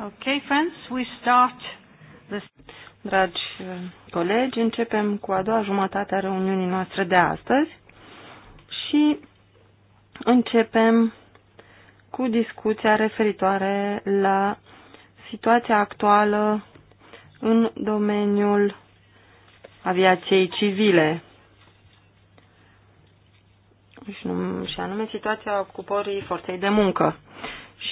Okay, friends, we start the... Dragi uh, colegi, începem cu a doua jumătate a reuniunii noastre de astăzi și începem cu discuția referitoare la situația actuală în domeniul aviației civile. Și anume situația ocupării forței de muncă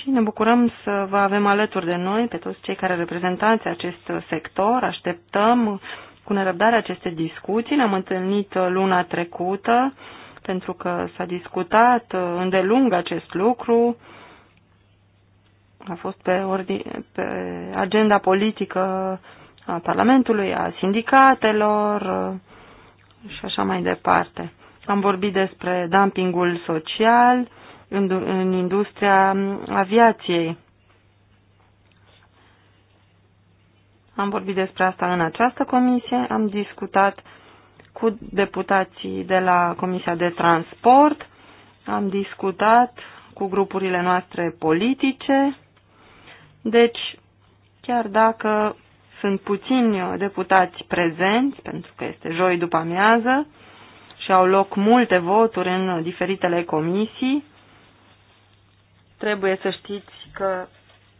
și ne bucurăm să vă avem alături de noi pe toți cei care reprezentați acest sector. Așteptăm cu nerăbdare aceste discuții. Ne-am întâlnit luna trecută pentru că s-a discutat îndelung acest lucru. A fost pe, ordi, pe agenda politică a Parlamentului, a sindicatelor și așa mai departe. Am vorbit despre dumpingul social, în, în industria aviației. Am vorbit despre asta în această comisie, am discutat cu deputații de la Comisia de Transport, am discutat cu grupurile noastre politice. Deci, chiar dacă sunt puțini deputați prezenți, pentru că este joi după amiază și au loc multe voturi în diferitele comisii, trebuie să știți că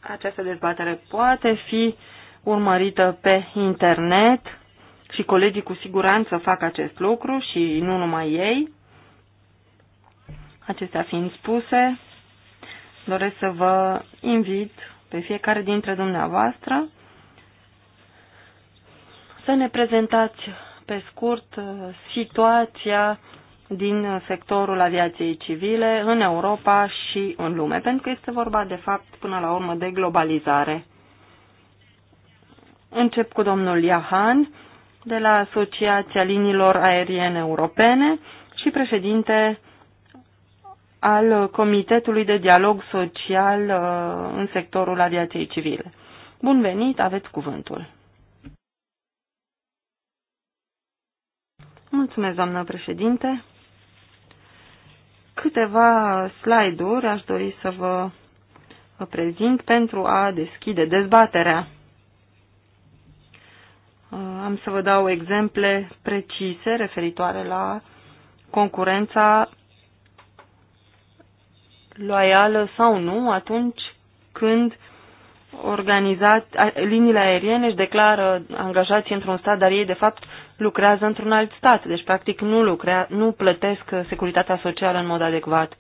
această dezbatere poate fi urmărită pe internet și colegii cu siguranță fac acest lucru și nu numai ei. Acestea fiind spuse, doresc să vă invit pe fiecare dintre dumneavoastră să ne prezentați pe scurt uh, situația din sectorul aviației civile în Europa și în lume, pentru că este vorba, de fapt, până la urmă, de globalizare. Încep cu domnul Iahan de la Asociația Liniilor Aeriene Europene și președinte al Comitetului de Dialog Social uh, în sectorul aviației civile. Bun venit, aveți cuvântul. Mulțumesc, doamnă președinte. Câteva slide-uri aș dori să vă, vă prezint pentru a deschide dezbaterea. Uh, am să vă dau exemple precise referitoare la concurența loială sau nu atunci când organizat, liniile aeriene își declară angajații într-un stat, dar ei de fapt lucrează într-un alt stat, deci practic nu, lucrea, nu plătesc securitatea socială în mod adecvat.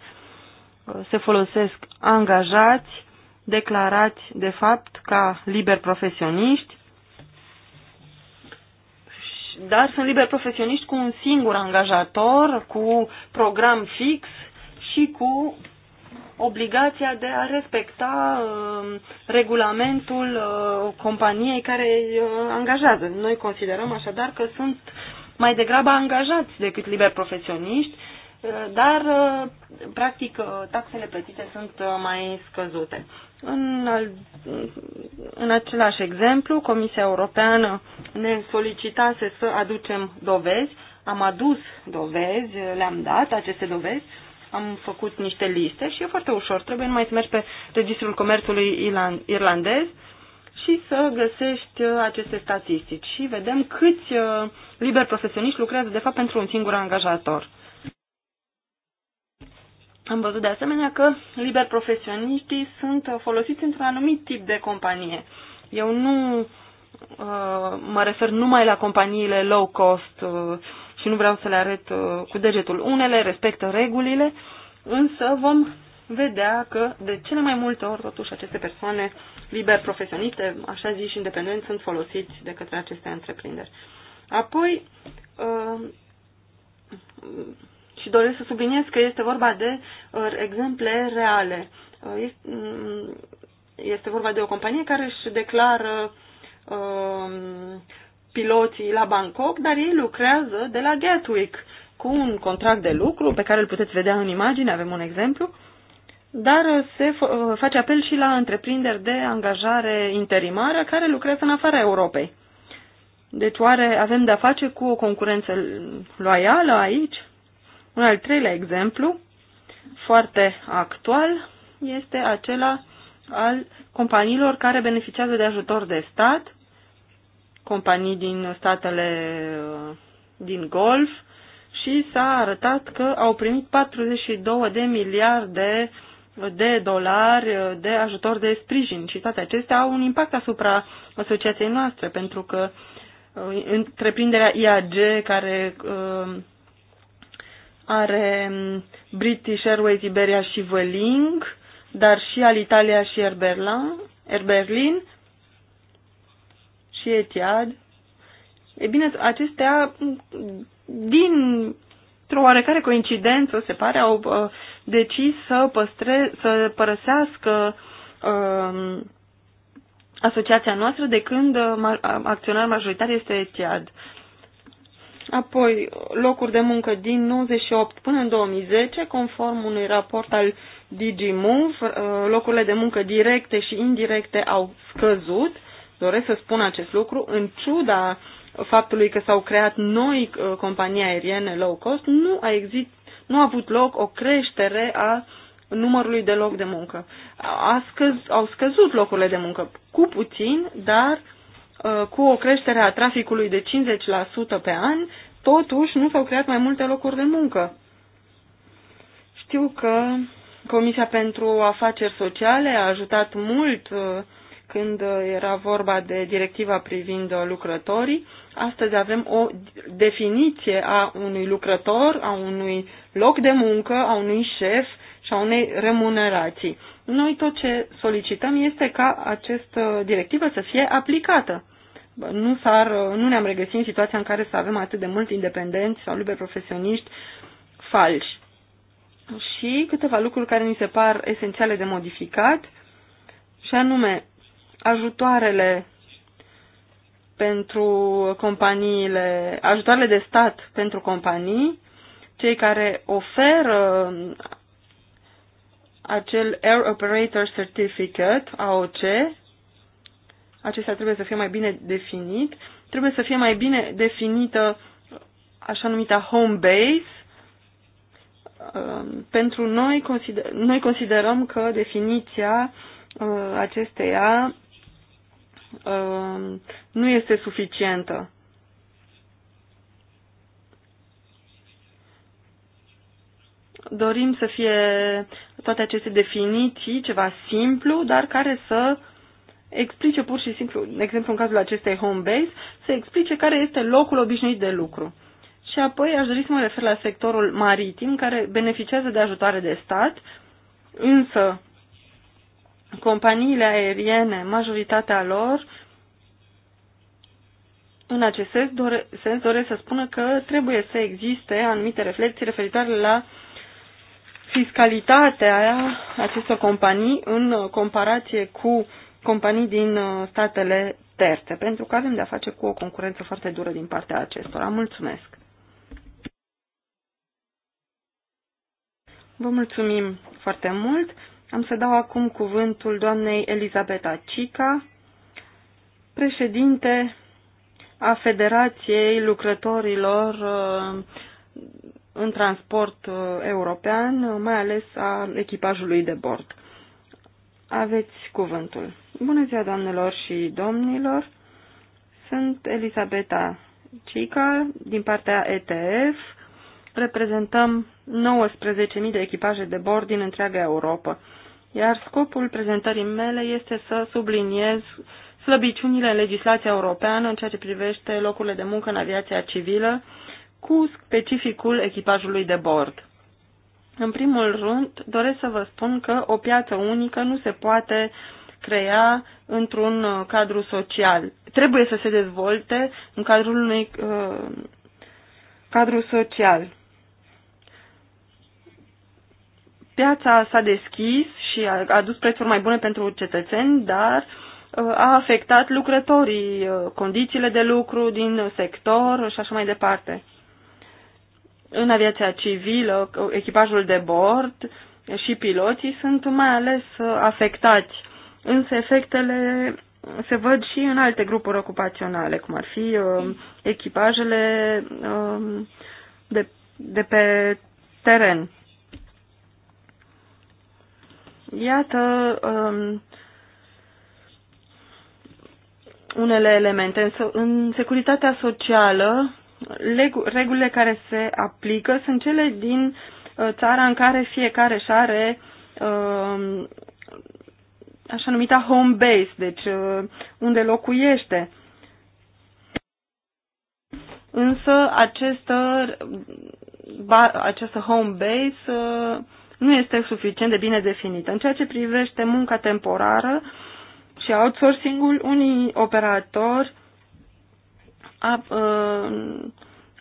Se folosesc angajați declarați de fapt ca liberi profesioniști, dar sunt liberi profesioniști cu un singur angajator, cu program fix și cu obligația de a respecta uh, regulamentul uh, companiei care îi uh, angajează. Noi considerăm așadar că sunt mai degrabă angajați decât liberi profesioniști, uh, dar uh, practic uh, taxele plătite sunt mai scăzute. În, al, în același exemplu, Comisia Europeană ne solicitase să aducem dovezi, am adus dovezi, le-am dat aceste dovezi, am făcut niște liste și e foarte ușor. Trebuie numai să mergi pe Registrul Comerțului Irlandez și să găsești uh, aceste statistici și vedem câți uh, liberi profesioniști lucrează de fapt pentru un singur angajator. Am văzut de asemenea că liber profesioniștii sunt uh, folosiți într-un anumit tip de companie. Eu nu mă refer numai la companiile low cost și nu vreau să le arăt uh, cu degetul. Unele respectă regulile, însă vom vedea că de cele mai multe ori, totuși, aceste persoane liber profesioniste, așa zis și independenți, sunt folosiți de către aceste întreprinderi. Apoi, uh, și doresc să subliniez că este vorba de uh, exemple reale. Mm, este vorba de o companie care își declară piloții la Bangkok, dar ei lucrează de la Gatwick cu un contract de lucru pe care îl puteți vedea în imagine, avem un exemplu, dar se uh, face apel și la întreprinderi de angajare interimară care lucrează în afara Europei. Deci oare avem de-a face cu o concurență loială aici? Un al treilea exemplu, foarte actual, este acela al companiilor care beneficiază de ajutor de stat companii din statele uh, din Golf și s-a arătat că au primit 42 de miliarde de dolari uh, de ajutor de sprijin și toate acestea au un impact asupra asociației noastre pentru că uh, întreprinderea IAG care are um, British Airways, Iberia și Vueling, dar și al Italia și Air Berlin și Etiad. e bine, acestea, dintr-o oarecare coincidență, se pare, au uh, decis să, păstre, să părăsească uh, asociația noastră de când uh, acționar majoritar este Etiad. Apoi, locuri de muncă din 98 până în 2010, conform unui raport al DigiMove, uh, locurile de muncă directe și indirecte au scăzut Doresc să spun acest lucru în ciuda faptului că s-au creat noi uh, companii aeriene low cost, nu a, exist, nu a avut loc o creștere a numărului de loc de muncă. A scăz, au scăzut locurile de muncă cu puțin, dar uh, cu o creștere a traficului de 50% pe an, totuși nu s-au creat mai multe locuri de muncă. Știu că Comisia pentru Afaceri Sociale a ajutat mult uh, când era vorba de directiva privind lucrătorii. Astăzi avem o definiție a unui lucrător, a unui loc de muncă, a unui șef și a unei remunerații. Noi tot ce solicităm este ca această directivă să fie aplicată. Nu, s-ar, nu ne-am regăsit în situația în care să avem atât de mulți independenți sau liberi profesioniști falși. Și câteva lucruri care mi se par esențiale de modificat, și anume ajutoarele pentru companiile, ajutoarele de stat pentru companii, cei care oferă um, acel Air Operator Certificate, AOC, acesta trebuie să fie mai bine definit, trebuie să fie mai bine definită așa numita home base. Um, pentru noi, consider, noi considerăm că definiția uh, acesteia Um, nu este suficientă. Dorim să fie toate aceste definiții ceva simplu, dar care să explice pur și simplu, de exemplu în cazul acestei home base, să explice care este locul obișnuit de lucru. Și apoi aș dori să mă refer la sectorul maritim, care beneficiază de ajutoare de stat, însă companiile aeriene, majoritatea lor, în acest sens, dore, sens doresc să spună că trebuie să existe anumite reflexii referitoare la fiscalitatea acestor companii în comparație cu companii din uh, statele terțe, pentru că avem de-a face cu o concurență foarte dură din partea acestora. Mulțumesc! Vă mulțumim foarte mult! Am să dau acum cuvântul doamnei Elizabeta Cica, președinte a Federației Lucrătorilor uh, în transport uh, european, mai ales a echipajului de bord. Aveți cuvântul. Bună ziua, doamnelor și domnilor! Sunt Elisabeta Cica, din partea ETF. Reprezentăm 19.000 de echipaje de bord din întreaga Europa. Iar scopul prezentării mele este să subliniez slăbiciunile în legislația europeană în ceea ce privește locurile de muncă în aviația civilă cu specificul echipajului de bord. În primul rând, doresc să vă spun că o piață unică nu se poate crea într-un uh, cadru social. Trebuie să se dezvolte în cadrul unui uh, cadru social. piața s-a deschis și a adus prețuri mai bune pentru cetățeni, dar uh, a afectat lucrătorii, uh, condițiile de lucru din sector și așa mai departe. În aviația civilă, uh, echipajul de bord și piloții sunt mai ales afectați, însă efectele se văd și în alte grupuri ocupaționale, cum ar fi echipajele de, de pe teren Iată um, unele elemente. în securitatea socială, regulile care se aplică sunt cele din uh, țara în care fiecare își are um, așa numita home base, deci uh, unde locuiește. Însă această, această home base uh, nu este suficient de bine definită. În ceea ce privește munca temporară și outsourcing-ul, unii operatori ă,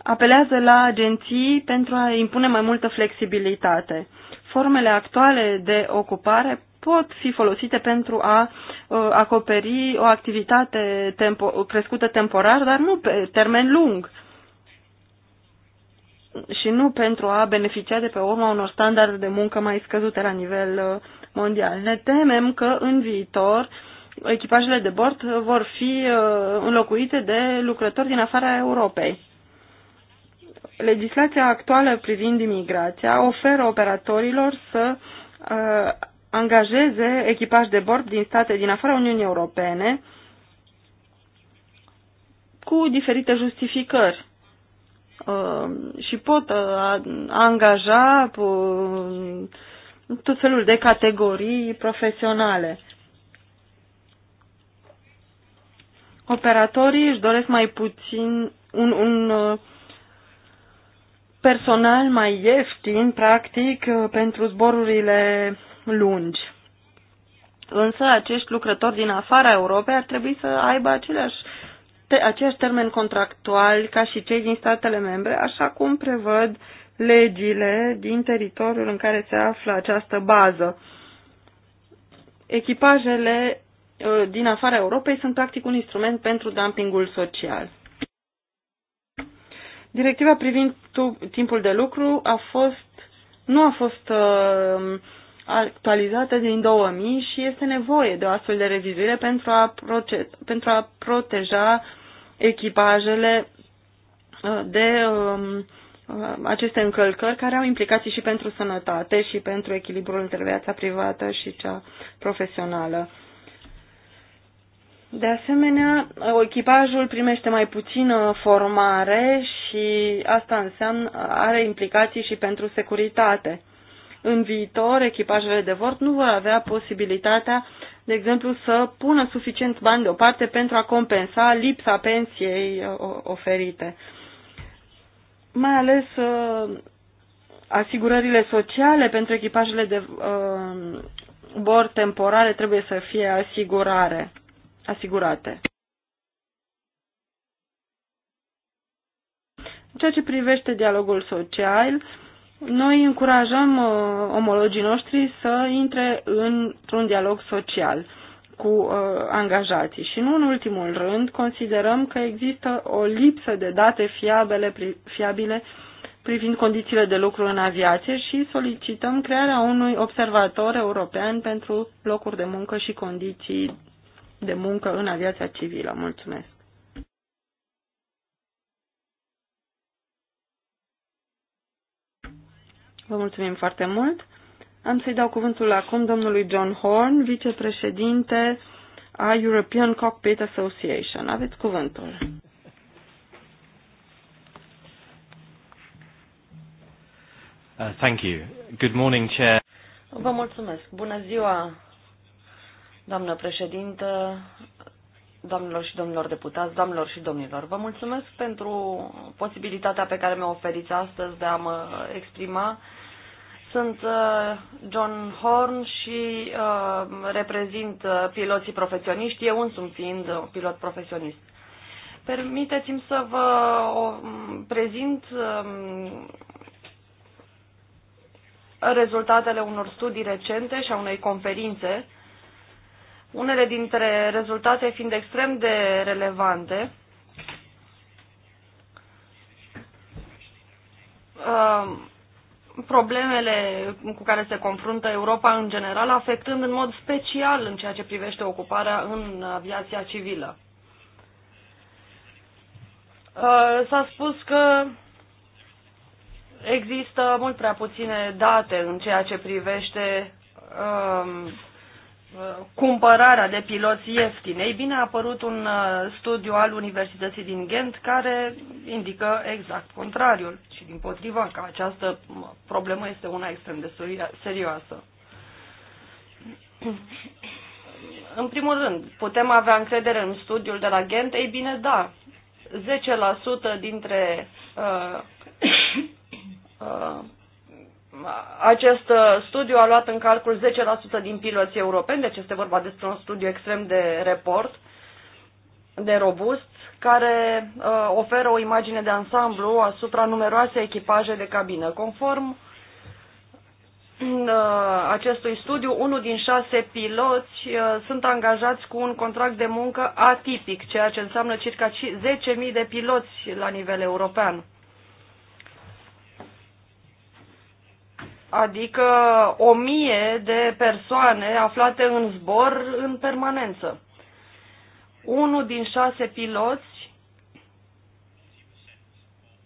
apelează la agenții pentru a impune mai multă flexibilitate. Formele actuale de ocupare pot fi folosite pentru a ă, acoperi o activitate tempo, crescută temporar, dar nu pe termen lung și nu pentru a beneficia de pe urma unor standarde de muncă mai scăzute la nivel uh, mondial. Ne temem că în viitor echipajele de bord vor fi uh, înlocuite de lucrători din afara Europei. Legislația actuală privind imigrația oferă operatorilor să uh, angajeze echipaj de bord din state din afara Uniunii Europene cu diferite justificări Uh, și pot uh, angaja tot felul de categorii profesionale. Operatorii își doresc mai puțin un, un uh, personal mai ieftin, practic, pentru zborurile lungi. Însă acești lucrători din afara Europei ar trebui să aibă aceleași pe acești termeni contractuali ca și cei din statele membre, așa cum prevăd legile din teritoriul în care se află această bază. Echipajele ă, din afara Europei sunt practic un instrument pentru dumpingul social. Directiva privind timpul de lucru a fost, nu a fost uh, actualizată din 2000 și este nevoie de o astfel de revizuire pentru a, proces, pentru a proteja echipajele uh, de um, uh, aceste încălcări care au implicații și pentru sănătate și pentru echilibrul între viața privată și cea profesională. De asemenea, uh, echipajul primește mai puțină formare și asta înseamnă are implicații și pentru securitate în viitor echipajele de vort nu vor avea posibilitatea, de exemplu, să pună suficient bani deoparte pentru a compensa lipsa pensiei uh, oferite. Mai ales uh, asigurările sociale pentru echipajele de uh, bord temporare trebuie să fie asigurare, asigurate. În ceea ce privește dialogul social, noi încurajăm uh, omologii noștri să intre într-un dialog social cu uh, angajații. Și nu în ultimul rând, considerăm că există o lipsă de date fiabile, pri, fiabile privind condițiile de lucru în aviație și solicităm crearea unui observator european pentru locuri de muncă și condiții de muncă în aviația civilă. Mulțumesc! Vă mulțumim foarte mult. Am să-i dau cuvântul acum domnului John Horn, vicepreședinte a European Cockpit Association. Aveți cuvântul. Uh, thank you. Good morning, Chair. Vă mulțumesc. Bună ziua, doamnă președintă, doamnelor și domnilor deputați, doamnelor și domnilor. Vă mulțumesc pentru posibilitatea pe care mi-o oferiți astăzi de a mă exprima. Sunt uh, John Horn și uh, reprezint uh, piloții profesioniști, eu însumi fiind pilot profesionist. Permiteți-mi să vă prezint um, rezultatele unor studii recente și a unei conferințe unele dintre rezultate fiind extrem de relevante. Um, problemele cu care se confruntă Europa în general, afectând în mod special în ceea ce privește ocuparea în aviația civilă. Uh, s-a spus că există mult prea puține date în ceea ce privește um, cumpărarea de piloți ieftini. Ei bine, a apărut un uh, studiu al Universității din Ghent care indică exact contrariul și din potriva că această problemă este una extrem de serioasă. În primul rând, putem avea încredere în studiul de la Ghent? Ei bine, da. 10% dintre uh, uh, acest studiu a luat în calcul 10% din piloții europeni, deci este vorba despre un studiu extrem de report, de robust, care uh, oferă o imagine de ansamblu asupra numeroase echipaje de cabină. Conform uh, acestui studiu, unul din șase piloți uh, sunt angajați cu un contract de muncă atipic, ceea ce înseamnă circa 10.000 de piloți la nivel european. adică o mie de persoane aflate în zbor în permanență. Unul din șase piloți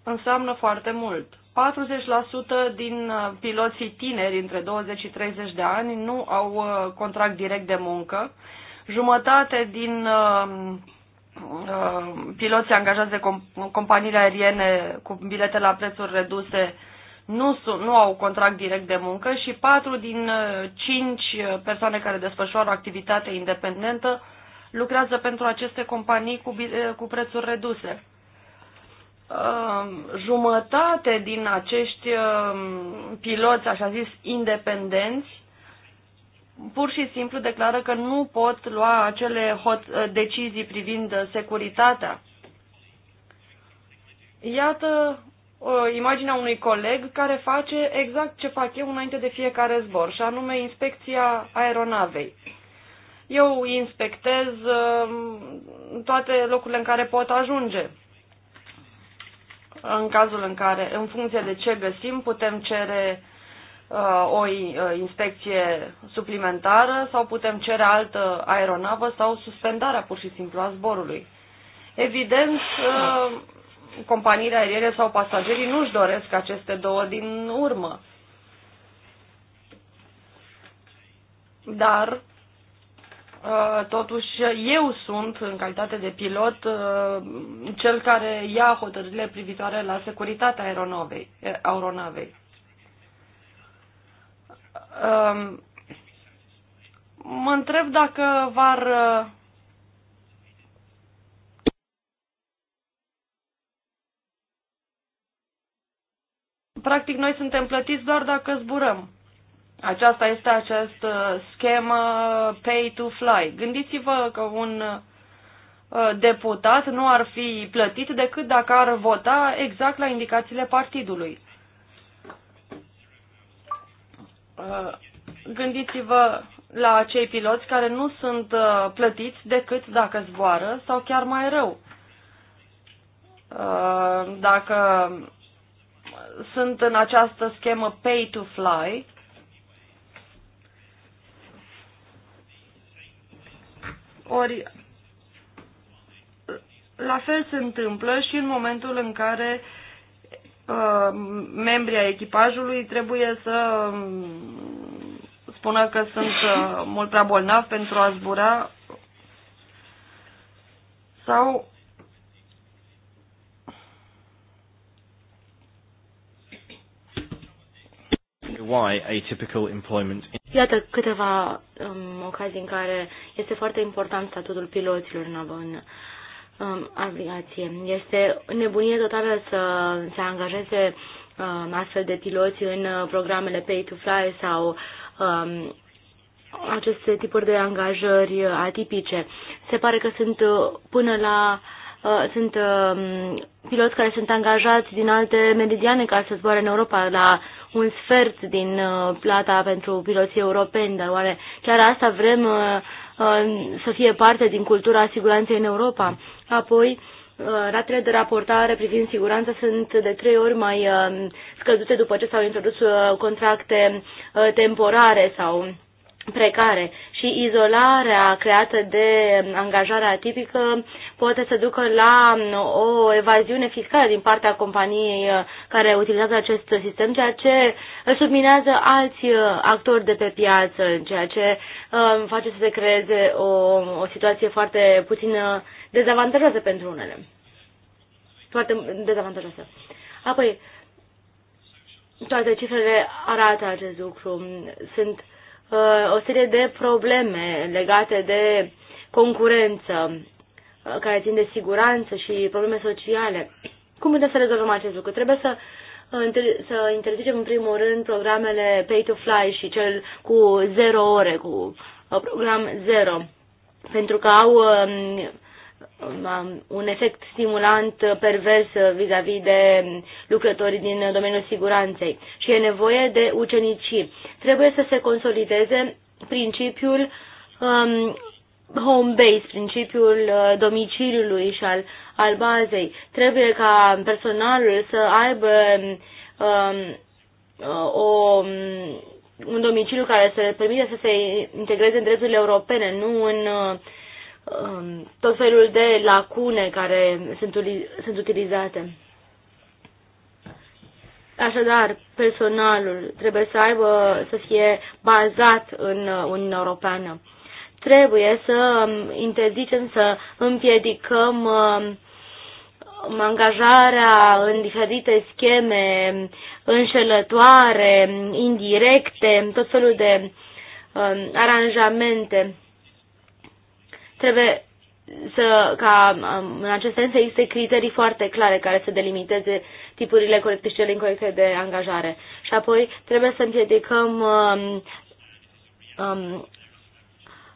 înseamnă foarte mult. 40% din uh, piloții tineri între 20 și 30 de ani nu au uh, contract direct de muncă. Jumătate din uh, piloții angajați de companiile aeriene cu bilete la prețuri reduse nu, sunt, nu au contract direct de muncă și 4 din 5 uh, uh, persoane care desfășoară activitate independentă lucrează pentru aceste companii cu, uh, cu prețuri reduse. Jumătate din acești piloți, așa zis, independenți, pur și simplu declară că nu pot lua acele hot, decizii privind securitatea. Iată Uh, imaginea unui coleg care face exact ce fac eu înainte de fiecare zbor, și anume inspecția aeronavei. Eu inspectez uh, toate locurile în care pot ajunge. În cazul în care, în funcție de ce găsim, putem cere uh, o inspecție suplimentară sau putem cere altă aeronavă sau suspendarea pur și simplu a zborului. Evident, companiile aeriene sau pasagerii nu-și doresc aceste două din urmă. Dar, uh, totuși, eu sunt, în calitate de pilot, uh, cel care ia hotărârile privitoare la securitatea aeronavei. aeronavei um, mă întreb dacă v-ar uh, Practic, noi suntem plătiți doar dacă zburăm. Aceasta este această uh, schemă pay to fly. Gândiți-vă că un uh, deputat nu ar fi plătit decât dacă ar vota exact la indicațiile partidului. Uh, gândiți-vă la acei piloți care nu sunt plătiți decât dacă zboară sau chiar mai rău. Dacă sunt în această schemă pay to fly. Ori la fel se întâmplă și în momentul în care uh, membrii echipajului trebuie să um, spună că sunt uh, mult prea bolnavi pentru a zbura sau Iată câteva um, ocazii în care este foarte important statutul piloților în, în um, aviație. Este nebunie totală să se angajeze um, astfel de piloți în uh, programele Pay to Fly sau um, aceste tipuri de angajări atipice. Se pare că sunt uh, până la uh, sunt uh, piloți care sunt angajați din alte meridiane ca să zboare în Europa, la un sfert din uh, plata pentru piloții europeni, dar oare chiar asta vrem uh, uh, să fie parte din cultura siguranței în Europa? Apoi, ratele de raportare privind siguranța sunt de trei ori mai scăzute după ce s-au introdus contracte temporare sau precare și izolarea creată de angajarea atipică poate să ducă la o evaziune fiscală din partea companiei uh, care utilizează acest sistem, ceea ce subminează alți uh, actori de pe piață, ceea ce uh, face să se creeze o, o situație foarte puțin dezavantajoasă pentru unele. Foarte dezavantajoasă. Apoi, toate cifrele arată acest lucru. Sunt uh, o serie de probleme legate de concurență care țin de siguranță și probleme sociale. Cum putem să rezolvăm acest lucru? Trebuie să, uh, să interzicem în primul rând programele pay to fly și cel cu zero ore, cu uh, program zero, pentru că au um, um, un efect stimulant pervers vis-a-vis -vis de lucrătorii din domeniul siguranței și e nevoie de ucenicii. Trebuie să se consolideze principiul um, home base, principiul uh, domiciliului și al, al bazei. Trebuie ca personalul să aibă um, uh, o, um, un domiciliu care să le permite să se integreze în drepturile europene, nu în uh, um, tot felul de lacune care sunt, sunt utilizate. Așadar, personalul trebuie să aibă, să fie bazat în Uniunea Europeană trebuie să interzicem, să împiedicăm um, angajarea în diferite scheme înșelătoare, indirecte, tot felul de um, aranjamente. Trebuie să, ca um, în acest sens să existe criterii foarte clare care să delimiteze tipurile corecte și cele incorrecte de angajare. Și apoi trebuie să împiedicăm um, um,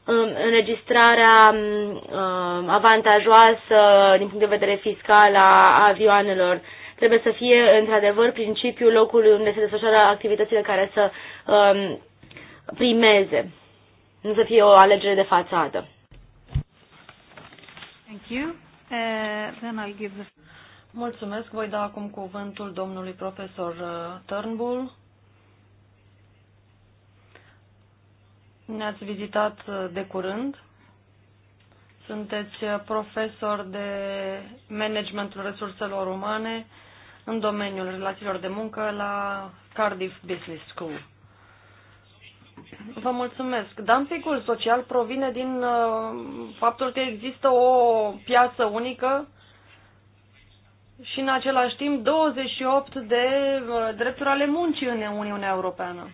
Um, înregistrarea um, um, avantajoasă din punct de vedere fiscal a avioanelor. Trebuie să fie, într-adevăr, principiul locului unde se desfășoară activitățile care să primeze, nu să fie o alegere de fațadă. Thank you. Uh, then I'll give the... Mulțumesc. Voi da acum cuvântul domnului profesor uh, Turnbull Ne-ați vizitat uh, de curând. Sunteți uh, profesor de managementul resurselor umane în domeniul relațiilor de muncă la Cardiff Business School. Vă mulțumesc. Dumpingul social provine din uh, faptul că există o piață unică și în același timp 28 de drepturi ale muncii în Uniunea Europeană.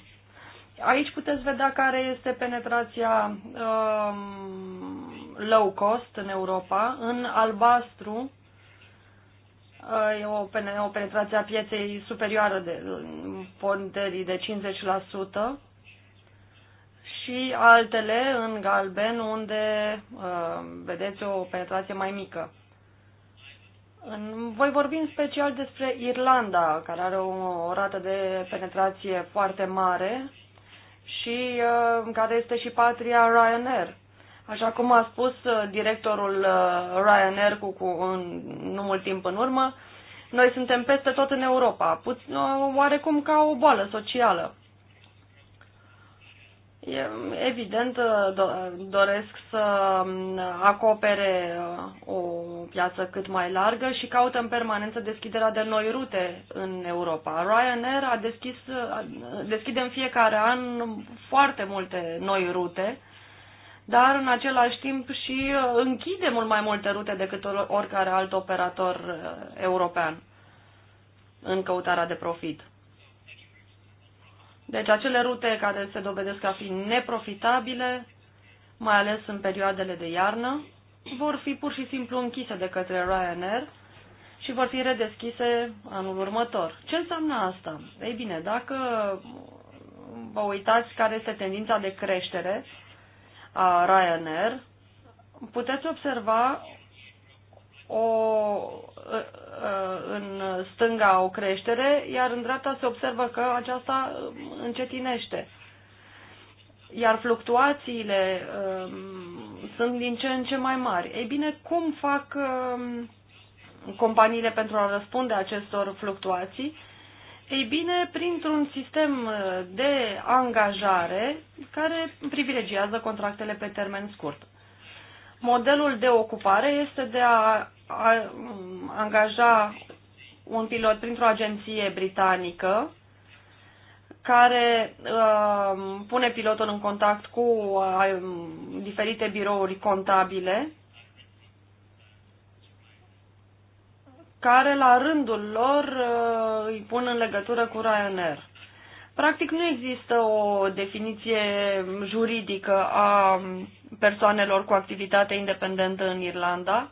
Aici puteți vedea care este penetrația um, low cost în Europa. În albastru uh, e o, o penetrație a pieței superioară de ponderii de 50% și altele în galben unde uh, vedeți o penetrație mai mică. voi vorbi în special despre Irlanda, care are o rată de penetrație foarte mare, și uh, care este și patria Ryanair. Așa cum a spus uh, directorul uh, Ryanair cu, cu un, nu mult timp în urmă, noi suntem peste tot în Europa, puț, oarecum ca o boală socială evident uh, doresc să um, acopere uh, o piață cât mai largă și caută în permanență deschiderea de noi rute în Europa. Ryanair a deschis, deschide în fiecare an foarte multe noi rute, dar în același timp și uh, închide mult mai multe rute decât oricare alt operator european în căutarea de profit. Deci acele rute care se dovedesc a fi neprofitabile, mai ales în perioadele de iarnă, vor fi pur și simplu închise de către Ryanair și vor fi redeschise anul următor. Ce înseamnă asta? Ei bine, dacă vă uitați care este tendința de creștere a Ryanair, puteți observa o Uh, în stânga o creștere, iar în dreapta se observă că aceasta uh, încetinește. Iar fluctuațiile um, sunt din ce în ce mai mari. Ei bine, cum fac um, companiile pentru a răspunde acestor fluctuații? Ei bine, printr-un sistem uh, de angajare care privilegiază contractele pe termen scurt. Modelul de ocupare este de a a mm, angaja un pilot printr-o agenție britanică care uh, pune pilotul în contact cu uh, diferite birouri contabile care la rândul lor uh, îi pun în legătură cu Ryanair. Practic nu există o definiție juridică a persoanelor cu activitate independentă în Irlanda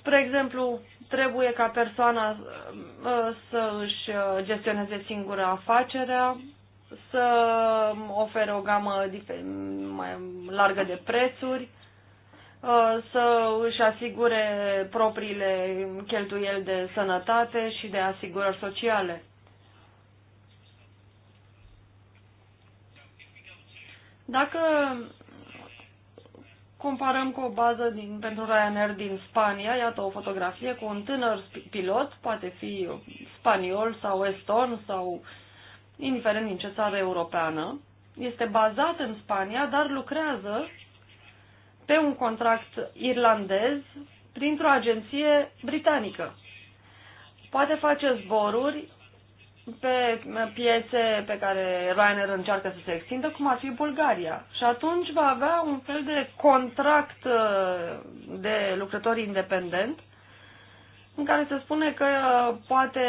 Spre exemplu, trebuie ca persoana uh, să își uh, gestioneze singură afacerea, să ofere o gamă mai largă de prețuri, uh, să își asigure propriile cheltuieli de sănătate și de asigurări sociale. Dacă comparăm cu o bază din, pentru Ryanair din Spania, iată o fotografie cu un tânăr pilot, poate fi spaniol sau eston sau indiferent din ce țară europeană, este bazat în Spania, dar lucrează pe un contract irlandez printr-o agenție britanică. Poate face zboruri pe piețe pe care Rainer încearcă să se extindă, cum ar fi Bulgaria. Și atunci va avea un fel de contract uh, de lucrători independent în care se spune că uh, poate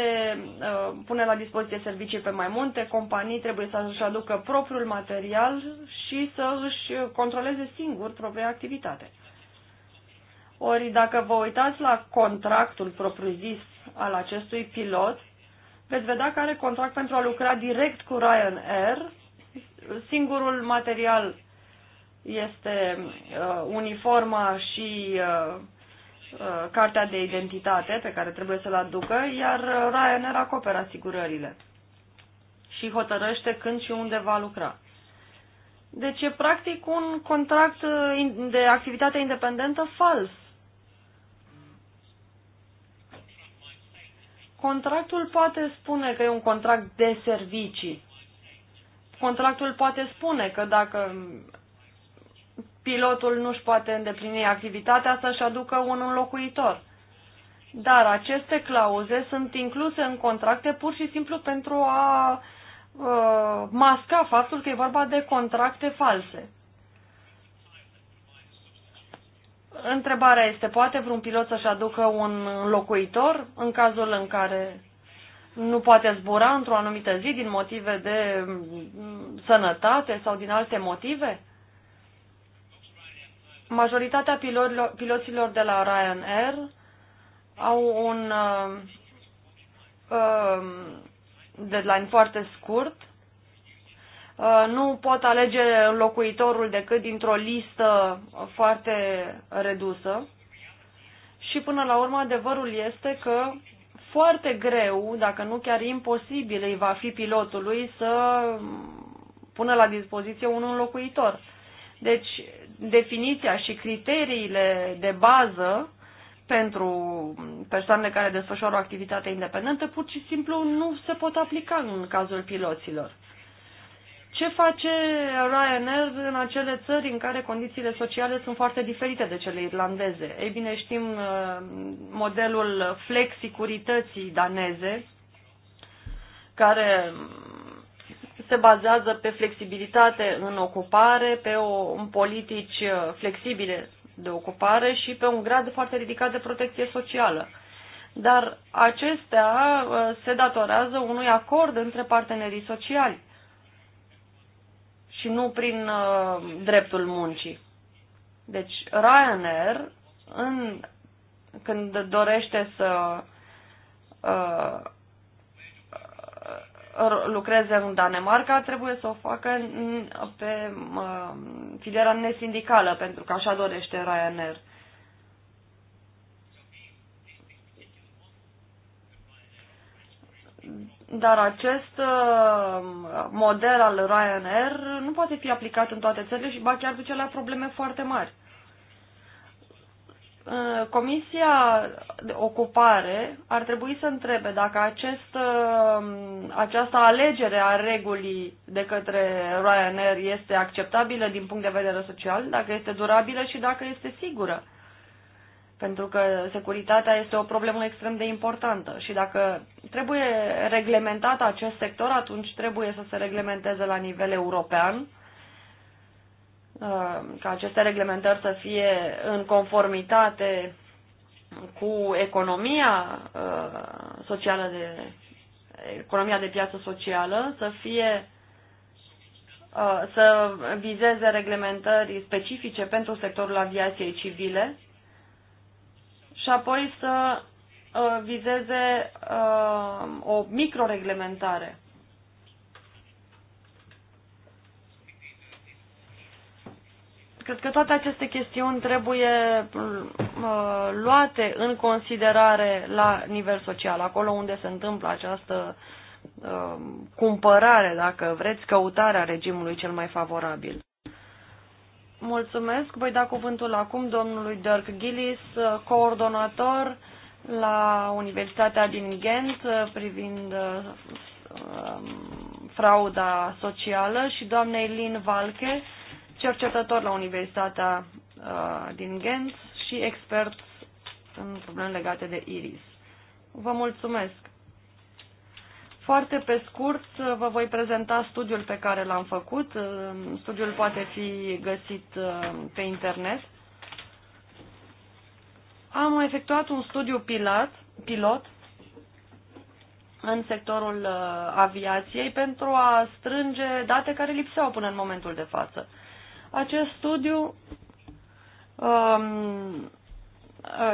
uh, pune la dispoziție servicii pe mai multe, companii trebuie să își aducă propriul material și să își controleze singur propria activitate. Ori dacă vă uitați la contractul propriu-zis al acestui pilot, veți vedea că are contract pentru a lucra direct cu Ryanair. Singurul material este uh, uniforma și uh, uh, cartea de identitate pe care trebuie să-l aducă, iar Ryanair acoperă asigurările și hotărăște când și unde va lucra. Deci e practic un contract uh, de activitate independentă fals Contractul poate spune că e un contract de servicii. Contractul poate spune că dacă pilotul nu își poate îndeplini activitatea, să-și aducă un înlocuitor. Dar aceste clauze sunt incluse în contracte pur și simplu pentru a uh, masca faptul că e vorba de contracte false. Întrebarea este, poate vreun pilot să-și aducă un locuitor în cazul în care nu poate zbura într-o anumită zi din motive de mm, sănătate sau din alte motive? Majoritatea pilotilor, piloților de la Ryanair au un uh, uh deadline foarte scurt Uh, nu pot alege locuitorul decât dintr-o listă foarte redusă. Și până la urmă adevărul este că foarte greu, dacă nu chiar imposibil, îi va fi pilotului să pună la dispoziție un locuitor. Deci, definiția și criteriile de bază pentru persoanele care desfășoară o activitate independentă pur și simplu nu se pot aplica în cazul piloților. Ce face Ryanair în acele țări în care condițiile sociale sunt foarte diferite de cele irlandeze? Ei bine, știm uh, modelul flexicurității daneze, care mm, se bazează pe flexibilitate în ocupare, pe o, un politici uh, flexibile de ocupare și pe un grad foarte ridicat de protecție socială. Dar acestea uh, se datorează unui acord între partenerii sociali și nu prin uh, dreptul muncii. Deci Ryanair, în, când dorește să uh, lucreze în Danemarca, trebuie să o facă în, pe uh, filiera nesindicală, pentru că așa dorește Ryanair. Dar acest uh, model al Ryanair nu poate fi aplicat în toate țările și ba chiar duce la probleme foarte mari. Uh, Comisia de ocupare ar trebui să întrebe dacă acest, uh, această alegere a regulii de către Ryanair este acceptabilă din punct de vedere social, dacă este durabilă și dacă este sigură pentru că securitatea este o problemă extrem de importantă și dacă trebuie reglementat acest sector, atunci trebuie să se reglementeze la nivel european, uh, ca aceste reglementări să fie în conformitate cu economia uh, socială de economia de piață socială, să fie uh, să vizeze reglementări specifice pentru sectorul aviației civile, și apoi să uh, vizeze uh, o microreglementare. Cred că toate aceste chestiuni trebuie uh, luate în considerare la nivel social, acolo unde se întâmplă această cumpărare, dacă vreți, căutarea regimului cel mai favorabil. Mulțumesc. Voi da cuvântul acum domnului Dirk Gillis, coordonator la Universitatea din Ghent privind um, frauda socială și doamnei Lin Valke, cercetător la Universitatea uh, din Ghent și expert în probleme legate de IRIS. Vă mulțumesc. Foarte pe scurt vă voi prezenta studiul pe care l-am făcut. Studiul poate fi găsit uh, pe internet. Am efectuat un studiu pilot, pilot în sectorul uh, aviației pentru a strânge date care lipseau până în momentul de față. Acest studiu um, uh,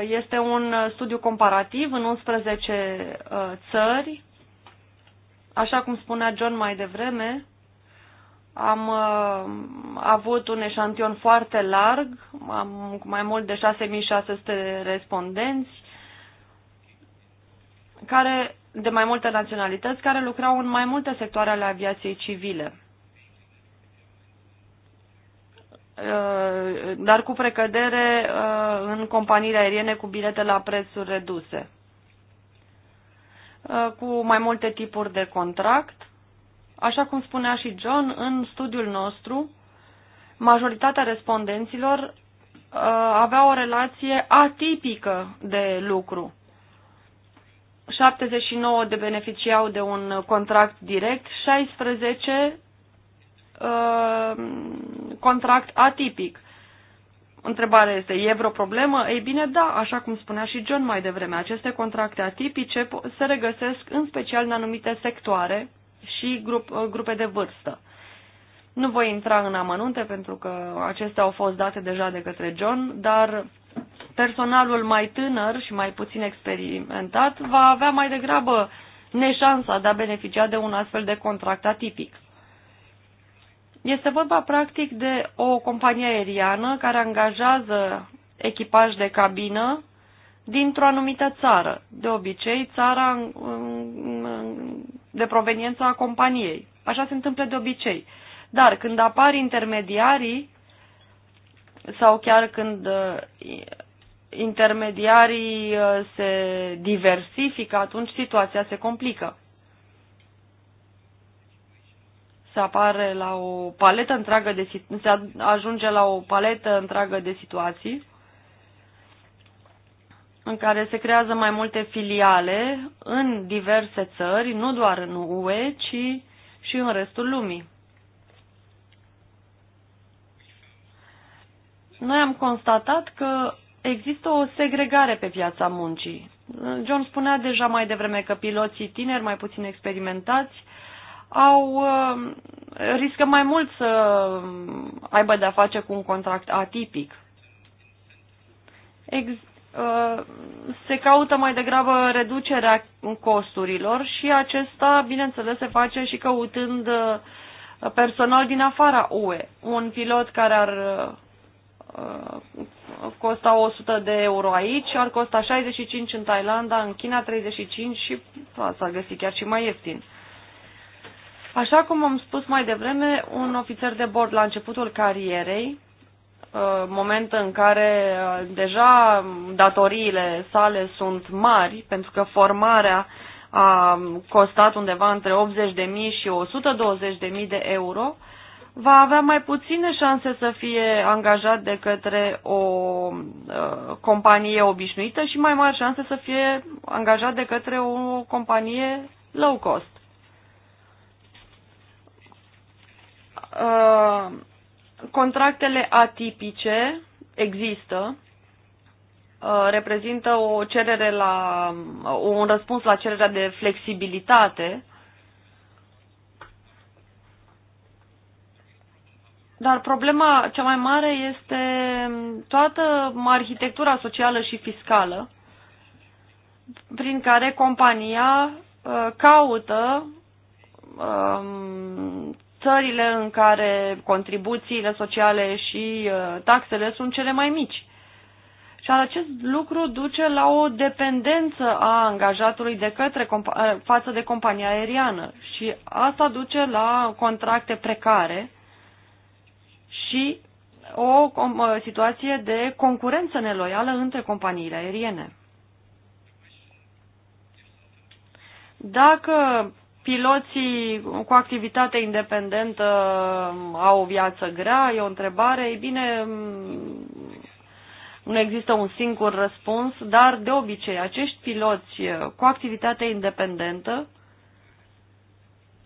este un studiu comparativ în 11 țări Așa cum spunea John mai devreme, am uh, avut un eșantion foarte larg, am mai mult de 6600 respondenți, care, de mai multe naționalități, care lucrau în mai multe sectoare ale aviației civile. Uh, dar cu precădere uh, în companiile aeriene cu bilete la prețuri reduse. Uh, cu mai multe tipuri de contract. Așa cum spunea și John, în studiul nostru, majoritatea respondenților uh, avea o relație atipică de lucru. 79 de beneficiau de un contract direct, 16 uh, contract atipic. Întrebarea este, e vreo problemă? Ei bine, da, așa cum spunea și John mai devreme, aceste contracte atipice se regăsesc în special în anumite sectoare și grup, uh, grupe de vârstă. Nu voi intra în amănunte pentru că acestea au fost date deja de către John, dar personalul mai tânăr și mai puțin experimentat va avea mai degrabă neșansa de a beneficia de un astfel de contract atipic. Este vorba practic de o companie aeriană care angajează echipaj de cabină dintr-o anumită țară, de obicei țara de proveniență a companiei. Așa se întâmplă de obicei. Dar când apar intermediarii sau chiar când uh, intermediarii uh, se diversifică, atunci situația se complică. se apare la o paletă întreagă de se ajunge la o paletă întreagă de situații în care se creează mai multe filiale în diverse țări, nu doar în UE, ci și în restul lumii. Noi am constatat că există o segregare pe piața muncii. John spunea deja mai devreme că piloții tineri, mai puțin experimentați, au um, riscă mai mult să aibă de-a face cu un contract atipic. Ex uh, se caută mai degrabă reducerea costurilor și acesta, bineînțeles, se face și căutând uh, personal din afara UE. Un pilot care ar uh, costa 100 de euro aici, ar costa 65 în Thailanda, în China 35 și da, s-ar găsi chiar și mai ieftin. Așa cum am spus mai devreme, un ofițer de bord la începutul carierei, uh, moment în care uh, deja datoriile sale sunt mari, pentru că formarea a costat undeva între 80.000 și 120.000 de euro, va avea mai puține șanse să fie angajat de către o uh, companie obișnuită și mai mari șanse să fie angajat de către o companie low cost. Uh, contractele atipice există, uh, reprezintă o cerere la, uh, un răspuns la cererea de flexibilitate, dar problema cea mai mare este toată arhitectura socială și fiscală prin care compania uh, caută uh, țările în care contribuțiile sociale și uh, taxele sunt cele mai mici. Și acest lucru duce la o dependență a angajatului de către uh, față de compania aeriană și asta duce la contracte precare și o uh, situație de concurență neloială între companiile aeriene. Dacă piloții cu activitate independentă au o viață grea, e o întrebare. Ei bine, nu există un singur răspuns, dar de obicei acești piloți cu activitate independentă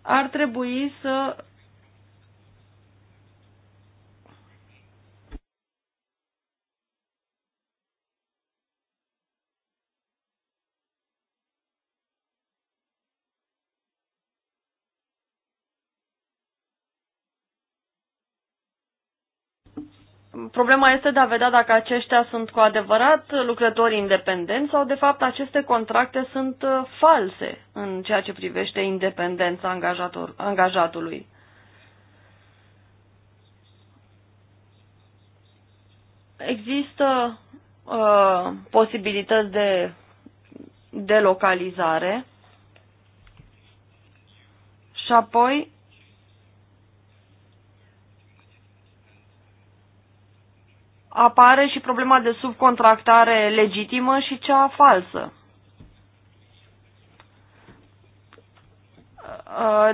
ar trebui să Problema este de a vedea dacă aceștia sunt cu adevărat lucrători independenți sau, de fapt, aceste contracte sunt uh, false în ceea ce privește independența angajator, angajatului. Există uh, posibilități de delocalizare și apoi apare și problema de subcontractare legitimă și cea falsă.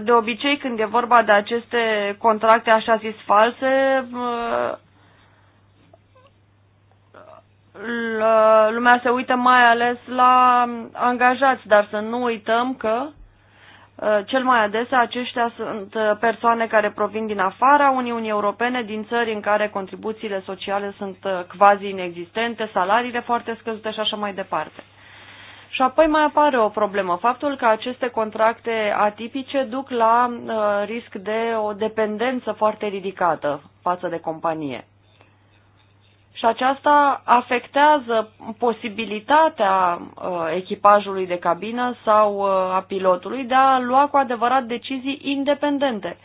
De obicei, când e vorba de aceste contracte așa zis false, lumea se uită mai ales la angajați, dar să nu uităm că Uh, cel mai adesea aceștia sunt uh, persoane care provin din afara Uniunii Europene, din țări în care contribuțiile sociale sunt uh, quasi inexistente, salariile foarte scăzute și așa mai departe. Și apoi mai apare o problemă, faptul că aceste contracte atipice duc la uh, risc de o dependență foarte ridicată față de companie și aceasta afectează posibilitatea uh, echipajului de cabină sau uh, a pilotului de a lua cu adevărat decizii independente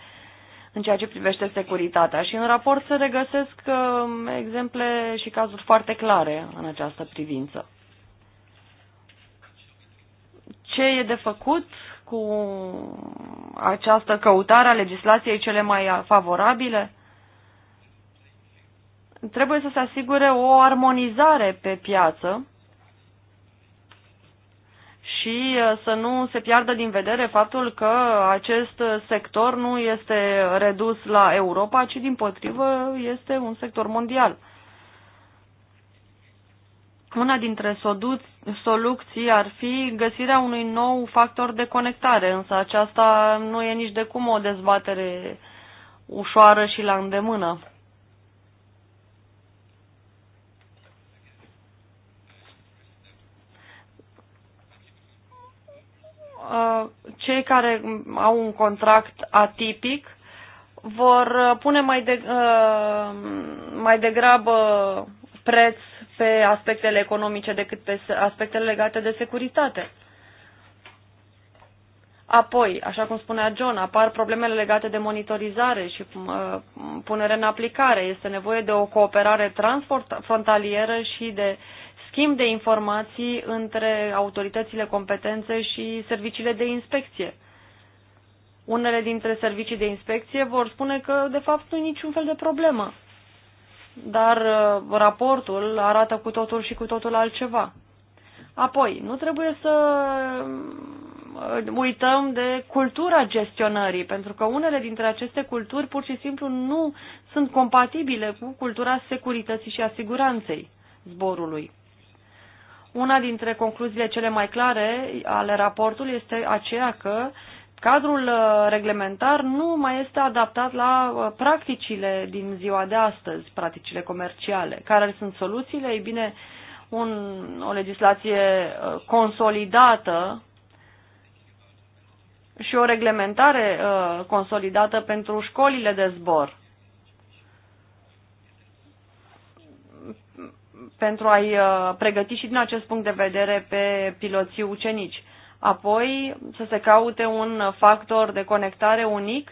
în ceea ce privește securitatea. Și în raport se regăsesc uh, exemple și cazuri foarte clare în această privință. Ce e de făcut cu această căutare a legislației cele mai favorabile? trebuie să se asigure o armonizare pe piață și uh, să nu se piardă din vedere faptul că acest sector nu este redus la Europa, ci din potrivă este un sector mondial. Una dintre soluții ar fi găsirea unui nou factor de conectare, însă aceasta nu e nici de cum o dezbatere ușoară și la îndemână. Uh, cei care au un contract atipic vor uh, pune mai, de, uh, mai degrabă preț pe aspectele economice decât pe aspectele legate de securitate. Apoi, așa cum spunea John, apar problemele legate de monitorizare și punere în aplicare. Este nevoie de o cooperare transfrontalieră și de uh, schimb de informații între autoritățile competențe și serviciile de inspecție. Unele dintre servicii de inspecție vor spune că, de fapt, nu e niciun fel de problemă. Dar uh, raportul arată cu totul și cu totul altceva. Apoi, nu trebuie să uh, uităm de cultura gestionării, pentru că unele dintre aceste culturi pur și simplu nu sunt compatibile cu cultura securității și a siguranței zborului. Una dintre concluziile cele mai clare ale raportului este aceea că cadrul uh, reglementar nu mai este adaptat la uh, practicile din ziua de astăzi, practicile comerciale. Care sunt soluțiile? Ei bine, un, o legislație uh, consolidată și o reglementare consolidată pentru școlile de zbor. pentru a-i uh, pregăti și din acest punct de vedere pe piloții ucenici. Apoi să se caute un factor de conectare unic.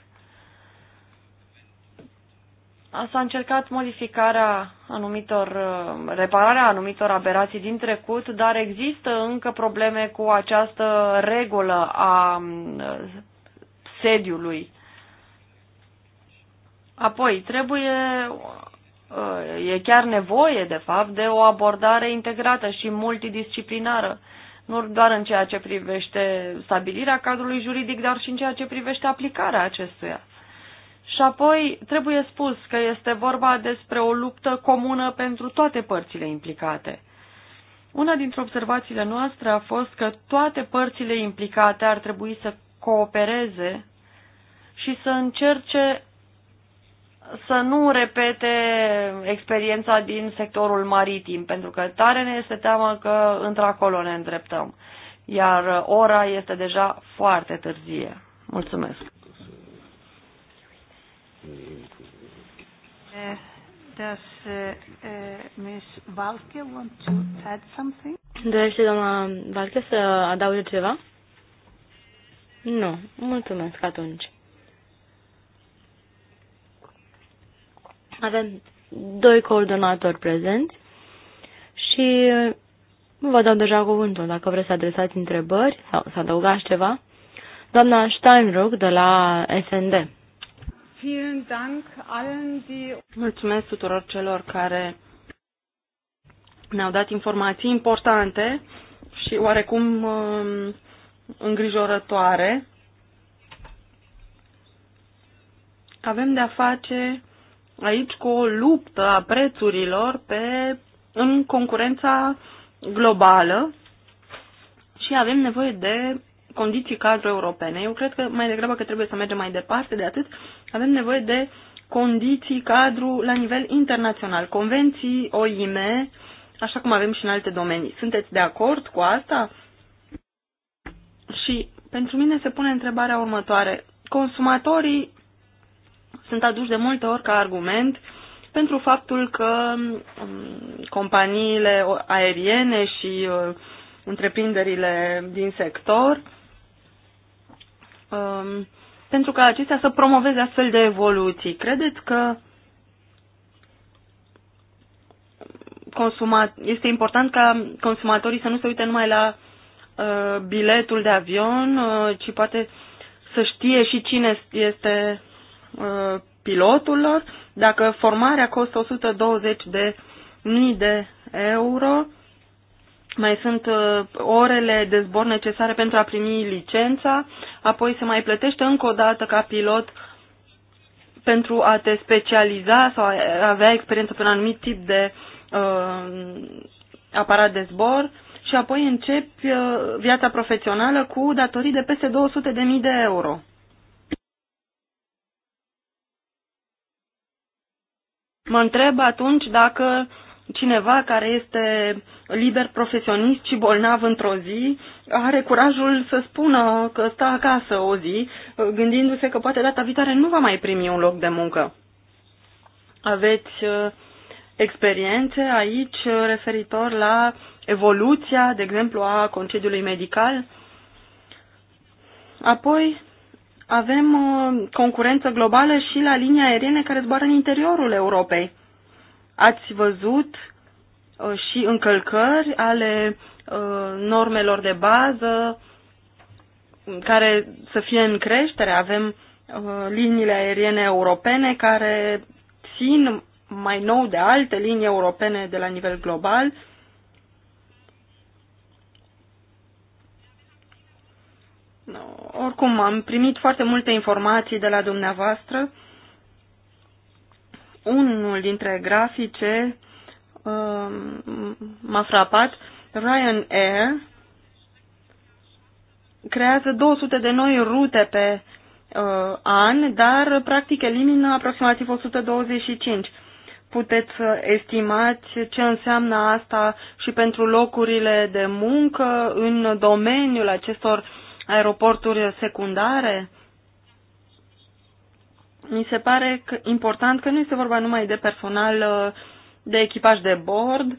S-a încercat modificarea anumitor, uh, repararea anumitor aberații din trecut, dar există încă probleme cu această regulă a uh, sediului. Apoi, trebuie Uh, e chiar nevoie, de fapt, de o abordare integrată și multidisciplinară, nu doar în ceea ce privește stabilirea cadrului juridic, dar și în ceea ce privește aplicarea acestuia. Și apoi trebuie spus că este vorba despre o luptă comună pentru toate părțile implicate. Una dintre observațiile noastre a fost că toate părțile implicate ar trebui să coopereze și să încerce să nu repete experiența din sectorul maritim, pentru că tare ne este teamă că într-acolo ne îndreptăm. Iar ora este deja foarte târzie. Mulțumesc. Uh, does uh, uh, Ms. Valke want to add something? Dorește doamna Valke să adauge ceva? Nu. Mulțumesc atunci. Avem doi coordonatori prezenți și uh, vă dau deja cuvântul dacă vreți să adresați întrebări sau să adăugați ceva. Doamna Steinruck de la SND. Mulțumesc tuturor celor care ne-au dat informații importante și oarecum um, îngrijorătoare. Avem de-a face aici cu o luptă a prețurilor pe, în concurența globală și avem nevoie de condiții cadru europene. Eu cred că mai degrabă că trebuie să mergem mai departe de atât, avem nevoie de condiții cadru la nivel internațional, convenții OIM, așa cum avem și în alte domenii. Sunteți de acord cu asta? Și pentru mine se pune întrebarea următoare. Consumatorii sunt aduși de multe ori ca argument pentru faptul că um, companiile aeriene și uh, întreprinderile din sector um, pentru ca acestea să promoveze astfel de evoluții. Credeți că consumat, este important ca consumatorii să nu se uite numai la uh, biletul de avion, uh, ci poate să știe și cine este Uh, lor dacă formarea costă 120 de mii de euro, mai sunt uh, orele de zbor necesare pentru a primi licența, apoi se mai plătește încă o dată ca pilot pentru a te specializa sau a avea experiență pe un anumit tip de uh, aparat de zbor și apoi începi uh, viața profesională cu datorii de peste 200.000 de euro. Mă întreb atunci dacă cineva care este liber profesionist și bolnav într-o zi are curajul să spună că stă acasă o zi, gândindu-se că poate data viitoare nu va mai primi un loc de muncă. Aveți uh, experiențe aici uh, referitor la evoluția, de exemplu, a concediului medical? Apoi, avem uh, concurență globală și la linii aeriene care zboară în interiorul Europei. Ați văzut uh, și încălcări ale uh, normelor de bază care să fie în creștere. Avem liniile aeriene europene care țin mai nou de alte linii europene de la nivel global. No. Oricum, am primit foarte multe informații de la dumneavoastră. Unul dintre grafice uh, m-a frapat. Ryanair creează 200 de noi rute pe uh, an, dar practic elimină aproximativ 125. Puteți estimați ce înseamnă asta și pentru locurile de muncă în domeniul acestor aeroporturi secundare. Mi se pare că, important că nu este vorba numai de personal uh, de echipaj de bord,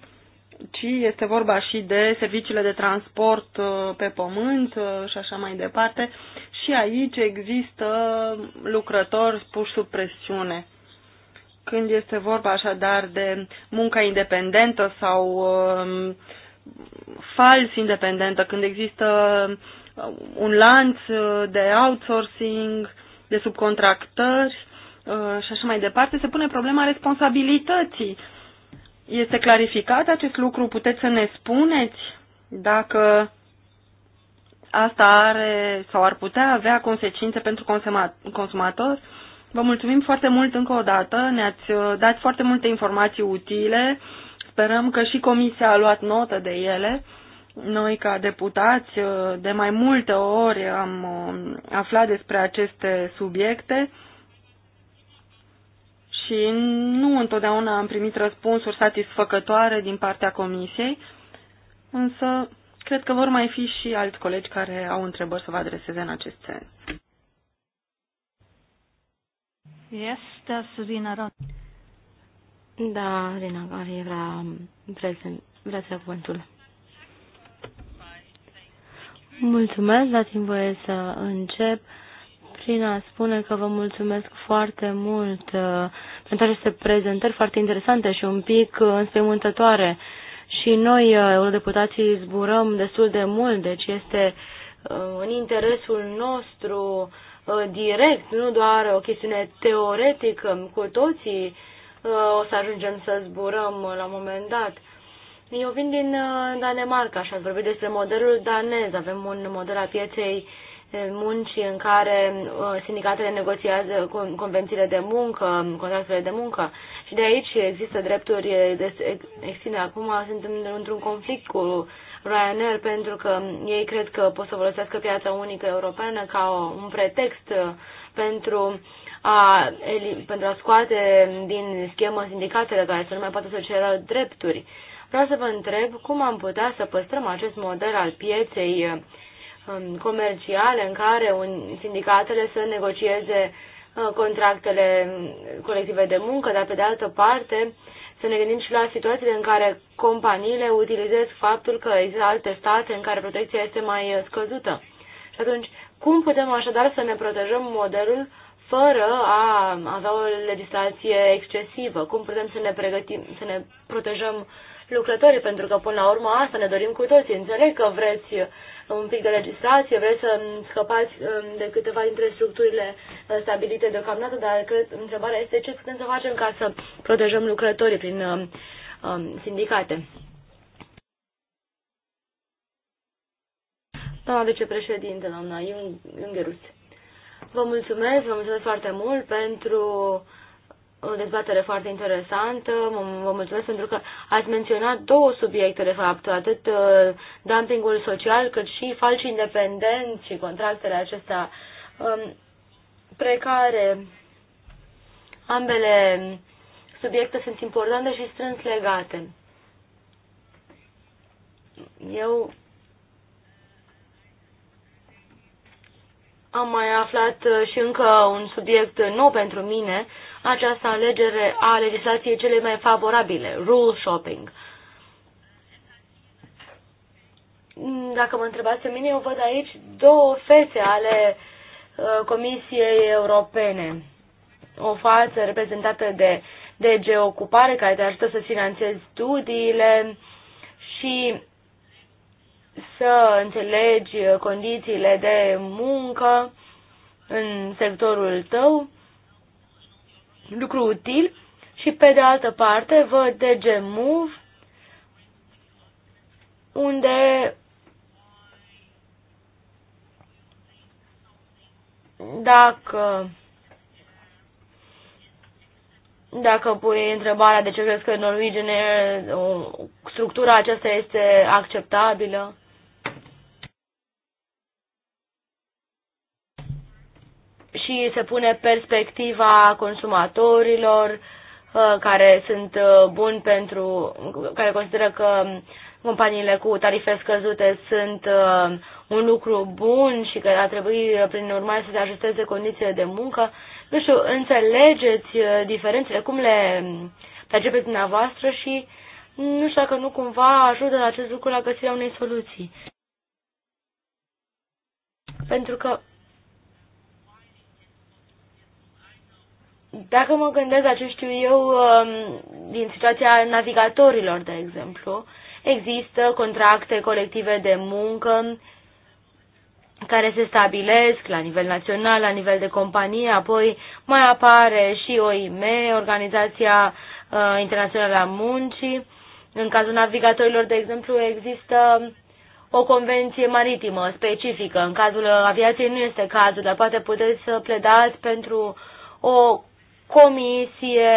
ci este vorba și de serviciile de transport uh, pe pământ uh, și așa mai departe. Și aici există lucrători puși sub presiune. Când este vorba așadar de munca independentă sau uh, fals independentă, când există un lanț de outsourcing, de subcontractări uh, și așa mai departe, se pune problema responsabilității. Este clarificat acest lucru? Puteți să ne spuneți dacă asta are sau ar putea avea consecințe pentru consumator? Vă mulțumim foarte mult încă o dată, ne-ați uh, dat foarte multe informații utile, sperăm că și Comisia a luat notă de ele noi, ca deputați, uh, de mai multe ori am uh, aflat despre aceste subiecte și nu întotdeauna am primit răspunsuri satisfăcătoare din partea comisiei, însă cred că vor mai fi și alți colegi care au întrebări să vă adreseze în acest sens. Yes, that's da, Rina Ron. Da, Rina, care vrea, prezent, vrea să cuvântul. Mulțumesc, dați-mi voie să încep prin a spune că vă mulțumesc foarte mult uh, pentru aceste prezentări foarte interesante și un pic înspăimântătoare. Și noi, uh, eurodeputații, zburăm destul de mult, deci este uh, în interesul nostru direct, nu doar o chestiune teoretică, cu toții o să ajungem să zburăm la un moment dat. Eu vin din uh, Danemarca și aș vorbi despre modelul danez. Avem un model a pieței eh, muncii în care uh, sindicatele negociază convențiile de muncă, contractele de muncă și de aici există drepturi extinde. Acum suntem într-un conflict cu Ryanair pentru că ei cred că pot să folosească piața unică europeană ca un pretext uh, pentru a, pentru a scoate din schemă sindicatele care să nu mai poată să ceră drepturi. Vreau să vă întreb cum am putea să păstrăm acest model al pieței um, comerciale în care un, sindicatele să negocieze uh, contractele um, colective de muncă, dar pe de altă parte să ne gândim și la situațiile în care companiile utilizez faptul că există alte state în care protecția este mai uh, scăzută. Și atunci, cum putem așadar să ne protejăm modelul fără a avea o legislație excesivă? Cum putem să ne pregătim, să ne protejăm lucrătorii, pentru că până la urmă asta ne dorim cu toții. Înțeleg că vreți uh, un pic de legislație, vreți să scăpați um, de câteva dintre structurile uh, stabilite deocamdată, dar cred, întrebarea este ce putem să facem ca să protejăm lucrătorii prin um, um sindicate. Doamna vicepreședinte, doamna Iung Iungerus, vă mulțumesc, vă mulțumesc foarte mult pentru o dezbatere foarte interesantă. Vă mulțumesc pentru că ați menționat două subiecte, de fapt, atât uh, dumpingul social, cât și falci independenți și contractele acestea um, precare. Ambele subiecte sunt importante și strâns legate. Eu am mai aflat uh, și încă un subiect nou pentru mine, această alegere a legislației cele mai favorabile, rule shopping. Dacă mă întrebați pe mine, eu văd aici două fețe ale uh, Comisiei Europene. O față reprezentată de DG Ocupare, care te ajută să finanțezi studiile și să înțelegi condițiile de muncă în sectorul tău lucru util și pe de altă parte văd DG Move unde dacă dacă pui întrebarea de ce crezi că Norwegian Air, structura aceasta este acceptabilă, și se pune perspectiva consumatorilor uh, care sunt uh, buni pentru, care consideră că companiile cu tarife scăzute sunt uh, un lucru bun și că ar trebui, prin urmare, să se ajusteze condițiile de muncă. Nu știu, înțelegeți diferențele, cum le percepeți dumneavoastră și nu știu dacă nu cumva ajută la acest lucru la găsirea unei soluții. Pentru că Dacă mă gândesc la ce știu eu um, din situația navigatorilor, de exemplu, există contracte colective de muncă care se stabilesc la nivel național, la nivel de companie, apoi mai apare și OIM, Organizația uh, Internațională a Muncii. În cazul navigatorilor, de exemplu, există o convenție maritimă specifică. În cazul aviației nu este cazul, dar poate puteți să pledați pentru o comisie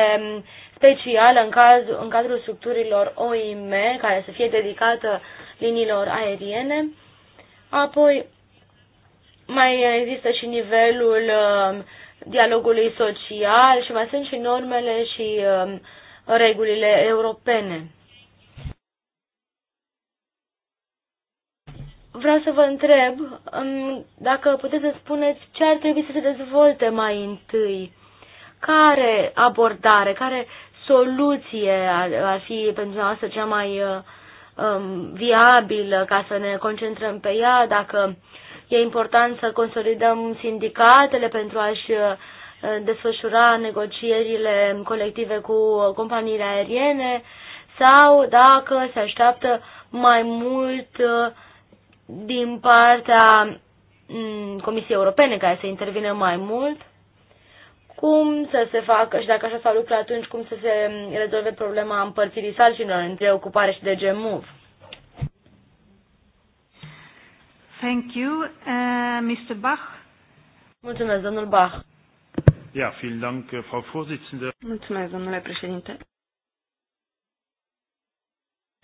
specială în, caz, în cadrul structurilor OIM care să fie dedicată liniilor aeriene. Apoi mai există și nivelul um, dialogului social și mai sunt și normele și um, regulile europene. Vreau să vă întreb um, dacă puteți să spuneți ce ar trebui să se dezvolte mai întâi care abordare, care soluție ar fi pentru noastră cea mai uh, um, viabilă ca să ne concentrăm pe ea, dacă e important să consolidăm sindicatele pentru a-și uh, desfășura negocierile colective cu companiile aeriene sau dacă se așteaptă mai mult uh, din partea mm, Comisiei Europene care să intervine mai mult cum să se facă și dacă așa s-au lucrat atunci, cum să se rezolve problema împărțirii sarcinilor între ocupare și DG Move. Thank you, uh, Mr. Bach. Mulțumesc, domnul Bach. Ja, vielen Dank, äh, Frau Vorsitzende. Mulțumesc, domnule președinte.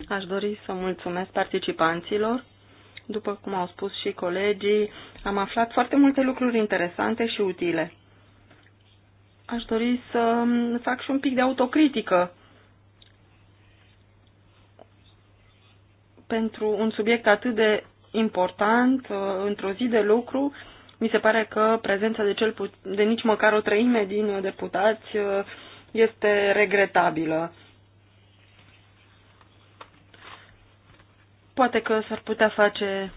Aș dori să mulțumesc participanților. După cum au spus și colegii, am aflat foarte multe lucruri interesante și utile aș dori să um, fac și un pic de autocritică pentru un subiect atât de important uh, într-o zi de lucru. Mi se pare că prezența de, cel put- de nici măcar o treime din deputați uh, este regretabilă. Poate că s-ar putea face,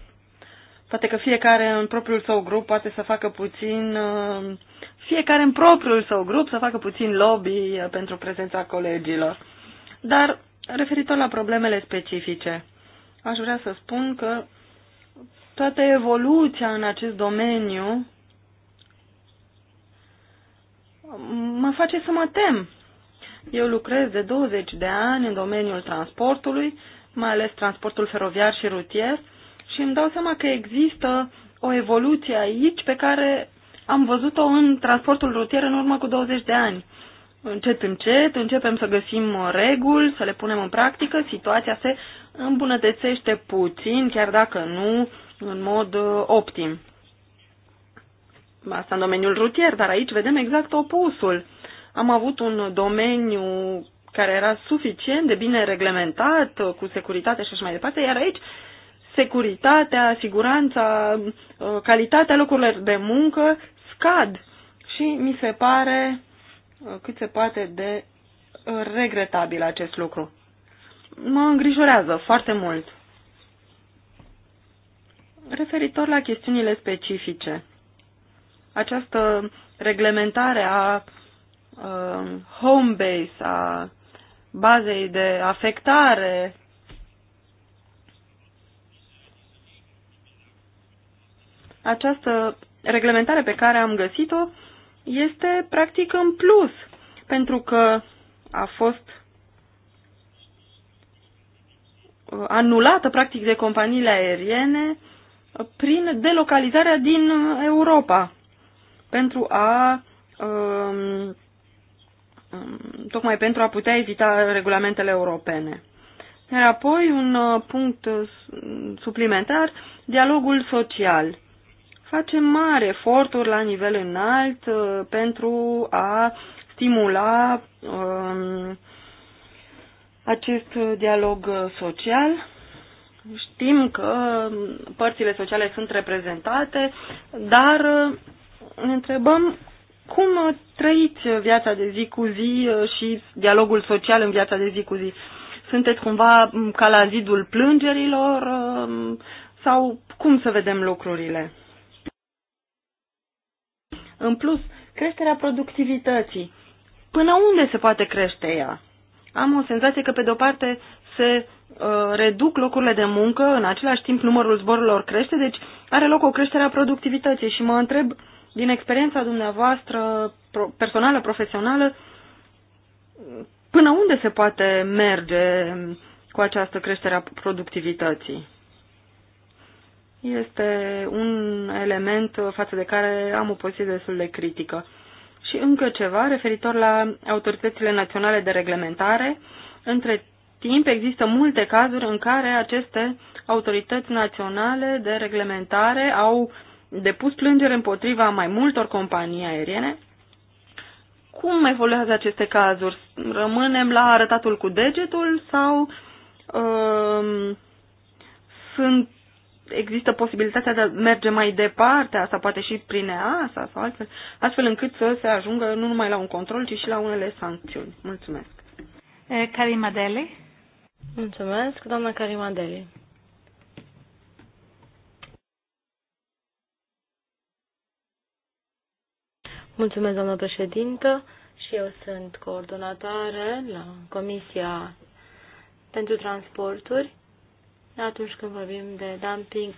poate că fiecare în propriul său grup poate să facă puțin uh, fiecare în propriul său grup să facă puțin lobby eh, pentru prezența colegilor. Dar, referitor la problemele specifice, aș vrea să spun că toată evoluția în acest domeniu mă face să mă tem. Eu lucrez de 20 de ani în domeniul transportului, mai ales transportul feroviar și rutier, și îmi dau seama că există o evoluție aici pe care am văzut-o în transportul rutier în urmă cu 20 de ani. Încet, încet, începem să găsim reguli, să le punem în practică, situația se îmbunătățește puțin, chiar dacă nu în mod uh, optim. Asta în domeniul rutier, dar aici vedem exact opusul. Am avut un domeniu care era suficient de bine reglementat, uh, cu securitate și așa mai departe, iar aici securitatea, siguranța, uh, calitatea locurilor de muncă cad și mi se pare uh, cât se poate de uh, regretabil acest lucru. Mă îngrijorează foarte mult. Referitor la chestiunile specifice, această reglementare a uh, home base, a bazei de afectare, această reglementare pe care am găsit-o este practic în plus, pentru că a fost uh, anulată practic de companiile aeriene prin delocalizarea din Europa pentru a um, um tocmai pentru a putea evita regulamentele europene. Iar apoi un uh, punct uh, suplimentar, dialogul social face mari eforturi la nivel înalt uh, pentru a stimula uh, acest dialog social. Știm că părțile sociale sunt reprezentate, dar uh, ne întrebăm cum trăiți viața de zi cu zi uh, și dialogul social în viața de zi cu zi. Sunteți cumva ca la zidul plângerilor sau cum să vedem lucrurile? În plus, creșterea productivității. Până unde se poate crește ea? Am o senzație că, pe de-o parte, se uh, reduc locurile de muncă, în același timp numărul zborurilor crește, deci are loc o creștere a productivității și mă întreb, din experiența dumneavoastră pro- personală, profesională, până unde se poate merge cu această creștere a productivității? este un element față de care am o poziție destul de critică. Și încă ceva referitor la autoritățile naționale de reglementare. Între timp există multe cazuri în care aceste autorități naționale de reglementare au depus plângere împotriva mai multor companii aeriene. Cum evoluează aceste cazuri? Rămânem la arătatul cu degetul sau uh, sunt există posibilitatea de a merge mai departe, asta poate și prin EASA sau altfel, astfel încât să se ajungă nu numai la un control, ci și la unele sancțiuni. Mulțumesc. Eh, Karima Deli. Mulțumesc, doamna Karima Deli. Mulțumesc, doamna președintă, și eu sunt coordonatoare la Comisia pentru Transporturi atunci când vorbim de dumping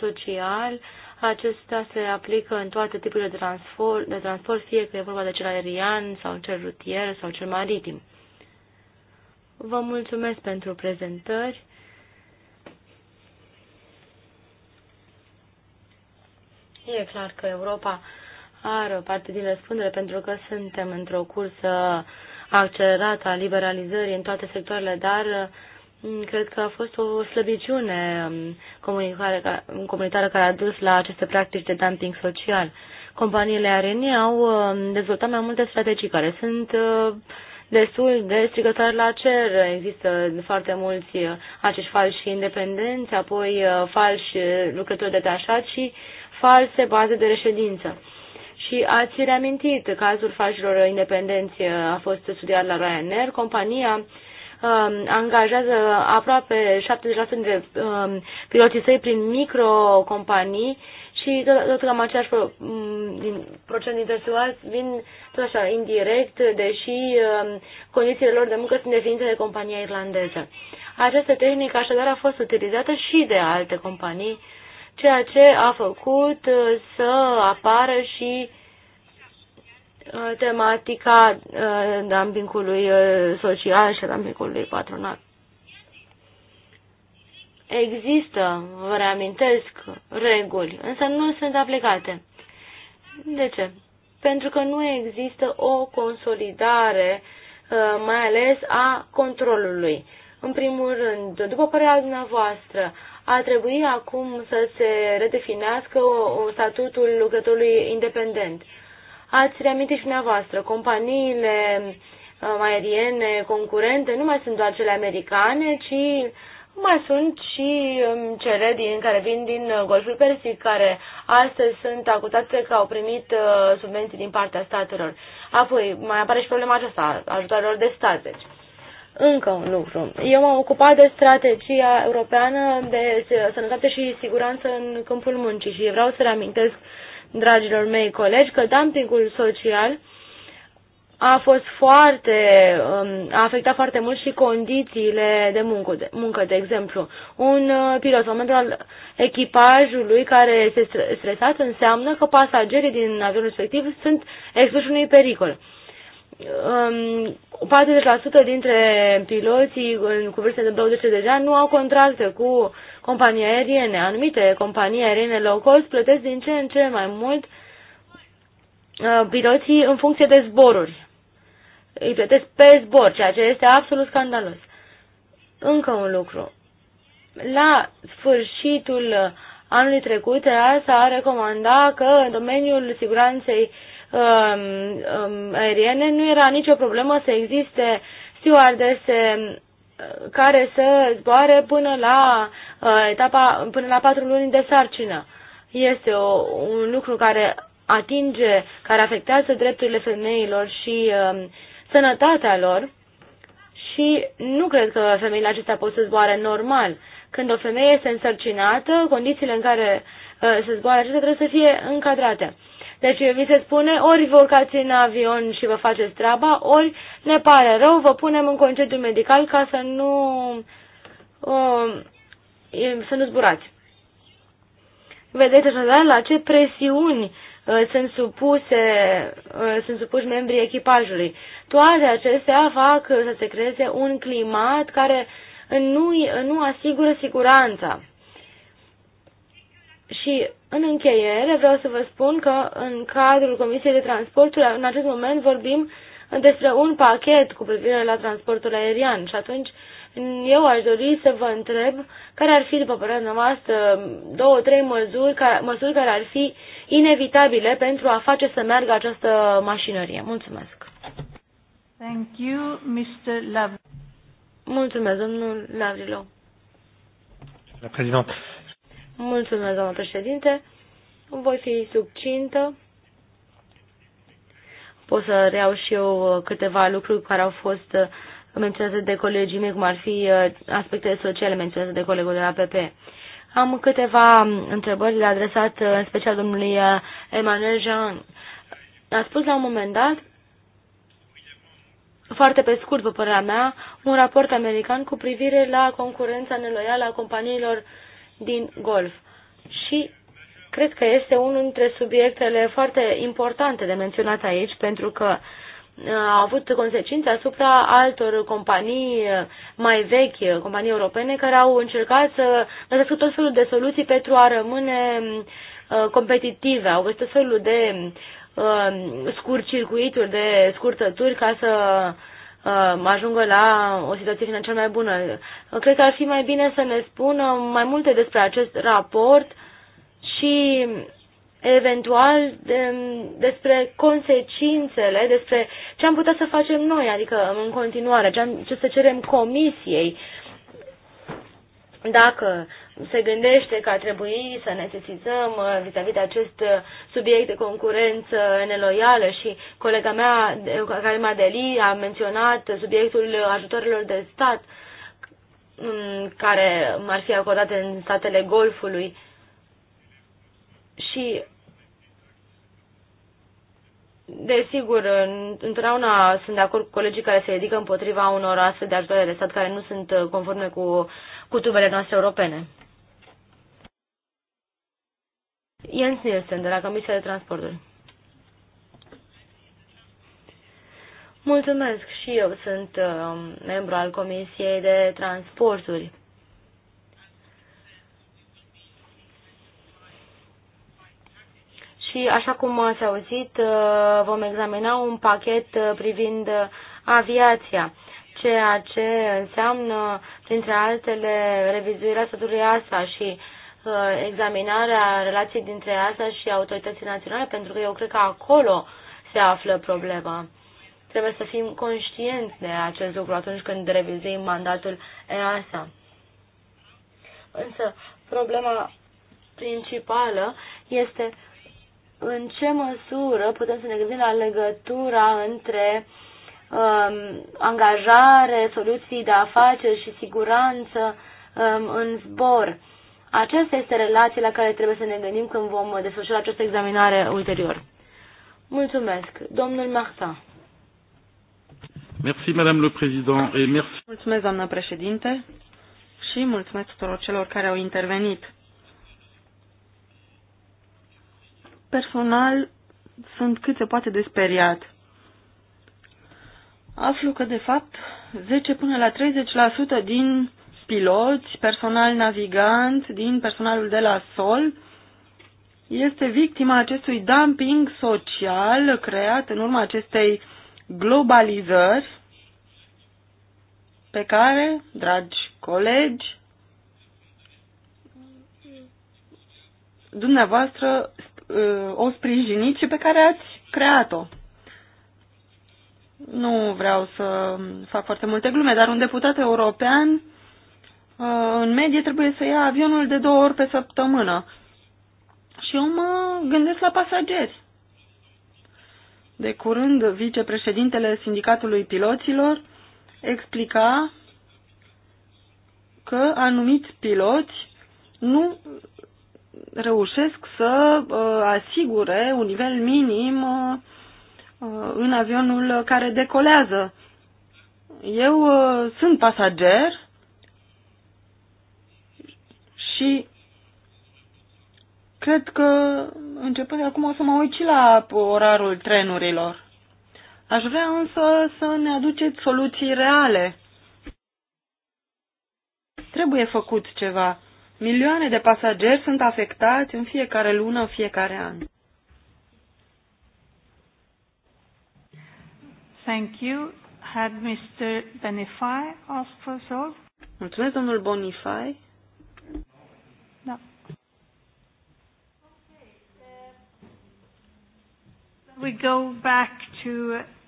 social, acesta se aplică în toate tipurile de transport, de transport fie că e vorba de cel aerian sau cel rutier sau cel maritim. Vă mulțumesc pentru prezentări. E clar că Europa are o parte din răspundere pentru că suntem într-o cursă accelerată a liberalizării în toate sectoarele, dar uh, Cred că a fost o slăbiciune um, comunitară care a dus la aceste practici de dumping social. Companiile arene au um, dezvoltat mai multe strategii care sunt uh, destul de strigătoare la cer. Există foarte mulți uh, acești falși independenți, apoi uh, falși lucrători detașați și false baze de reședință. Și ați reamintit, cazul falșilor independenți a fost studiat la Ryanair, compania Um, angajează aproape 70% dintre um, piloții săi prin microcompanii și tot, tot cam același pro, mm, din, procent dintre suați vin tot așa, indirect, deși um, condițiile lor de muncă sunt definite de compania irlandeză. Această tehnică așadar a fost utilizată și de alte companii, ceea ce a făcut uh, să apară și uh, Uh, tematica uh, dumpingului uh, social și dumpingului patronal. Există, vă reamintesc, reguli, însă nu sunt aplicate. De ce? Pentru că nu există o consolidare, mai ales a controlului. În primul rând, după părerea dumneavoastră, a trebui acum să se redefinească statutul lucrătorului independent. Ați reamintit și dumneavoastră, companiile uh, aeriene concurente nu mai sunt doar cele americane, ci mai sunt și um, cele din, care vin din uh, Golful Persic, care astăzi sunt acutate că au primit uh, subvenții din partea statelor. Apoi, mai apare și problema aceasta, ajutorilor de stat. Deci. Încă un lucru. Eu m-am ocupat de strategia europeană de sănătate și siguranță în câmpul muncii și vreau să reamintesc dragilor mei colegi, că dumpingul social a fost foarte, um, a afectat foarte mult și condițiile de muncă, de, muncă, de exemplu. Un uh, pilot, în momentul al echipajului care este stresat, înseamnă că pasagerii din avionul respectiv sunt expuși unui pericol. 40% um, dintre piloții cu vârste de 20 de ani nu au contracte cu companii aeriene. Anumite companii aeriene low cost plătesc din ce în ce mai mult uh, piloții în funcție de zboruri. Îi plătesc pe zbor, ceea ce este absolut scandalos. Încă un lucru. La sfârșitul anului trecut, EASA a recomandat că în domeniul siguranței um, um, aeriene nu era nicio problemă să existe stewardese care să zboare până la uh, etapa, până la patru luni de sarcină. Este o, un lucru care atinge, care afectează drepturile femeilor și uh, sănătatea lor și nu cred că femeile acestea pot să zboare normal. Când o femeie este însărcinată, condițiile în care uh, se zboare acestea trebuie să fie încadrate. Deci mi se spune, ori vă urcați în avion și vă faceți treaba, ori ne pare rău, vă punem în concediu medical ca să nu, uh, să nu zburați. Vedeți așadar la ce presiuni uh, sunt, supuse, uh, sunt supuși membrii echipajului. Toate acestea fac să se creeze un climat care nu, nu asigură siguranța. Și în încheiere vreau să vă spun că în cadrul Comisiei de Transporturi în acest moment vorbim despre un pachet cu privire la transportul aerian și atunci eu aș dori să vă întreb care ar fi, după părerea noastră, două, trei măsuri care, măsuri care ar fi inevitabile pentru a face să meargă această mașinărie. Mulțumesc. Thank you, Mr. Lav- Mulțumesc, domnul Lavrilo. La președinte. Mulțumesc, doamnă președinte. Voi fi subcintă. Pot să reau și eu uh, câteva lucruri care au fost uh, menționate de colegii mei, cum ar fi uh, aspectele sociale menționate de colegul de la PP. Am câteva um, întrebări le adresat în special domnului Emmanuel Jean. A spus la un moment dat, foarte pe scurt, pe părerea mea, un raport american cu privire la concurența neloială a companiilor uh, din golf. Și cred că este unul dintre subiectele foarte importante de menționat aici, pentru că uh, a avut consecințe asupra altor companii uh, mai vechi, uh, companii europene, care au încercat să găsească tot felul de soluții pentru a rămâne competitive. Au găsit tot felul de scurt circuituri, de scurtături ca să Uh, ajungă la o situație financiară mai bună. Uh, cred că ar fi mai bine să ne spună mai multe despre acest raport și eventual de, despre consecințele, despre ce am putea să facem noi, adică în continuare, ce, am, ce să cerem comisiei dacă se gândește că ar trebui să ne sesizăm uh, vis-a-vis de acest uh, subiect de concurență neloială și colega mea, Karima Deli, a menționat subiectul ajutorilor de stat mm, care ar fi acordate în statele Golfului și Desigur, întotdeauna sunt de acord cu colegii care se ridică împotriva unor astfel de ajutoare de stat care nu sunt uh, conforme cu cutubele noastre europene. Jens Nielsen, de la Comisia de Transporturi. Mulțumesc și eu sunt uh, membru al Comisiei de Transporturi. Și așa cum ați auzit, uh, vom examina un pachet uh, privind aviația, ceea ce înseamnă, printre altele, revizuirea statului ASA și uh, Uh, examinarea relației dintre asta și autoritățile naționale, pentru că eu cred că acolo se află problema. Trebuie să fim conștienți de acest lucru atunci când revizuim mandatul EASA. Însă, problema principală este în ce măsură putem să ne gândim la legătura între um, angajare, soluții de afaceri și siguranță um, în zbor. Aceasta este relația la care trebuie să ne gândim când vom desfășura această examinare ulterior. Mulțumesc. Domnul Marta. Merci, Madame le Président, et merci. Mulțumesc, doamnă președinte, și mulțumesc tuturor celor care au intervenit. Personal, sunt cât se poate de speriat. Aflu că, de fapt, 10 până la 30% din piloți, personal navigant din personalul de la sol este victima acestui dumping social creat în urma acestei globalizări pe care, dragi colegi, dumneavoastră uh, o sprijiniți și pe care ați creat-o. Nu vreau să fac foarte multe glume, dar un deputat european Uh, în medie trebuie să ia avionul de două ori pe săptămână. Și eu mă gândesc la pasageri. De curând, vicepreședintele Sindicatului Piloților explica că anumiți piloți nu reușesc să uh, asigure un nivel minim uh, uh, în avionul care decolează. Eu uh, sunt pasager și cred că începând de acum o să mă uit și la orarul trenurilor. Aș vrea însă să ne aduceți soluții reale. Trebuie făcut ceva. Milioane de pasageri sunt afectați în fiecare lună, în fiecare an. Thank you. Had Mr. Benify asked for so? Mulțumesc, domnul Bonifay. we go back to...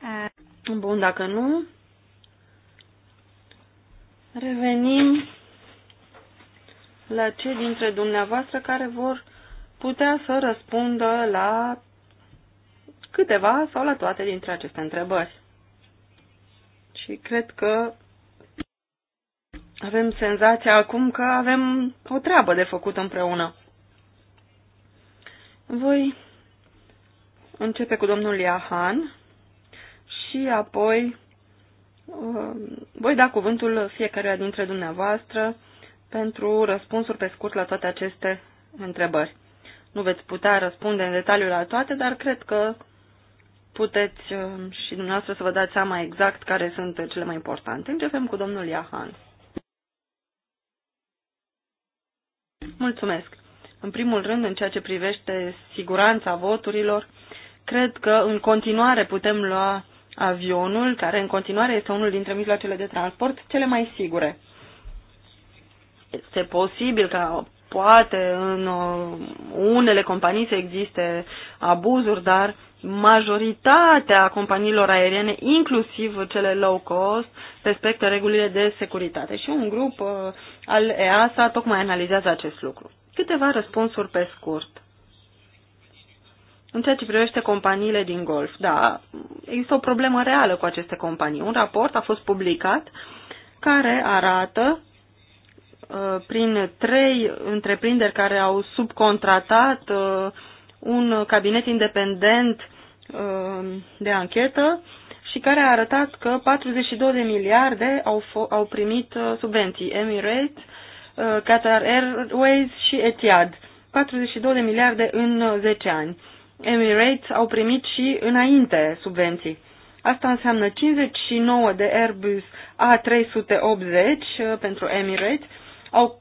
Uh... Bun, dacă nu, revenim la cei dintre dumneavoastră care vor putea să răspundă la câteva sau la toate dintre aceste întrebări. Și cred că avem senzația acum că avem o treabă de făcut împreună. Voi Începe cu domnul Iahan și apoi um, voi da cuvântul fiecare dintre dumneavoastră pentru răspunsuri pe scurt la toate aceste întrebări. Nu veți putea răspunde în detaliu la toate, dar cred că puteți um, și dumneavoastră să vă dați seama exact care sunt cele mai importante. Începem cu domnul Iahan. Mulțumesc. În primul rând, în ceea ce privește siguranța voturilor, Cred că în continuare putem lua avionul, care în continuare este unul dintre mijloacele de transport cele mai sigure. Este posibil că poate în uh, unele companii să existe abuzuri, dar majoritatea companiilor aeriene, inclusiv cele low cost, respectă regulile de securitate. Și un grup uh, al EASA tocmai analizează acest lucru. Câteva răspunsuri pe scurt. În ceea ce privește companiile din golf, da, există o problemă reală cu aceste companii. Un raport a fost publicat care arată uh, prin trei întreprinderi care au subcontratat uh, un cabinet independent uh, de anchetă și care a arătat că 42 de miliarde au, au primit subvenții Emirates, Qatar Airways și Etihad. 42 de miliarde în 10 ani. Emirates au primit și înainte subvenții. Asta înseamnă 59 de Airbus A380 uh, pentru Emirates au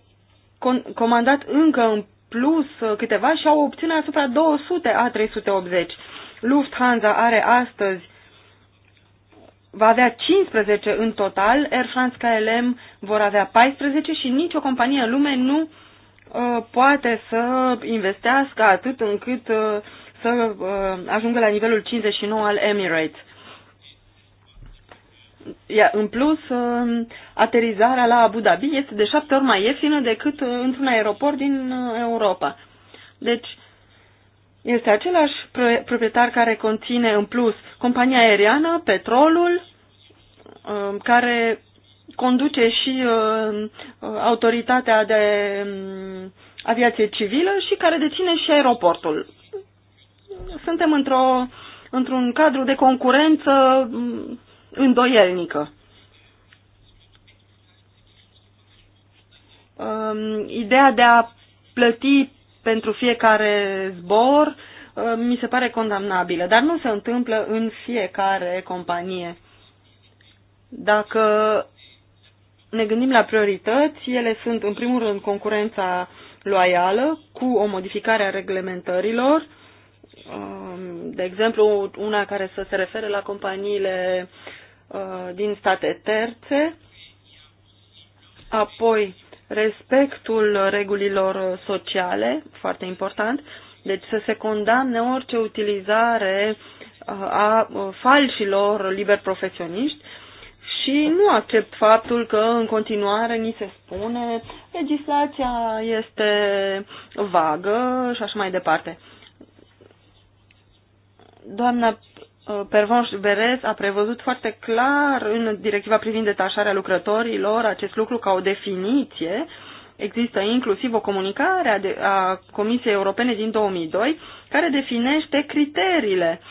comandat încă în plus uh, câteva și au obținut asupra 200 A380. Lufthansa are astăzi va avea 15 în total, Air France KLM vor avea 14 și nicio companie în lume nu uh, poate să investească atât încât uh, să uh, ajungă la nivelul 59 al Emirates. Iar în plus, uh, aterizarea la Abu Dhabi este de șapte ori mai ieftină decât uh, într-un aeroport din Europa. Deci, este același proprietar care conține în plus compania aeriană, petrolul, care conduce și autoritatea de um, aviație civilă și care deține și aeroportul suntem într-o, într-un cadru de concurență mm, îndoielnică. Um, ideea de a plăti pentru fiecare zbor um, mi se pare condamnabilă, dar nu se întâmplă în fiecare companie. Dacă ne gândim la priorități, ele sunt în primul rând concurența loială cu o modificare a reglementărilor, Um, de exemplu, una care să se refere la companiile uh, din state terțe, apoi respectul regulilor sociale, foarte important, deci să se condamne orice utilizare uh, a uh, falșilor liber profesioniști și nu accept faptul că în continuare ni se spune legislația este vagă și așa mai departe. Doamna uh, Pervenș Berez a prevăzut foarte clar în directiva privind detașarea lucrătorilor acest lucru ca o definiție. Există inclusiv o comunicare a Comisiei Europene din 2002 care definește criteriile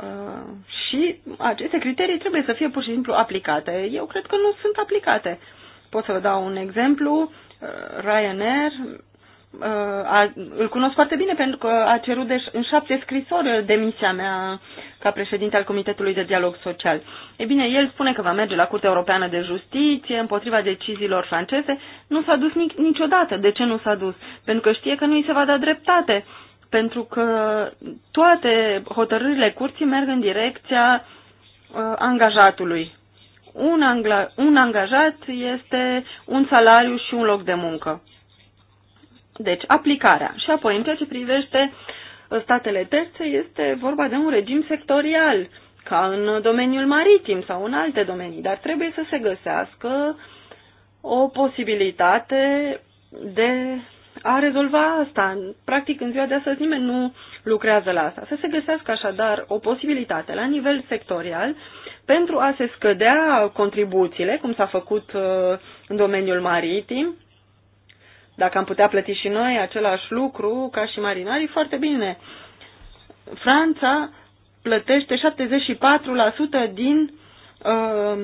uh, și aceste criterii trebuie să fie pur și simplu aplicate. Eu cred că nu sunt aplicate. Pot să vă dau un exemplu. Uh, Ryanair a, îl cunosc foarte bine pentru că a cerut de, deci în șapte scrisori demisia mea ca președinte al Comitetului de Dialog Social. E bine, el spune că va merge la Curtea Europeană de Justiție împotriva deciziilor franceze. Nu s-a dus nic, niciodată. De ce nu s-a dus? Pentru că știe că nu îi se va da dreptate. Pentru că toate hotărârile curții merg în direcția uh, angajatului. Un, angla, un angajat este un salariu și un loc de muncă deci, aplicarea. Și apoi, în ceea ce privește uh, statele terțe, este vorba de un regim sectorial, ca în domeniul maritim sau în alte domenii, dar trebuie să se găsească o posibilitate de a rezolva asta. Practic, în ziua de astăzi nimeni nu lucrează la asta. Să se găsească așadar o posibilitate la nivel sectorial pentru a se scădea contribuțiile, cum s-a făcut uh, în domeniul maritim, dacă am putea plăti și noi același lucru ca și marinarii, foarte bine. Franța plătește 74% din uh,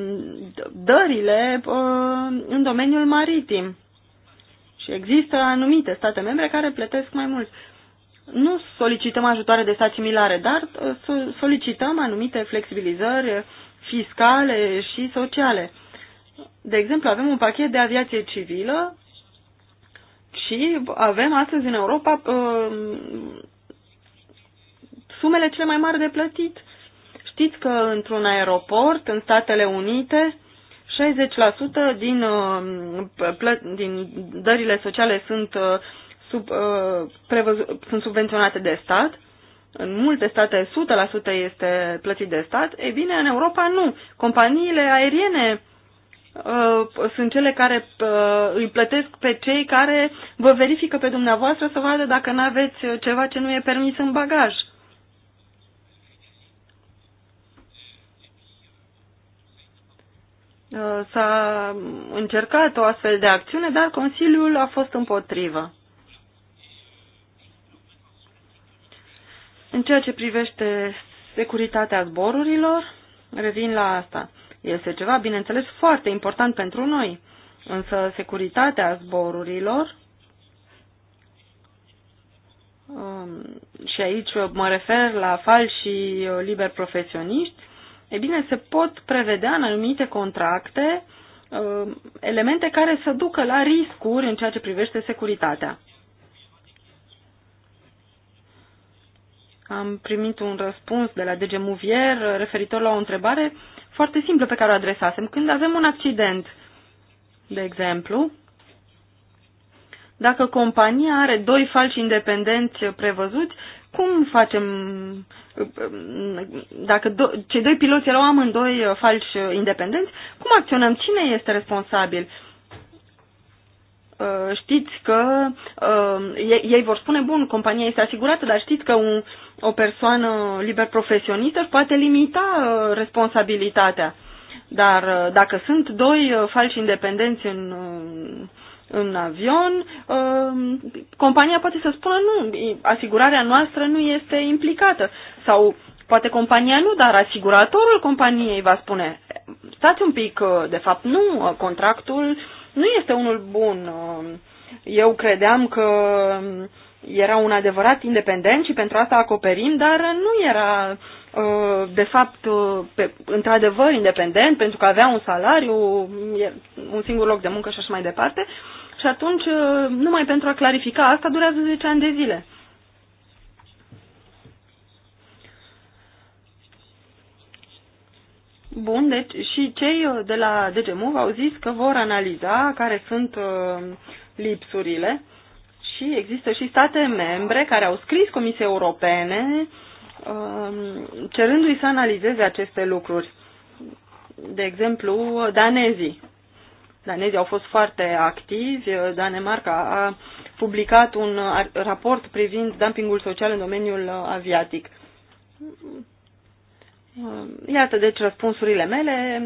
dările uh, în domeniul maritim. Și există anumite state membre care plătesc mai mult. Nu solicităm ajutoare de stat similare, dar uh, solicităm anumite flexibilizări fiscale și sociale. De exemplu, avem un pachet de aviație civilă și avem astăzi în Europa uh, sumele cele mai mari de plătit. Știți că într-un aeroport, în Statele Unite, 60% din, uh, din dările sociale sunt, uh, sub, uh, sunt subvenționate de stat. În multe state 100% este plătit de stat. Ei bine, în Europa nu. Companiile aeriene Uh, sunt cele care uh, îi plătesc pe cei care vă verifică pe dumneavoastră să vadă dacă nu aveți ceva ce nu e permis în bagaj. Uh, s-a încercat o astfel de acțiune, dar Consiliul a fost împotrivă. În ceea ce privește securitatea zborurilor, revin la asta. Este ceva, bineînțeles, foarte important pentru noi, însă securitatea zborurilor um, și aici mă refer la falsi liberi uh, liber profesioniști, e bine, se pot prevedea în anumite contracte um, elemente care să ducă la riscuri în ceea ce privește securitatea. Am primit un răspuns de la DG Muvier uh, referitor la o întrebare foarte simplă pe care o adresasem. Când avem un accident, de exemplu, dacă compania are doi falci independenți prevăzuți, cum facem dacă do, cei doi piloți erau amândoi falși independenți, cum acționăm? Cine este responsabil? Uh, știți că uh, ei vor spune, bun, compania este asigurată, dar știți că un, o persoană liber profesionistă își poate limita uh, responsabilitatea. Dar uh, dacă sunt doi uh, falși independenți în, în avion, compania poate să spună nu, asigurarea noastră nu este implicată. Sau poate compania nu, dar asiguratorul companiei va spune stați un pic, de fapt nu, contractul nu este unul bun. Eu credeam că era un adevărat independent și pentru asta acoperim, dar nu era uh, de fapt uh, într-adevăr independent pentru că avea un salariu, un singur loc de muncă și așa mai departe. Și atunci, uh, numai pentru a clarifica asta, durează 10 ani de zile. Bun, deci și cei de la DGMU au zis că vor analiza care sunt lipsurile și există și state membre care au scris Comisiei Europene um, cerându-i să analizeze aceste lucruri. De exemplu, danezii. Danezii au fost foarte activi. Danemarca a publicat un raport privind dumpingul social în domeniul aviatic. Um, iată, deci, răspunsurile mele.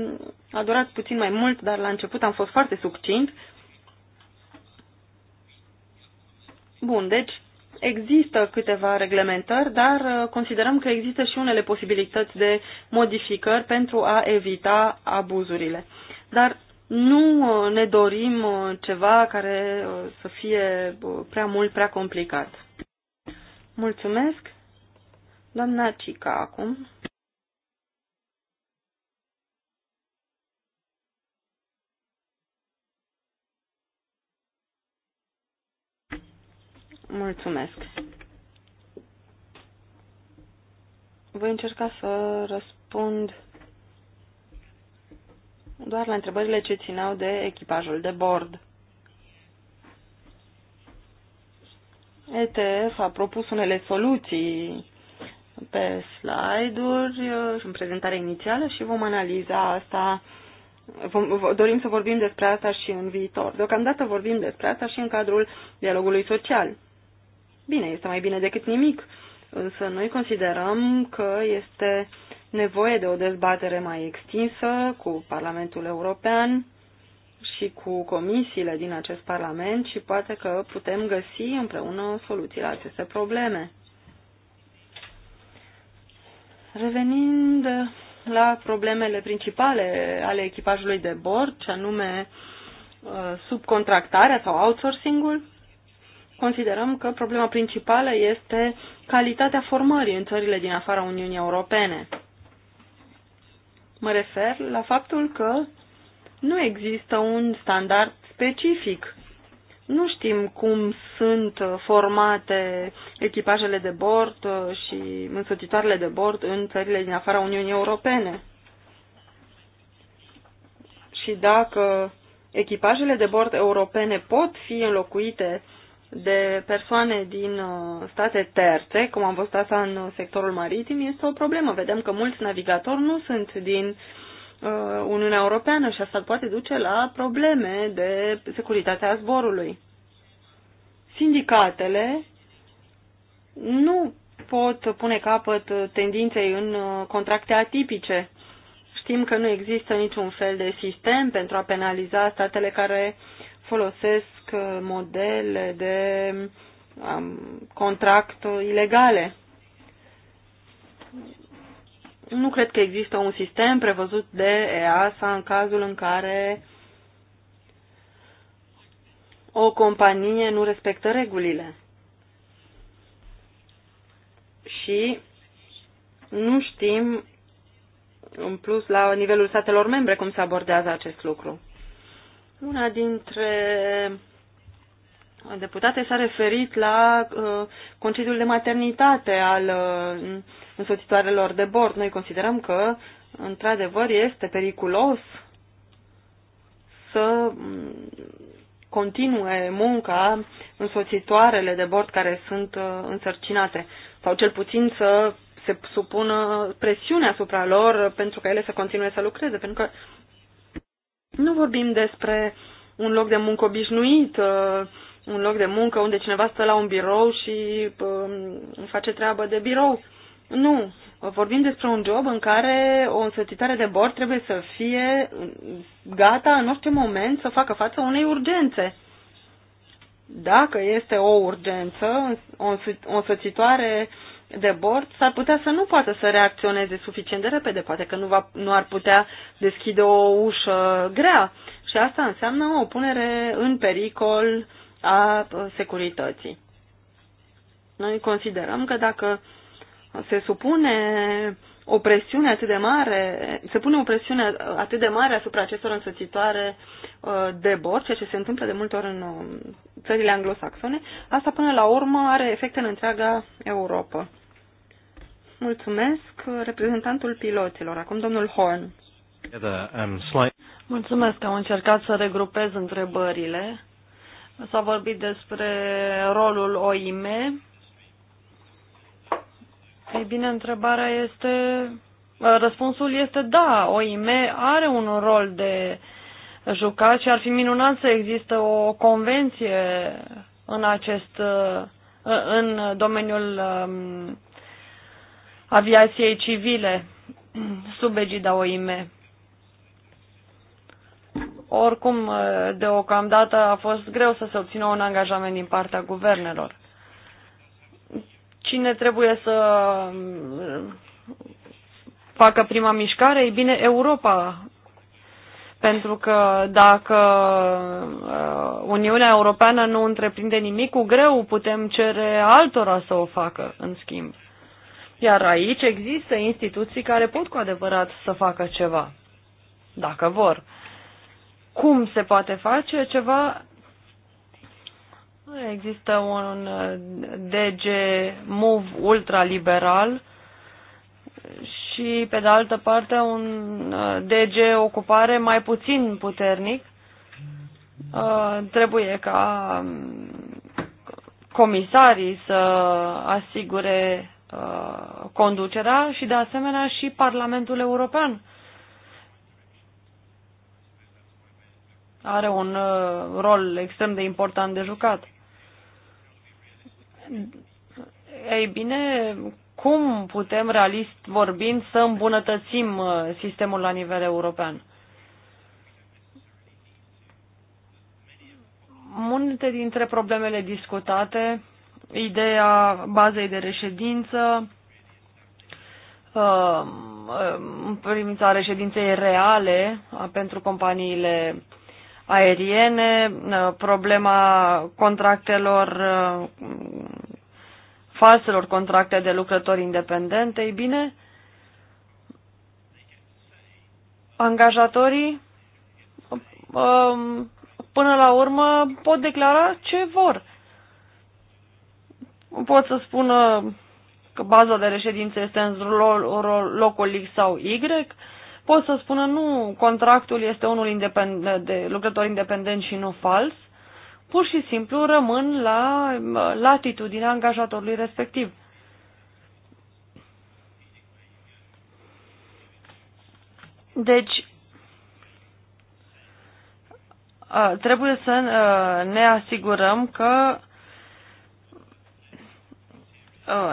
A durat puțin mai mult, dar la început am fost foarte succint Bun, deci există câteva reglementări, dar uh, considerăm că există și unele posibilități de modificări pentru a evita abuzurile. Dar nu uh, ne dorim uh, ceva care să fie prea mult, prea complicat. Mulțumesc. Doamna Cica acum. Mulțumesc. Voi încerca să răspund doar la întrebările ce țineau de echipajul de bord. ETF a propus unele soluții pe slide-uri uh, în prezentarea inițială și vom analiza asta. Vom, dorim să vorbim despre asta și în viitor. Deocamdată vorbim despre asta și în cadrul dialogului social. Bine, este mai bine decât nimic, însă noi considerăm că este nevoie de o dezbatere mai extinsă cu Parlamentul European și cu comisiile din acest Parlament și poate că putem găsi împreună soluții la aceste probleme. Revenind la problemele principale ale echipajului de bord, ce anume uh, subcontractarea sau outsourcing-ul, considerăm că problema principală este calitatea formării în țările din afara Uniunii Europene. Mă refer la faptul că nu există un standard specific. Nu știm cum sunt formate echipajele de bord uh, și însoțitoarele de bord în țările din afara Uniunii Europene. Și dacă echipajele de bord europene pot fi înlocuite de persoane din uh, state terțe, cum am văzut asta în sectorul maritim, este o problemă. Vedem că mulți navigatori nu sunt din uh, Uniunea Europeană și asta poate duce la probleme de securitate a zborului. Sindicatele nu pot pune capăt tendinței în uh, contracte atipice. Știm că nu există niciun fel de sistem pentru a penaliza statele care uh, folosesc uh, modele de um, contract ilegale. Nu cred că există un sistem prevăzut de EASA în cazul în care o companie nu respectă regulile. Și nu știm, în plus, la nivelul statelor membre, cum se abordează acest lucru. Una dintre deputate s-a referit la uh, concediul de maternitate al uh, însoțitoarelor de bord. Noi considerăm că, într-adevăr, este periculos să mm, continue munca însoțitoarele de bord care sunt uh, însărcinate sau cel puțin să se supună presiune asupra lor pentru ca ele să continue să lucreze, pentru că uh, nu vorbim despre un loc de muncă obișnuit, uh, un loc de muncă unde cineva stă la un birou și um, face treabă de birou. Nu. Vorbim despre un job în care o însățitare de bord trebuie să fie gata în orice moment să facă față unei urgențe. Dacă este o urgență, o însăcitoare de bord s-ar putea să nu poată să reacționeze suficient de repede, poate că nu, va, nu ar putea deschide o ușă grea și asta înseamnă o punere în pericol a securității. Noi considerăm că dacă se supune o presiune atât de mare, se pune o presiune atât de mare asupra acestor însățitoare uh, de bord, ceea ce se întâmplă de multe ori în um, țările anglosaxone, asta până la urmă are efecte în întreaga Europa. Mulțumesc reprezentantul piloților, acum domnul Horn. Mulțumesc, am încercat să regrupez întrebările. S-a vorbit despre rolul OIM. Ei bine, întrebarea este, răspunsul este da, OIM are un rol de uh, juca și ar fi minunat să există o convenție în acest uh, în domeniul um, aviației civile sub egida OIM. Oricum, uh, deocamdată a fost greu să se obțină un angajament din partea guvernelor. Cine trebuie să um, facă prima mișcare? Ei bine, Europa pentru că dacă uh, Uniunea Europeană nu întreprinde nimic, cu greu putem cere altora să o facă, în schimb. Iar aici există instituții care pot cu adevărat să facă ceva, dacă vor. Cum se poate face ceva? Există un uh, DG Move ultraliberal și, pe de altă parte, un uh, DG ocupare mai puțin puternic. Uh, trebuie ca um, comisarii să asigure uh, conducerea și, de asemenea, și Parlamentul European are un rol extrem de important de jucat. Ei bine, cum putem, realist vorbind, să îmbunătățim uh, sistemul la nivel european. Multe dintre problemele discutate, ideea bazei de reședință, în uh, uh, privința reședinței reale pentru companiile aeriene, problema contractelor falselor contracte de lucrători independente, ei bine, angajatorii um, până la urmă pot declara ce vor. Pot să spună că baza de reședință este în locul X sau Y, pot să spună nu, contractul este unul de lucrător independent și nu fals, pur și simplu rămân la latitudinea angajatorului respectiv. Deci, trebuie să ne asigurăm că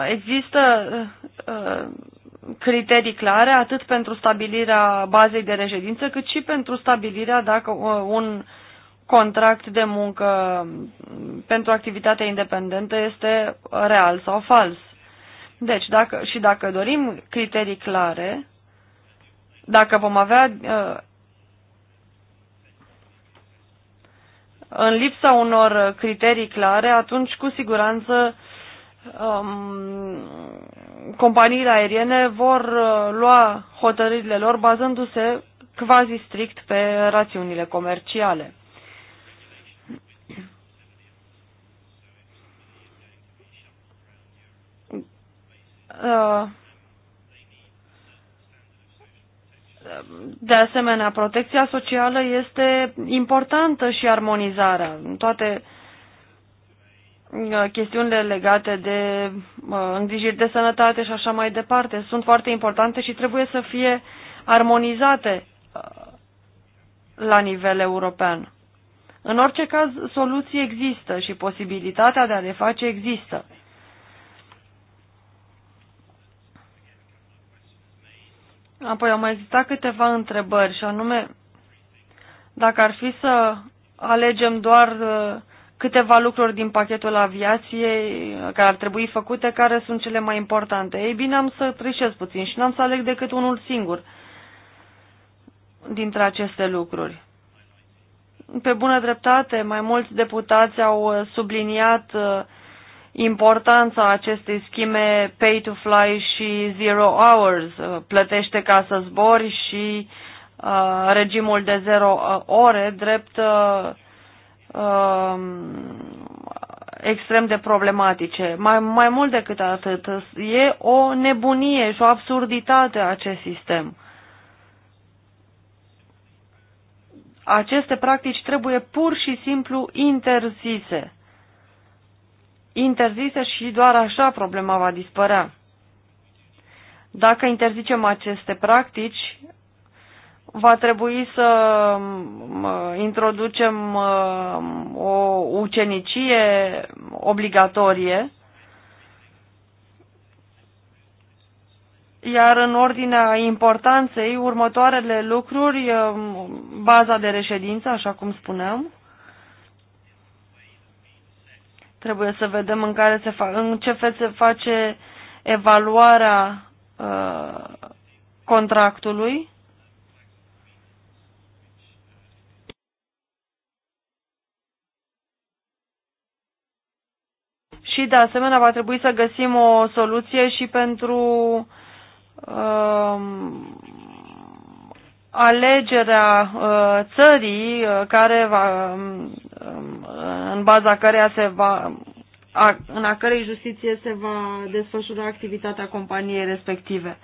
există criterii clare atât pentru stabilirea bazei de reședință, cât și pentru stabilirea dacă un contract de muncă pentru activitatea independentă este real sau fals. Deci, dacă, și dacă dorim criterii clare, dacă vom avea uh, în lipsa unor criterii clare, atunci cu siguranță um, companiile aeriene vor uh, lua hotărârile lor bazându-se quasi strict pe rațiunile comerciale. Uh, de asemenea, protecția socială este importantă și armonizarea. Toate uh, chestiunile legate de uh, îngrijiri de sănătate și așa mai departe sunt foarte importante și trebuie să fie armonizate la nivel european. În orice caz, soluții există și posibilitatea de a le face există. Apoi au mai existat câteva întrebări și anume dacă ar fi să alegem doar uh, câteva lucruri din pachetul aviației uh, care ar trebui făcute, care sunt cele mai importante. Ei bine, am să trișez puțin și n-am să aleg decât unul singur dintre aceste lucruri. Pe bună dreptate, mai mulți deputați au uh, subliniat importanța acestei schime pay to fly și zero hours, plătește ca să zbori și uh, regimul de zero uh, ore, drept uh, um, extrem de problematice. Mai, mai mult decât atât, e o nebunie și o absurditate a acest sistem. Aceste practici trebuie pur și simplu interzise interzise și doar așa problema va dispărea. Dacă interzicem aceste practici, va trebui să introducem o ucenicie obligatorie, iar în ordinea importanței, următoarele lucruri, baza de reședință, așa cum spuneam, Trebuie să vedem în, care se fa- în ce fel se face evaluarea uh, contractului. Și, de asemenea, va trebui să găsim o soluție și pentru uh, alegerea uh, țării uh, care va, um, um, în baza căreia se va, în a cărei justiție se va desfășura activitatea companiei respective.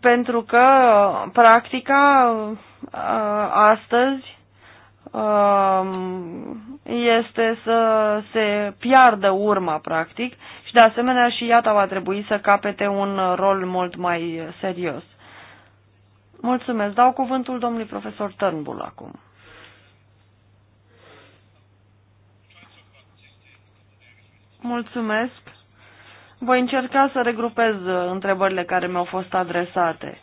Pentru că practica uh, astăzi um, este să se piardă urma, practic, de asemenea, și iată va trebui să capete un rol mult mai serios. Mulțumesc. Dau cuvântul domnului profesor Turnbull acum. Mulțumesc. Voi încerca să regrupez întrebările care mi-au fost adresate.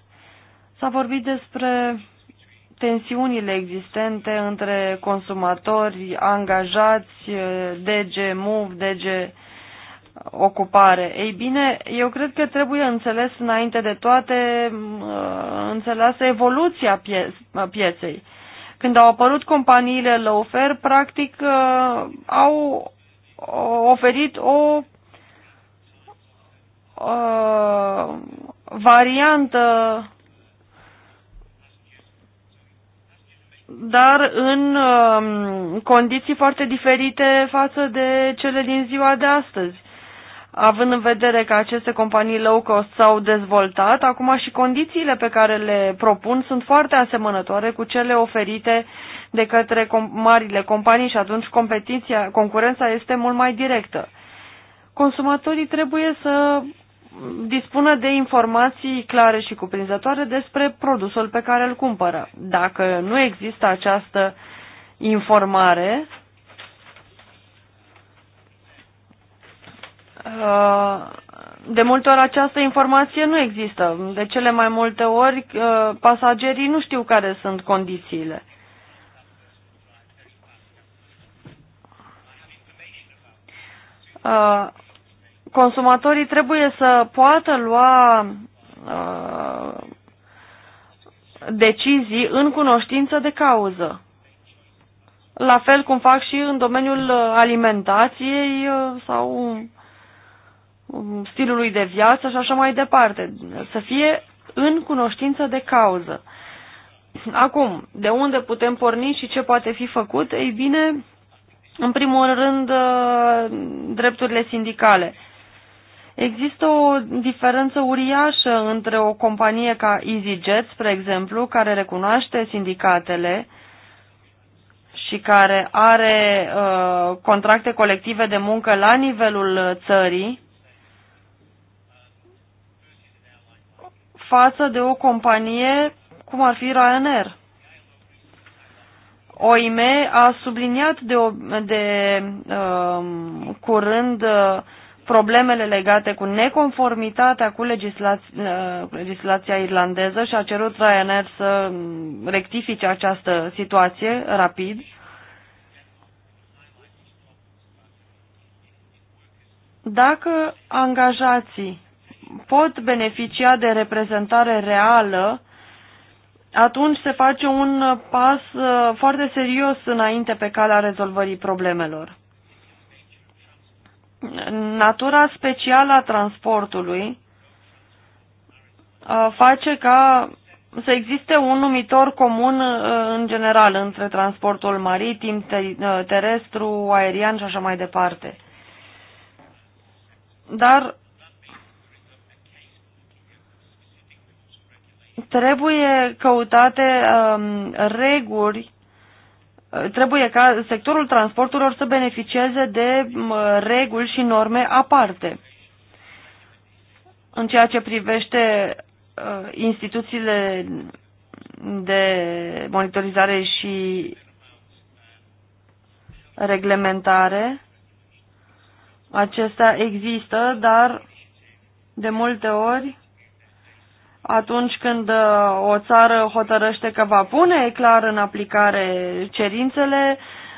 S-a vorbit despre tensiunile existente între consumatori, angajați, DG Move, DG ocupare. Ei bine, eu cred că trebuie înțeles înainte de toate uh, înțeleasă evoluția pie pieței. Când au apărut companiile ofer practic uh, au oferit o uh, variantă, dar în um, condiții foarte diferite față de cele din ziua de astăzi având în vedere că aceste companii low cost s-au dezvoltat, acum și condițiile pe care le propun sunt foarte asemănătoare cu cele oferite de către marile companii și atunci competiția, concurența este mult mai directă. Consumatorii trebuie să dispună de informații clare și cuprinzătoare despre produsul pe care îl cumpără. Dacă nu există această informare, Uh, de multe ori această informație nu există. De cele mai multe ori uh, pasagerii nu știu care sunt condițiile. Uh, consumatorii trebuie să poată lua decizii în cunoștință de cauză. La fel cum fac și în domeniul alimentației sau stilului de viață și așa mai departe. Să fie în cunoștință de cauză. Acum, de unde putem porni și ce poate fi făcut? Ei bine, în primul rând, uh, drepturile sindicale. Există o diferență uriașă între o companie ca EasyJet, spre exemplu, care recunoaște sindicatele și care are uh, contracte colective de muncă la nivelul țării, față de o companie cum ar fi Ryanair. OIM a subliniat de, de um, curând uh, problemele legate cu neconformitatea cu legislația, uh, legislația irlandeză și a cerut Ryanair să um, rectifice această situație rapid. Dacă angajații pot beneficia de reprezentare reală, atunci se face un pas uh, foarte serios înainte pe calea rezolvării problemelor. Natura specială a transportului uh, face ca să existe un numitor comun uh, în general între transportul maritim, terestru, aerian și așa mai departe. Dar Trebuie căutate um, reguli, uh, trebuie ca sectorul transporturilor să beneficieze de reguli și norme aparte. În ceea ce privește uh, instituțiile de monitorizare și reglementare. Acestea există, dar de multe ori atunci când uh, o țară hotărăște că va pune clar în aplicare cerințele,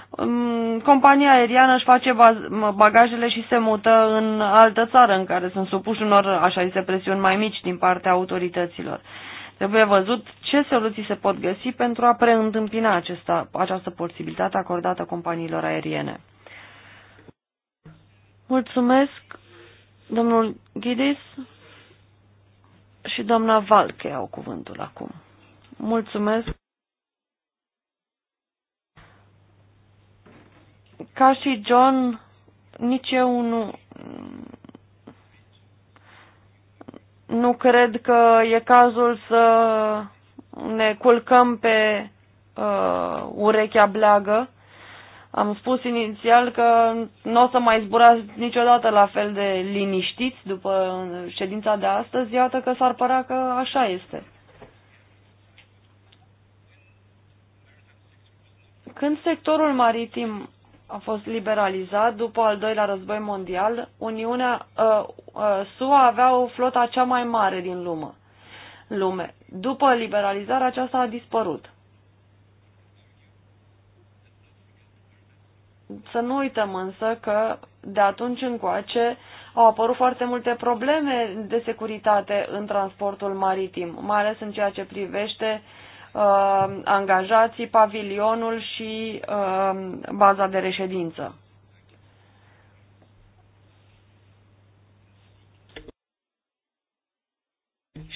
um, compania aeriană își face bagajele și se mută în altă țară în care sunt supuși unor, așa zise, presiuni mai mici din partea autorităților. Trebuie văzut ce soluții se pot găsi pentru a preîntâmpina acesta, această posibilitate acordată companiilor aeriene. Mulțumesc, domnul Ghidis și doamna Valche au cuvântul acum. Mulțumesc! Ca și John, nici eu nu, nu cred că e cazul să ne culcăm pe uh, urechea bleagă. Am spus inițial că nu o să mai zburați niciodată la fel de liniștiți după ședința de astăzi, iată că s-ar părea că așa este. Când sectorul maritim a fost liberalizat după al doilea război mondial, Uniunea, uh, ă, ă, uh, SUA avea o flota cea mai mare din lume. lume. După liberalizare aceasta a dispărut. Să nu uităm însă că de atunci încoace au apărut foarte multe probleme de securitate în transportul maritim, mai ales în ceea ce privește uh, angajații, pavilionul și uh, baza de reședință.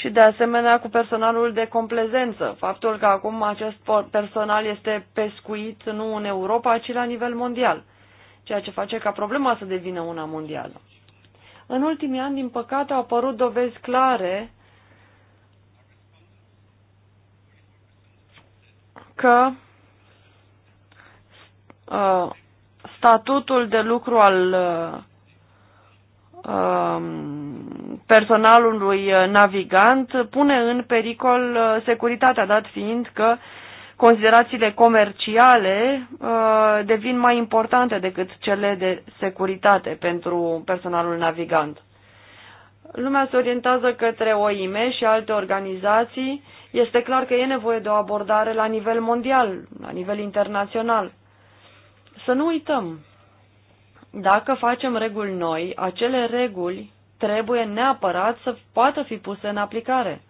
și de asemenea cu personalul de complezență. Faptul că acum acest personal este pescuit nu în Europa, ci la nivel mondial, ceea ce face ca problema să devină una mondială. În ultimii ani, din păcate, au apărut dovezi clare că uh, statutul de lucru al uh, um, personalului uh, navigant pune în pericol uh, securitatea, dat fiind că considerațiile comerciale uh, devin mai importante decât cele de securitate pentru personalul navigant. Lumea se orientează către OIM și alte organizații. Este clar că e nevoie de o abordare la nivel mondial, la nivel internațional. Să nu uităm, dacă facem reguli noi, acele reguli trebuie neapărat să poată fi puse în aplicare.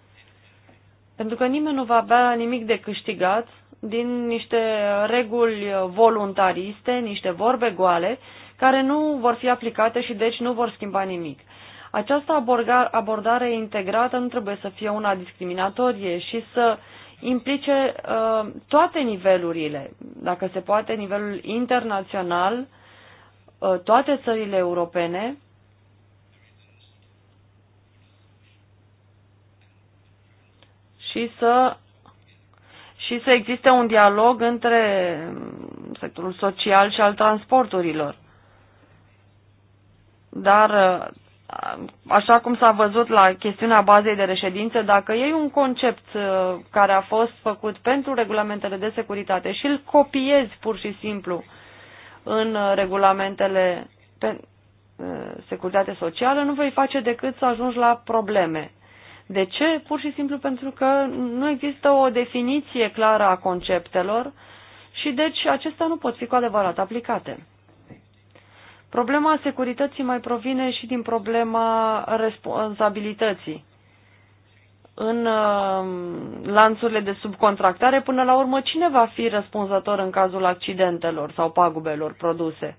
Pentru că nimeni nu va avea nimic de câștigat din niște reguli voluntariste, niște vorbe goale, care nu vor fi aplicate și deci nu vor schimba nimic. Această abordare integrată nu trebuie să fie una discriminatorie și să implice uh, toate nivelurile, dacă se poate, nivelul internațional, uh, toate țările europene, și să și să existe un dialog între sectorul social și al transporturilor. Dar, așa cum s-a văzut la chestiunea bazei de reședință, dacă iei un concept uh, care a fost făcut pentru regulamentele de securitate și îl copiezi pur și simplu în uh, regulamentele pe uh, securitate socială, nu vei face decât să ajungi la probleme de ce? Pur și simplu pentru că nu există o definiție clară a conceptelor și deci acestea nu pot fi cu adevărat aplicate. Problema securității mai provine și din problema responsabilității. În uh, lanțurile de subcontractare, până la urmă, cine va fi răspunzător în cazul accidentelor sau pagubelor produse?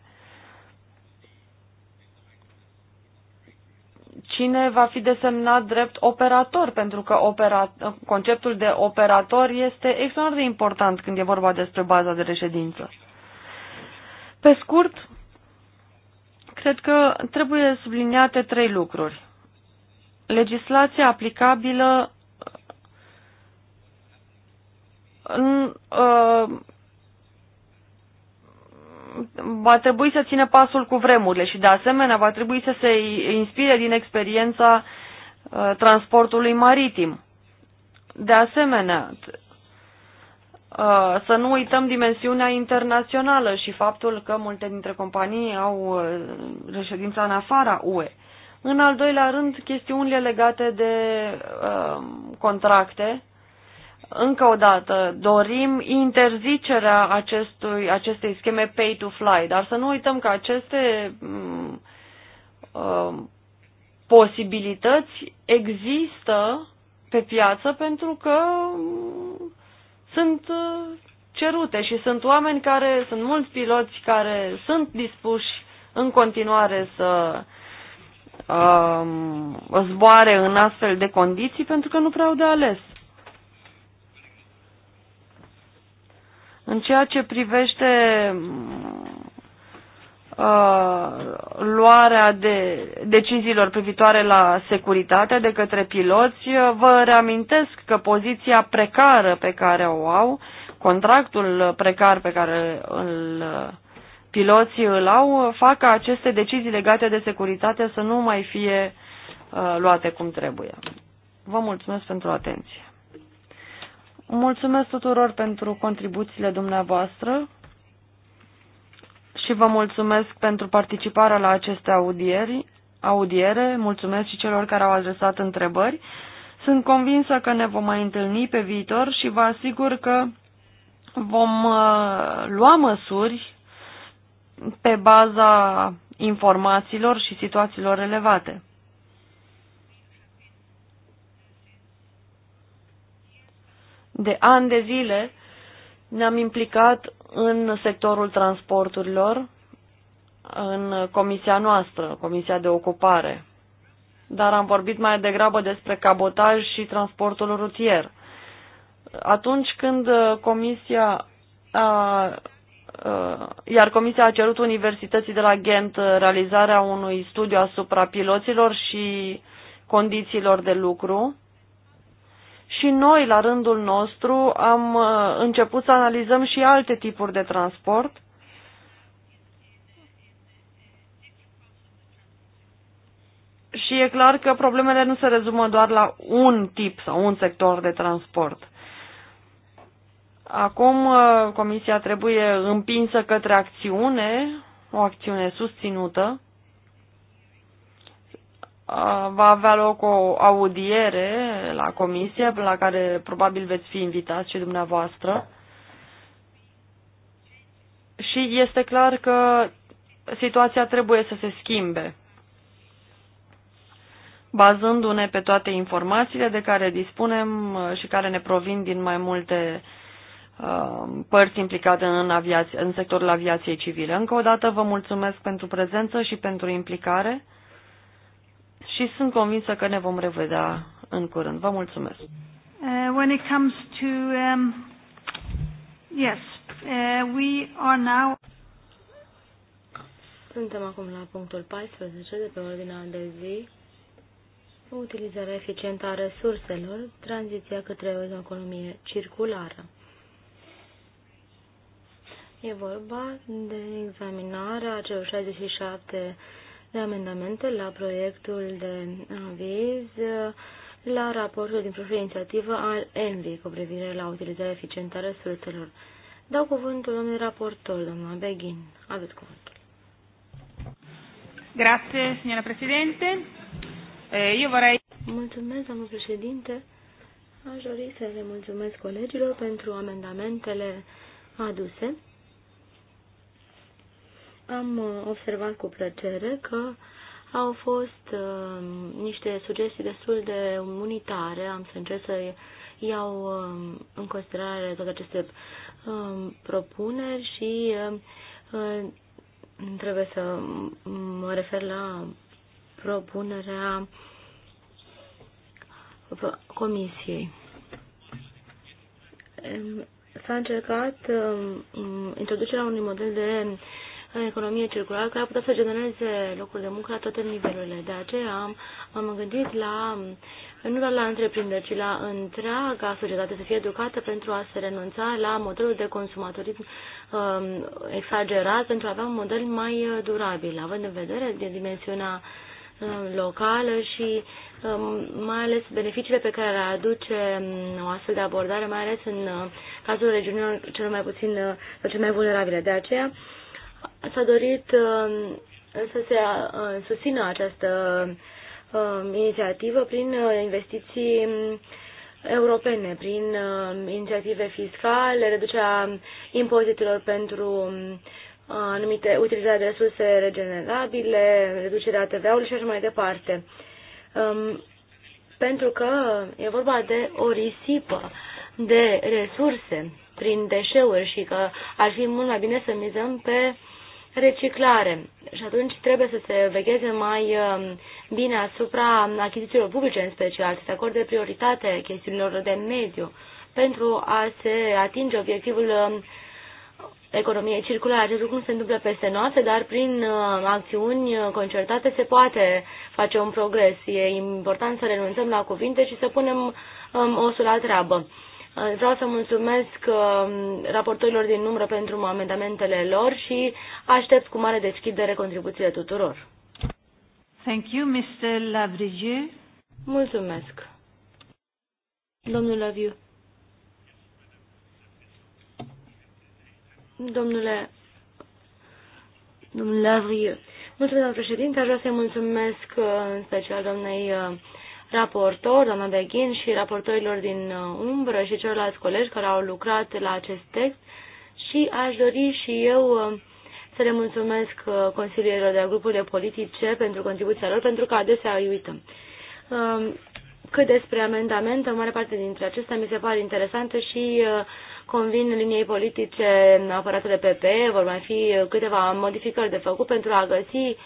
cine va fi desemnat drept operator, pentru că opera, conceptul de operator este extraordinar de important când e vorba despre baza de reședință. Pe scurt, cred că trebuie subliniate trei lucruri. Legislația aplicabilă în, uh, va trebui să țină pasul cu vremurile și de asemenea va trebui să se inspire din experiența uh, transportului maritim. De asemenea, uh, să nu uităm dimensiunea internațională și faptul că multe dintre companii au uh, reședința în afara UE. În al doilea rând, chestiunile legate de contracte încă o dată, dorim interzicerea acestui, acestei scheme pay to fly, dar să nu uităm că aceste um, posibilități există pe piață pentru că mm, sunt uh, cerute și sunt oameni care, sunt mulți piloți care sunt dispuși în continuare să um, zboare în astfel de condiții pentru că nu prea au de ales. În ceea ce privește uh, luarea de deciziilor privitoare la securitate de către piloți, uh, vă reamintesc că poziția precară pe care o au, contractul precar pe care îl piloții îl au, fac ca aceste decizii legate de securitate să nu mai fie uh, luate cum trebuie. Vă mulțumesc pentru atenție. Mulțumesc tuturor pentru contribuțiile dumneavoastră și vă mulțumesc pentru participarea la aceste audieri, audiere. Mulțumesc și celor care au adresat întrebări. Sunt convinsă că ne vom mai întâlni pe viitor și vă asigur că vom uh, lua măsuri pe baza informațiilor și situațiilor relevate. De ani de zile ne-am implicat în sectorul transporturilor, în comisia noastră, comisia de ocupare, dar am vorbit mai degrabă despre cabotaj și transportul rutier. Atunci când comisia a, iar comisia a cerut Universității de la Ghent realizarea unui studiu asupra piloților și condițiilor de lucru, și noi, la rândul nostru, am uh, început să analizăm și alte tipuri de transport. Și e clar că problemele nu se rezumă doar la un tip sau un sector de transport. Acum uh, comisia trebuie împinsă către acțiune, o acțiune susținută va avea loc o audiere la comisie, la care probabil veți fi invitați și dumneavoastră. Și este clar că situația trebuie să se schimbe. Bazându-ne pe toate informațiile de care dispunem uh, și care ne provin din mai multe uh, părți implicate în, aviație, în sectorul aviației civile. Încă o dată vă mulțumesc pentru prezență și pentru implicare și sunt convinsă că ne vom revedea în curând. Vă mulțumesc. Uh, when it comes to um, yes, uh, we are now suntem acum la punctul 14 de pe ordinea de zi. Utilizarea eficientă a resurselor, tranziția către o economie circulară. E vorba de examinarea celor 67 de amendamente la proiectul de aviz la raportul din propria inițiativă al ENVI cu privire la utilizarea eficientă a resurselor. Dau cuvântul domnului raportor, domnul Beghin. Aveți cuvântul. Grazie, signora președinte. Eu eh, vorrei... Mulțumesc, domnule președinte. Aș dori să le mulțumesc colegilor pentru amendamentele aduse am uh, observat cu plăcere că au fost uh, niște sugestii destul de unitare. Am să încerc să iau uh, în considerare toate aceste uh, propuneri și uh, uh trebuie să mă refer la propunerea comisiei. S-a încercat uh, introducerea unui model de în economie circulară care ar putea să genereze locuri de muncă la toate nivelurile. De aceea am, am gândit la, nu doar la întreprinderi, ci la întreaga societate să fie educată pentru a se renunța la modelul de consumatorism um, exagerat pentru a avea un model mai uh, durabil, având în vedere de dimensiunea uh, locală și um, mai ales beneficiile pe care le aduce um, o astfel de abordare, mai ales în uh, cazul regiunilor cel mai puțin, cel mai vulnerabile. De aceea, S-a dorit um, să se uh, susțină această um, inițiativă prin uh, investiții um, europene, prin inițiative fiscale, reducerea impozitelor pentru anumite utilizarea de resurse regenerabile, reducerea TVA-ului și așa mai departe. Pentru că e vorba de o risipă de resurse prin deșeuri și că ar fi mult mai bine să mizăm pe reciclare și atunci trebuie să se vegheze mai um, bine asupra achizițiilor publice în special, să se acorde prioritate chestiunilor de mediu pentru a se atinge obiectivul um, economiei circulare. Acest lucru nu se întâmplă peste noapte, dar prin um, acțiuni concertate se poate face un progres. E important să renunțăm la cuvinte și să punem osul la treabă. Vreau să mulțumesc uh, raportorilor din numără pentru amendamentele lor și aștept cu mare deschidere contribuțiile tuturor. Thank you, Mr. Lavrigier. Mulțumesc. Domnul Laviu. Domnule, domnule Lavrigier. Mulțumesc, președinte. Aș vrea să-i mulțumesc uh, în special doamnei uh, raportor, doamna Beghin, și raportorilor din uh, umbră și celorlalți colegi care au lucrat la acest text și aș dori și eu uh, să le mulțumesc uh, consilierilor de la grupurile politice pentru contribuția lor, pentru că adesea îi uităm. Um, cât despre amendamente, o mare parte dintre acestea mi se pare interesante și convin liniei politice apărate de PP. Vor mai fi câteva modificări de făcut pentru a găsi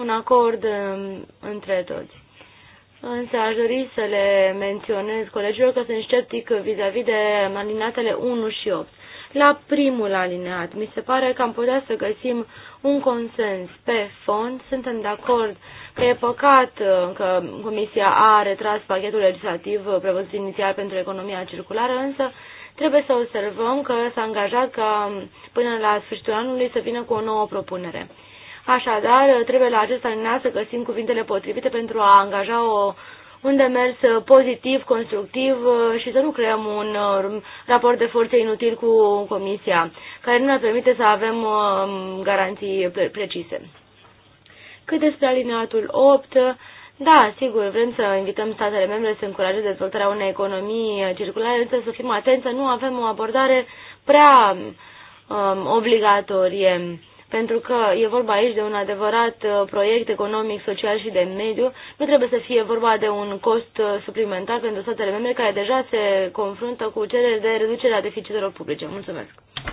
un acord um, între toți. Însă aș dori să le menționez colegilor că sunt sceptic vis-a-vis -vis de alineatele 1 și 8. La primul alineat, mi se pare că am putea să găsim un consens pe fond. Suntem de acord că e păcat uh, că Comisia a retras pachetul legislativ prevăzut inițial pentru economia circulară, însă trebuie să observăm că s-a angajat ca um, până la sfârșitul anului să vină cu o nouă propunere. Așadar, trebuie la acest alineat să găsim cuvintele potrivite pentru a angaja o, un demers pozitiv, constructiv uh, și să nu creăm un uh, raport de forțe inutil cu Comisia, care nu ne permite să avem uh, garanții precise. Cât despre alineatul 8, da, sigur, vrem să invităm statele membre să încurajeze dezvoltarea unei economii circulare, însă să fim atenți să nu avem o abordare prea um, obligatorie pentru că e vorba aici de un adevărat uh, proiect economic, social și de mediu. Nu trebuie să fie vorba de un cost uh, suplimentar pentru statele membre care deja se confruntă cu cereri de reducere a deficitelor publice. Mulțumesc. Uh,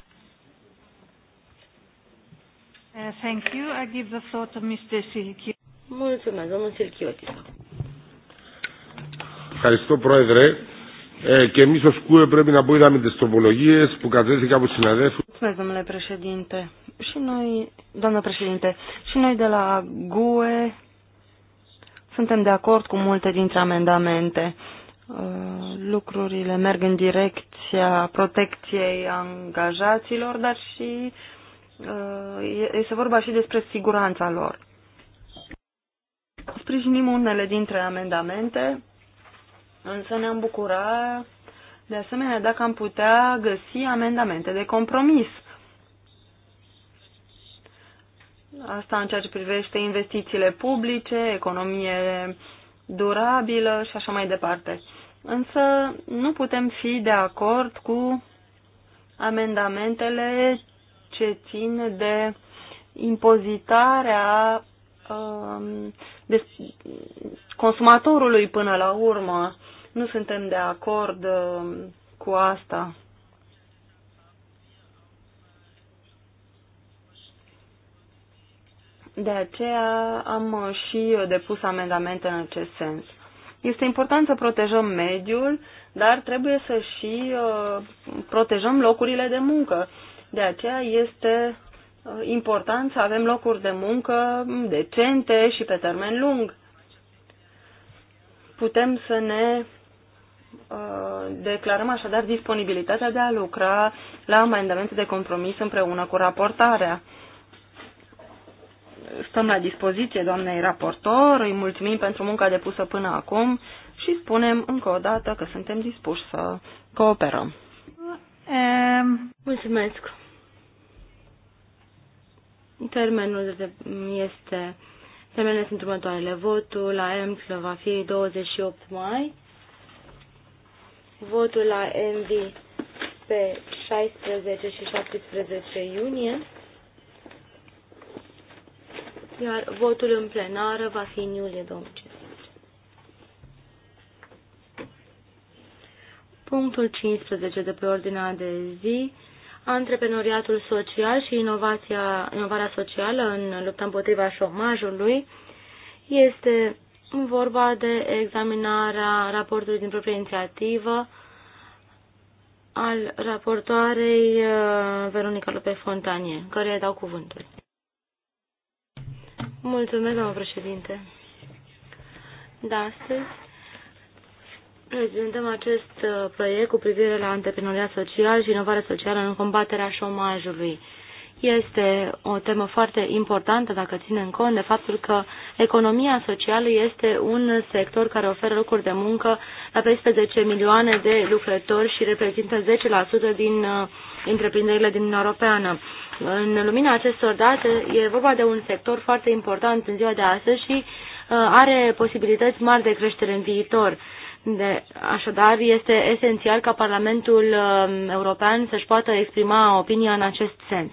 thank you. I give the floor to Mr. Silchi. Mulțumesc, domnul Silchiotis. Ευχαριστώ, Πρόεδρε. Ε, και εμείς ως ΚΟΕ πρέπει να πω να τι τροπολογίε που κατέθηκα από συναδέλφου. Mulțumesc, domnule președinte. Și noi, doamnă președinte, și noi de la GUE suntem de acord cu multe dintre amendamente. Uh, lucrurile merg în direcția protecției angajaților, dar și uh, este vorba și despre siguranța lor. Sprijinim unele dintre amendamente, însă ne-am bucurat. de asemenea dacă am putea găsi amendamente de compromis Asta în ceea ce privește investițiile publice, economie durabilă și așa mai departe. Însă nu putem fi de acord cu amendamentele ce țin de impozitarea um, de consumatorului până la urmă. Nu suntem de acord um, cu asta. De aceea am și depus amendamente în acest sens. Este important să protejăm mediul, dar trebuie să și uh, protejăm locurile de muncă. De aceea este uh, important să avem locuri de muncă decente și pe termen lung. Putem să ne uh, declarăm așadar disponibilitatea de a lucra la amendamente de compromis împreună cu raportarea stăm la dispoziție doamnei raportor, îi mulțumim pentru munca depusă până acum și spunem încă o dată că suntem dispuși să cooperăm. Mulțumesc. Termenul este Termenele sunt următoarele. Votul la EMCLă va fi 28 mai, votul la ENVI pe 16 și 17 iunie iar votul în plenară va fi în iulie 2015. Punctul 15 de pe ordinea de zi, antreprenoriatul social și inovația, inovarea socială în lupta împotriva șomajului, este vorba de examinarea raportului din proprie inițiativă al raportoarei uh, Veronica Lupe Fontanie, care îi dau cuvântul. Mulțumesc, doamnă președinte. Da, astăzi prezentăm acest uh, proiect cu privire la antreprenoriat social și inovare socială în combaterea șomajului. Este o temă foarte importantă dacă ținem cont de faptul că economia socială este un sector care oferă locuri de muncă la peste 10 milioane de lucrători și reprezintă 10% din uh, întreprinderile din Uniunea Europeană. În lumina acestor date, e vorba de un sector foarte important în ziua de astăzi și uh, are posibilități mari de creștere în viitor. De, așadar, este esențial ca Parlamentul uh, European să-și poată exprima opinia în acest sens.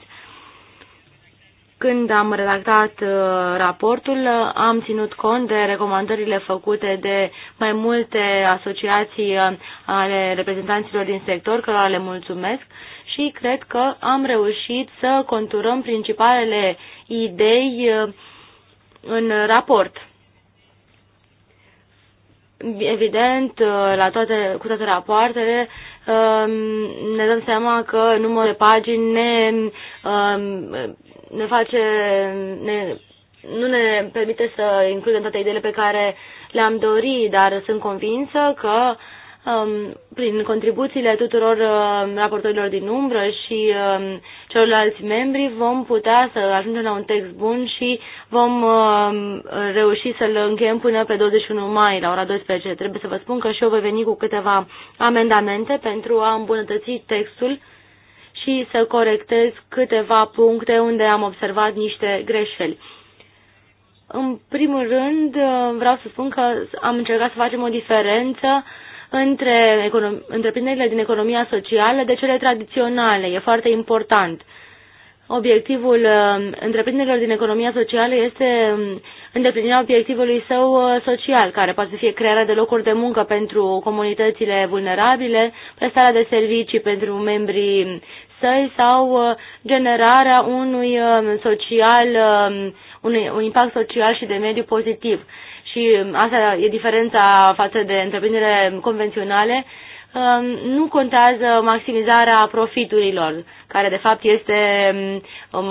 Când am redactat uh, raportul, am ținut cont de recomandările făcute de mai multe asociații uh, ale reprezentanților din sector, cărora le mulțumesc, și cred că am reușit să conturăm principalele idei uh, în raport. Evident, la toate, cu toate rapoartele, ne dăm seama că numărul de pagini ne ne face, ne, nu ne permite să includem toate ideile pe care le-am dorit, dar sunt convinsă că um, prin contribuțiile tuturor um, raportorilor din umbră și um, celorlalți membri vom putea să ajungem la un text bun și vom um, reuși să-l încheiem până pe 21 mai la ora 12. Trebuie să vă spun că și eu voi veni cu câteva amendamente pentru a îmbunătăți textul și să corectez câteva puncte unde am observat niște greșeli. În primul rând, vreau să spun că am încercat să facem o diferență între întreprinderile din economia socială de cele tradiționale. E foarte important. Obiectivul um, întreprinderilor din economia socială este um, îndeplinirea obiectivului său uh, social, care poate să fie crearea de locuri de muncă pentru comunitățile vulnerabile, prestarea de servicii pentru membrii săi sau uh, generarea unui um, social, um, unui, un impact social și de mediu pozitiv. Și um, asta e diferența față de întreprinderile convenționale. Nu contează maximizarea profiturilor, care de fapt este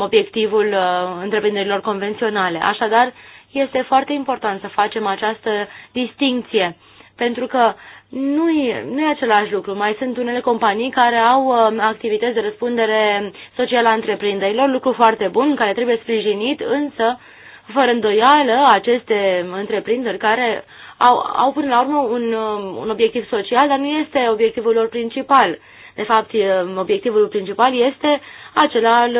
obiectivul uh, întreprinderilor convenționale. Așadar, este foarte important să facem această distinție, pentru că uh, nu e, nu e același lucru. Mai sunt unele companii care au uh, activități de răspundere socială a întreprinderilor, lucru foarte bun, care trebuie sprijinit, însă, fără îndoială, aceste întreprinderi care au, au până la urmă un, um, un obiectiv social, dar nu este obiectivul lor principal. De fapt, um, obiectivul principal este acela al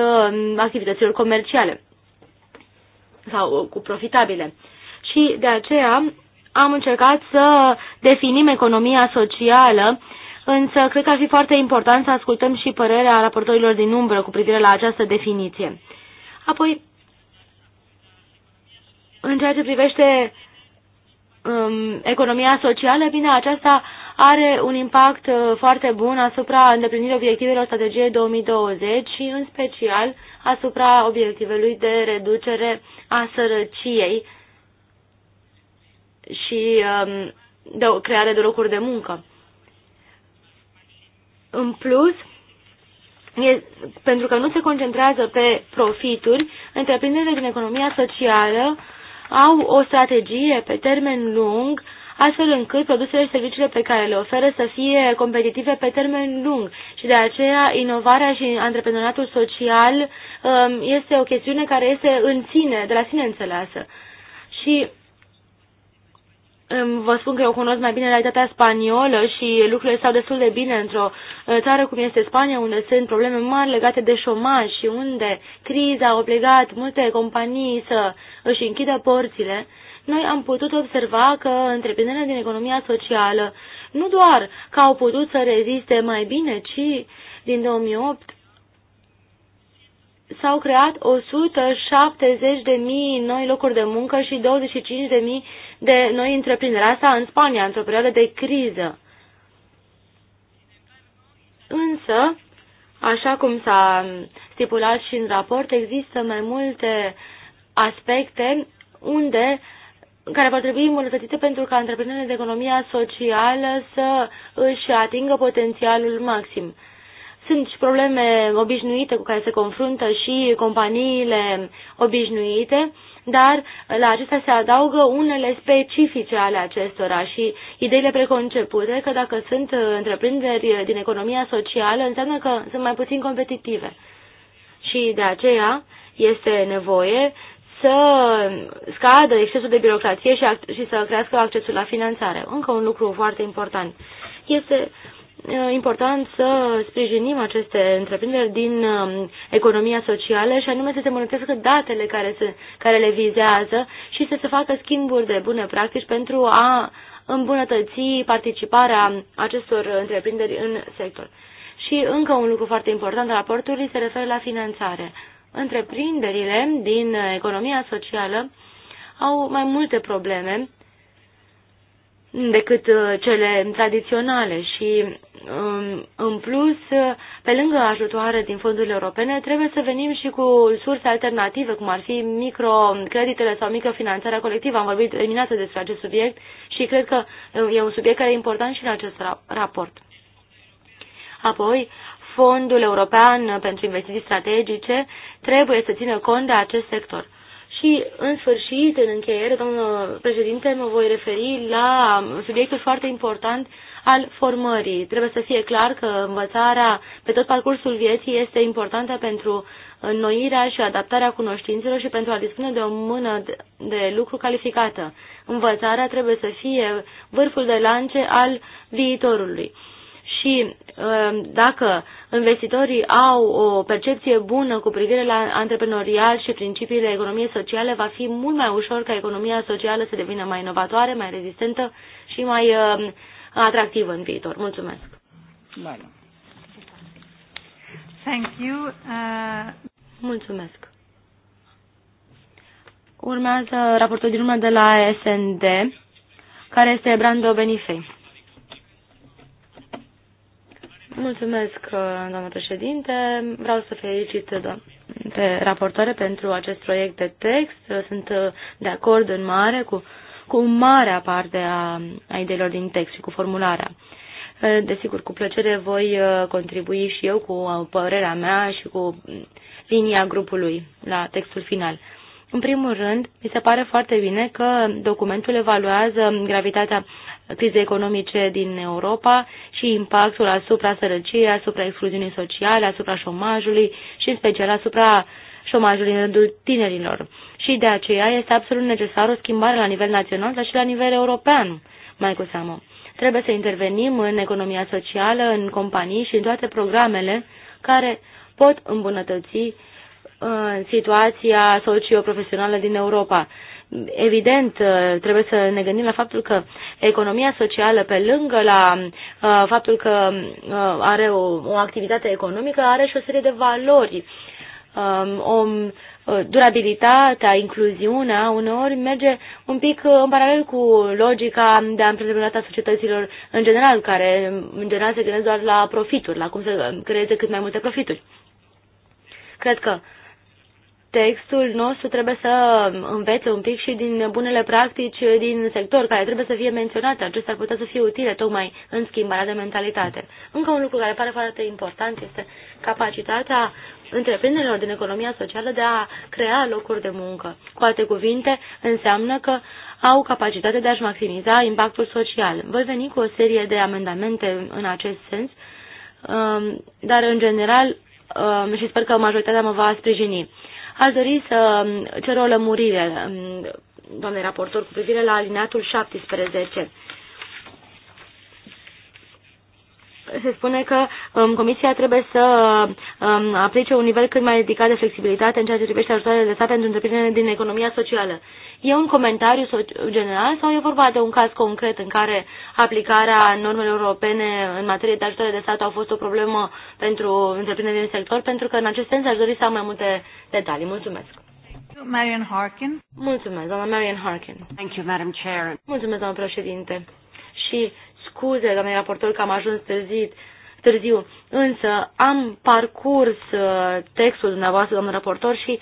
activităților comerciale sau uh, cu profitabile. Și de aceea am încercat să definim economia socială, însă cred că ar fi foarte important să ascultăm și părerea raportorilor din umbră cu privire la această definiție. Apoi, în ceea ce privește um, economia socială, bine, aceasta are un impact uh, foarte bun asupra îndeplinirii obiectivelor strategiei 2020 și în special asupra obiectivelui de reducere a sărăciei și um, de o creare de locuri de muncă. În plus, e, pentru că nu se concentrează pe profituri, întreprinderile din economia socială au o strategie pe termen lung, astfel încât produsele și serviciile pe care le oferă să fie competitive pe termen lung. Și de aceea inovarea și antreprenoriatul social um, este o chestiune care este în sine, de la sine înțeleasă. Și Vă spun că eu cunosc mai bine realitatea spaniolă și lucrurile stau destul de bine într-o uh, țară cum este Spania, unde sunt probleme mari legate de șomaj și unde criza a obligat multe companii să își închidă porțile, noi am putut observa că întreprinderile din economia socială nu doar că au putut să reziste mai bine, ci din 2008 s-au creat 170.000 noi locuri de muncă și 25.000 de noi întreprinderi. Asta în Spania, într-o perioadă de criză. Însă, așa cum s-a stipulat și în raport, există mai multe aspecte unde care vor trebui îmbunătățite pentru ca întreprinderile de economia socială să își atingă potențialul maxim. Sunt și probleme obișnuite cu care se confruntă și companiile obișnuite, dar uh, la acestea se adaugă unele specifice ale acestora și ideile preconcepute că dacă sunt uh, întreprinderi uh, din economia socială, înseamnă că sunt mai puțin competitive. Și de aceea este nevoie să scadă excesul de birocrație și, și să crească accesul la finanțare. Încă un lucru foarte important este Uh, important să sprijinim aceste întreprinderi din um, economia socială și anume să se monetizeze datele care, se, care le vizează și să se facă schimburi de bune practici pentru a îmbunătăți participarea acestor întreprinderi în sector. Și încă un lucru foarte important al raportului se referă la finanțare. Întreprinderile din economia socială au mai multe probleme decât uh, cele tradiționale și în plus, pe lângă ajutoare din fondurile europene, trebuie să venim și cu surse alternative, cum ar fi microcreditele sau microfinanțarea colectivă. Am vorbit dimineața despre acest subiect și cred că e un subiect care e important și în acest raport. Apoi, Fondul European pentru Investiții Strategice trebuie să țină cont de acest sector. Și, în sfârșit, în încheiere, domnul președinte, mă voi referi la subiectul foarte important al formării. Trebuie să fie clar că învățarea pe tot parcursul vieții este importantă pentru înnoirea și adaptarea cunoștințelor și pentru a dispune de o mână de lucru calificată. Învățarea trebuie să fie vârful de lance al viitorului. Și uh, dacă investitorii au o percepție bună cu privire la antreprenorial și principiile economiei sociale, va fi mult mai ușor ca economia socială să devină mai inovatoare, mai rezistentă și mai uh, atractivă în viitor. Mulțumesc! Thank you. Uh... Mulțumesc! Urmează raportul din urmă de la SND, care este Brando Benifei. Mulțumesc, uh, doamnă președinte. Vreau să felicit uh, pe raportoare pentru acest proiect de text. Sunt uh, de acord în mare cu cu marea parte a, a ideilor din text și cu formularea. Desigur, cu plăcere voi contribui și eu cu părerea mea și cu linia grupului la textul final. În primul rând, mi se pare foarte bine că documentul evaluează gravitatea crizei economice din Europa și impactul asupra sărăciei, asupra excluziunii sociale, asupra șomajului și în special asupra șomajului în rândul tinerilor. Și de aceea este absolut necesară o schimbare la nivel național, dar și la nivel european, mai cu seamă. Trebuie să intervenim în economia socială, în companii și în toate programele care pot îmbunătăți uh, situația socio-profesională din Europa. Evident, uh, trebuie să ne gândim la faptul că economia socială, pe lângă la uh, faptul că are o, o activitate economică, are și o serie de valori Um, o uh, durabilitatea, incluziunea, uneori merge un pic uh, în paralel cu logica de antreprenoriat a societăților în general, care în general se gândesc doar la profituri, la cum să creeze cât mai multe profituri. Cred că textul nostru trebuie să învețe un pic și din bunele practici din sector, care trebuie să fie menționate. Acestea ar putea să fie utile tocmai în schimbarea de mentalitate. Încă un lucru care pare foarte important este capacitatea întreprinderilor din economia socială de a crea locuri de muncă. Cu alte cuvinte, înseamnă că au capacitatea de a-și maximiza impactul social. Voi veni cu o serie de amendamente în acest sens, um, dar în general um, și sper că majoritatea mă va sprijini. Aș dori să cer o lămurire, um, doamne raportor, cu privire la alineatul 17 se spune că um, Comisia trebuie să um, aplice un nivel cât mai ridicat de flexibilitate în ceea ce privește ajutoarele de stat pentru întreprinderile din economia socială. E un comentariu general sau e vorba de un caz concret în care aplicarea normelor europene în materie de ajutoare de stat a fost o problemă pentru întreprinderile din sector? Pentru că în acest sens aș dori să am mai multe detalii. Mulțumesc. Marian Harkin. Mulțumesc, doamna Marian Harkin. Thank you, Madam Chair. Mulțumesc, doamna președinte. Și scuze, doamnei raportor, că am ajuns târzit, târziu, însă am parcurs uh, textul dumneavoastră, domnul raportor, și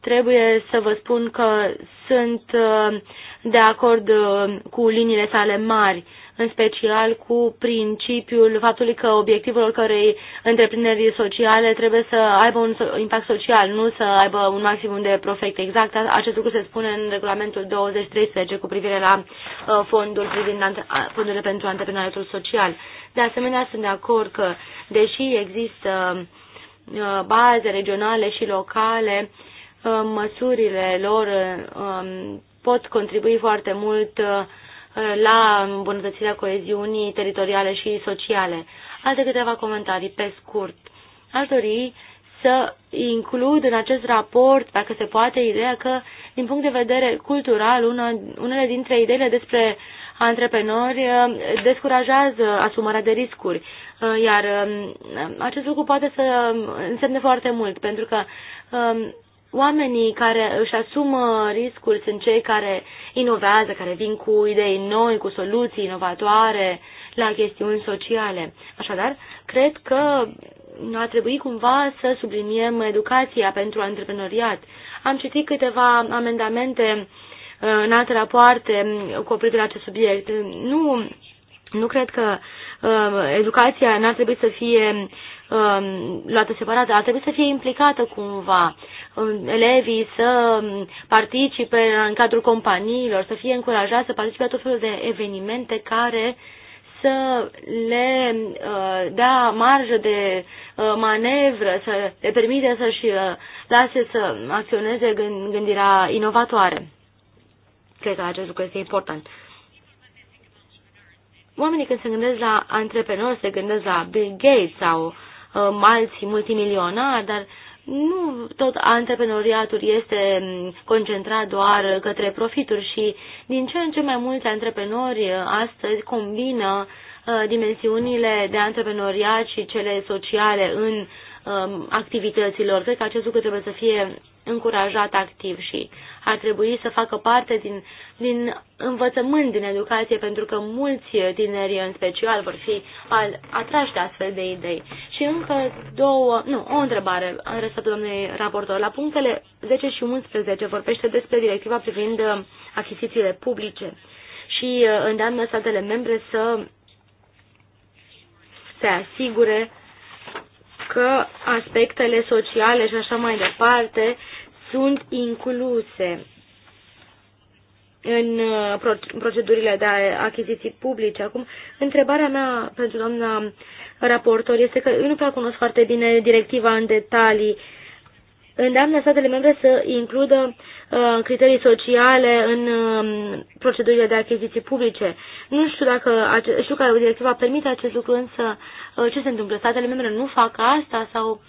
trebuie să vă spun că sunt uh, de acord uh, cu liniile sale mari în special cu principiul faptului că obiectivul oricărei întreprinderi sociale trebuie să aibă un impact social, nu să aibă un maximum de profit. Exact acest lucru se spune în regulamentul 2013 cu privire la uh, fondul privind fondurile pentru antreprenoriatul social. De asemenea, sunt de acord că, deși există uh, baze regionale și locale, uh, măsurile lor um, pot contribui foarte mult uh, la îmbunătățirea coeziunii teritoriale și sociale. Alte câteva comentarii, pe scurt. Aș dori să includ în acest raport, dacă se poate, ideea că, din punct de vedere cultural, una, unele dintre ideile despre antreprenori uh, descurajează asumarea de riscuri, uh, iar um, acest lucru poate să um, însemne foarte mult, pentru că um, Oamenii care își asumă riscul sunt cei care inovează, care vin cu idei noi, cu soluții inovatoare la chestiuni sociale. Așadar, cred că ar trebui cumva să subliniem educația pentru antreprenoriat. Am citit câteva amendamente uh, în alte rapoarte uh, cu privire la acest subiect. Nu, nu cred că uh, educația n-ar trebui să fie Um, luată separată, ar trebui să fie implicată cumva. Um, elevii să um, participe în cadrul companiilor, să fie încurajați să participe la tot felul de evenimente care să le uh, dea marjă de uh, manevră, să le permite să-și uh, lase să acționeze gândirea inovatoare. Cred că acest lucru este important. Oamenii când se gândesc la antreprenori, se gândesc la Bill Gates sau Um, alții multimilionari, dar nu tot antreprenoriatul este um, concentrat doar către profituri și din ce în ce mai mulți antreprenori uh, astăzi combină uh, dimensiunile de antreprenoriat și cele sociale în um, activităților. Cred că acest lucru trebuie să fie încurajat activ și ar trebui să facă parte din, din învățământ, din educație, pentru că mulți tineri în special vor fi atrași de astfel de idei. Și încă două, nu, o întrebare în restul domnului raportor. La punctele 10 și 11 vorbește despre directiva privind uh, achizițiile publice și uh, îndeamnă statele membre să se asigure că aspectele sociale și așa mai departe sunt incluse uh, în procedurile de achiziții publice. Acum, întrebarea mea pentru doamna raportor este că eu nu prea cunosc foarte bine directiva în detalii. Îndeamnă statele membre să includă uh, criterii sociale în uh, procedurile de achiziții publice. Nu știu dacă știu că directiva permite acest lucru, însă uh, ce se întâmplă? Statele membre nu fac asta sau uh,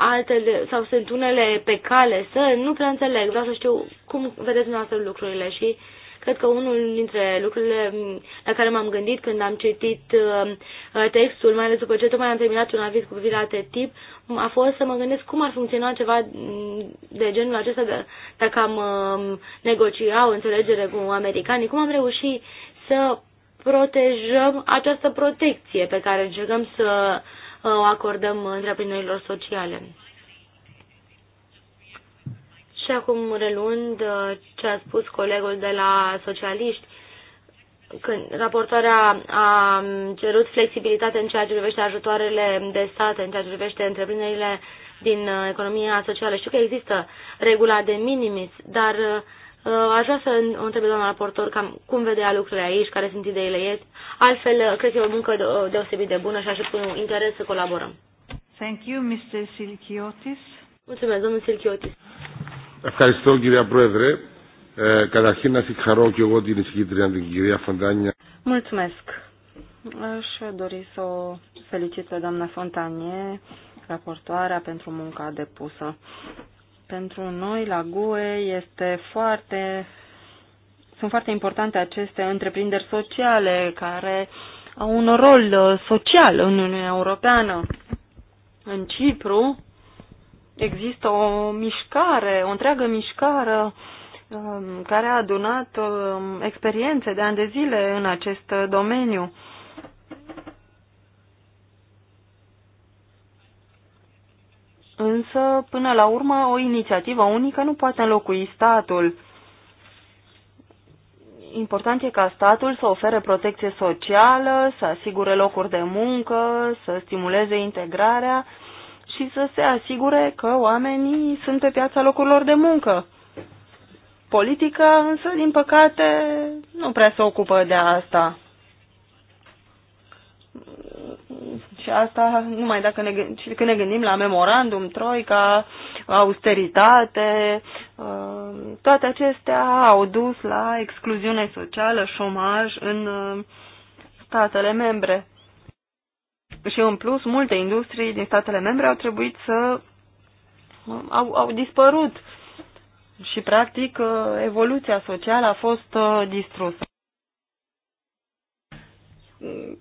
altele, sau sunt unele pe cale să, nu prea înțeleg, vreau să știu cum vedeți dumneavoastră lucrurile și cred că unul dintre lucrurile mm, la care m-am gândit când am citit uh, textul, mai ales după ce tocmai am terminat un aviz cu privire la tip, a fost să mă gândesc cum ar funcționa ceva mm, de genul acesta de, dacă am um, negocia o înțelegere cu americanii, cum am reușit să protejăm această protecție pe care încercăm să o uh, acordăm întreprinderilor sociale. Și acum, reluând uh, ce a spus colegul de la socialiști, când raportoarea a cerut flexibilitate în ceea ce privește ajutoarele de stat, în ceea ce privește întreprinderile din uh, economia socială. Știu că există regula de minimis, dar uh, Uh, aș vrea să o întreb doamna raportor cam cum vedea lucrurile aici, care sunt ideile ei. Altfel, uh, cred că e o muncă uh, deosebit de bună și aș cu interes să colaborăm. Thank you, Mr. Silchiotis. Mulțumesc, domnul Silchiotis. Ευχαριστώ, κυρία Πρόεδρε. Ε, καταρχήν να συγχαρώ και εγώ την εισηγήτρια, την κυρία Φοντάνια. Mulțumesc. Σε dori să δάμνα Φοντάνια, ραπορτουάρα, πέντρου Fontanie, raportoarea, pentru depusă. Pentru noi, la GUE, este foarte, sunt foarte importante aceste întreprinderi sociale care au un rol uh, social în Uniunea Europeană. În Cipru există o mișcare, o întreagă mișcare um, care a adunat um, experiențe de ani de zile în acest domeniu Însă, până la urmă, o inițiativă unică nu poate înlocui statul. Important e ca statul să ofere protecție socială, să asigure locuri de muncă, să stimuleze integrarea și să se asigure că oamenii sunt pe piața locurilor de muncă. Politica, însă, din păcate, nu prea se ocupă de asta și asta numai dacă ne, gândim, când ne gândim la memorandum, troica, austeritate, uh, toate acestea au dus la excluziune socială, șomaj în uh, statele membre. Și în plus, multe industrii din statele membre au trebuit să uh, au, au dispărut și practic evoluția socială a fost distrusă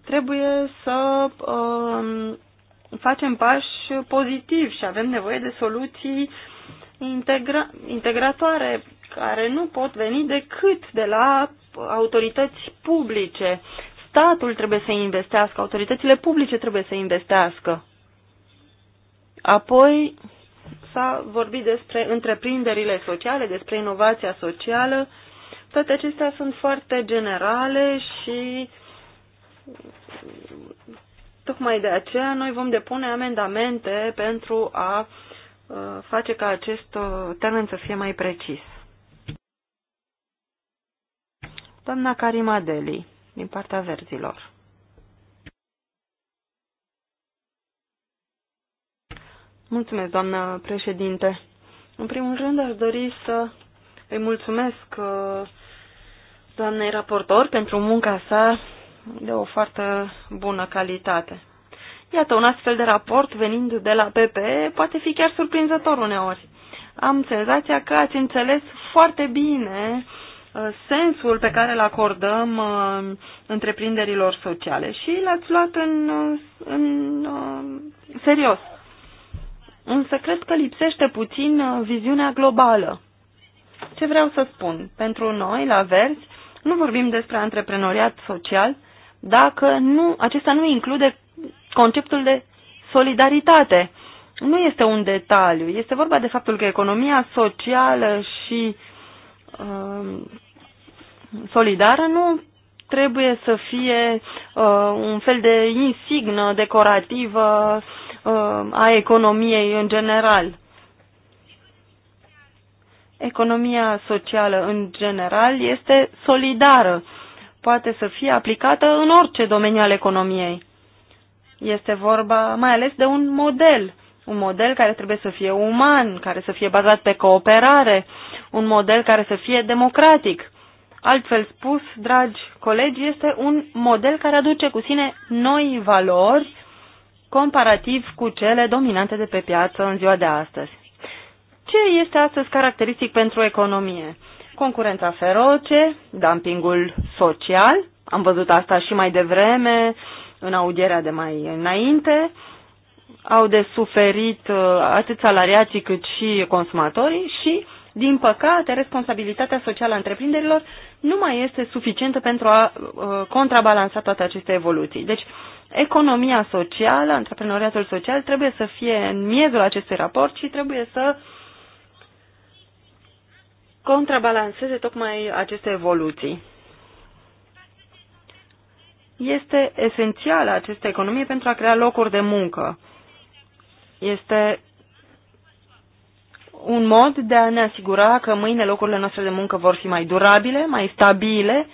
trebuie să uh, facem pași pozitivi și avem nevoie de soluții integra integratoare care nu pot veni decât de la autorități publice. Statul trebuie să investească, autoritățile publice trebuie să investească. Apoi s-a vorbit despre întreprinderile sociale, despre inovația socială. Toate acestea sunt foarte generale și Tocmai de aceea noi vom depune amendamente pentru a uh, face ca acest uh, termen să fie mai precis. Doamna Karima Deli, din partea verzilor. Mulțumesc, doamnă președinte. În primul rând, aș dori să îi mulțumesc uh, doamnei raportor pentru munca sa de o foarte bună calitate. Iată, un astfel de raport venind de la PPE poate fi chiar surprinzător uneori. Am senzația că ați înțeles foarte bine uh, sensul pe care îl acordăm uh, întreprinderilor sociale și l-ați luat în, uh, în serios. Însă cred că lipsește puțin viziunea globală. Ce vreau să spun? Pentru noi, la Verzi, nu vorbim despre antreprenoriat social, dacă nu, acesta nu include conceptul de solidaritate. Nu este un detaliu, este vorba de faptul că economia socială și uh, solidară nu trebuie să fie uh, un fel de insignă decorativă uh, a economiei în general. Economia socială în general este solidară poate să fie aplicată în orice domeniu al economiei. Este vorba mai ales de un model, un model care trebuie să fie uman, care să fie bazat pe cooperare, un model care să fie democratic. Altfel spus, dragi colegi, este un model care aduce cu sine noi valori comparativ cu cele dominante de pe piață în ziua de astăzi. Ce este astăzi caracteristic pentru economie? concurența feroce, dumpingul social, am văzut asta și mai devreme, în audierea de mai înainte, au de suferit uh, atât salariații cât și consumatorii și, din păcate, responsabilitatea socială a întreprinderilor nu mai este suficientă pentru a uh, contrabalansa toate aceste evoluții. Deci, economia socială, antreprenoriatul social trebuie să fie în miezul acestui raport și trebuie să contrabalanceze tocmai aceste evoluții. Este esențială această economie pentru a crea locuri de muncă. Este un mod de a ne asigura că mâine locurile noastre de muncă vor fi mai durabile, mai stabile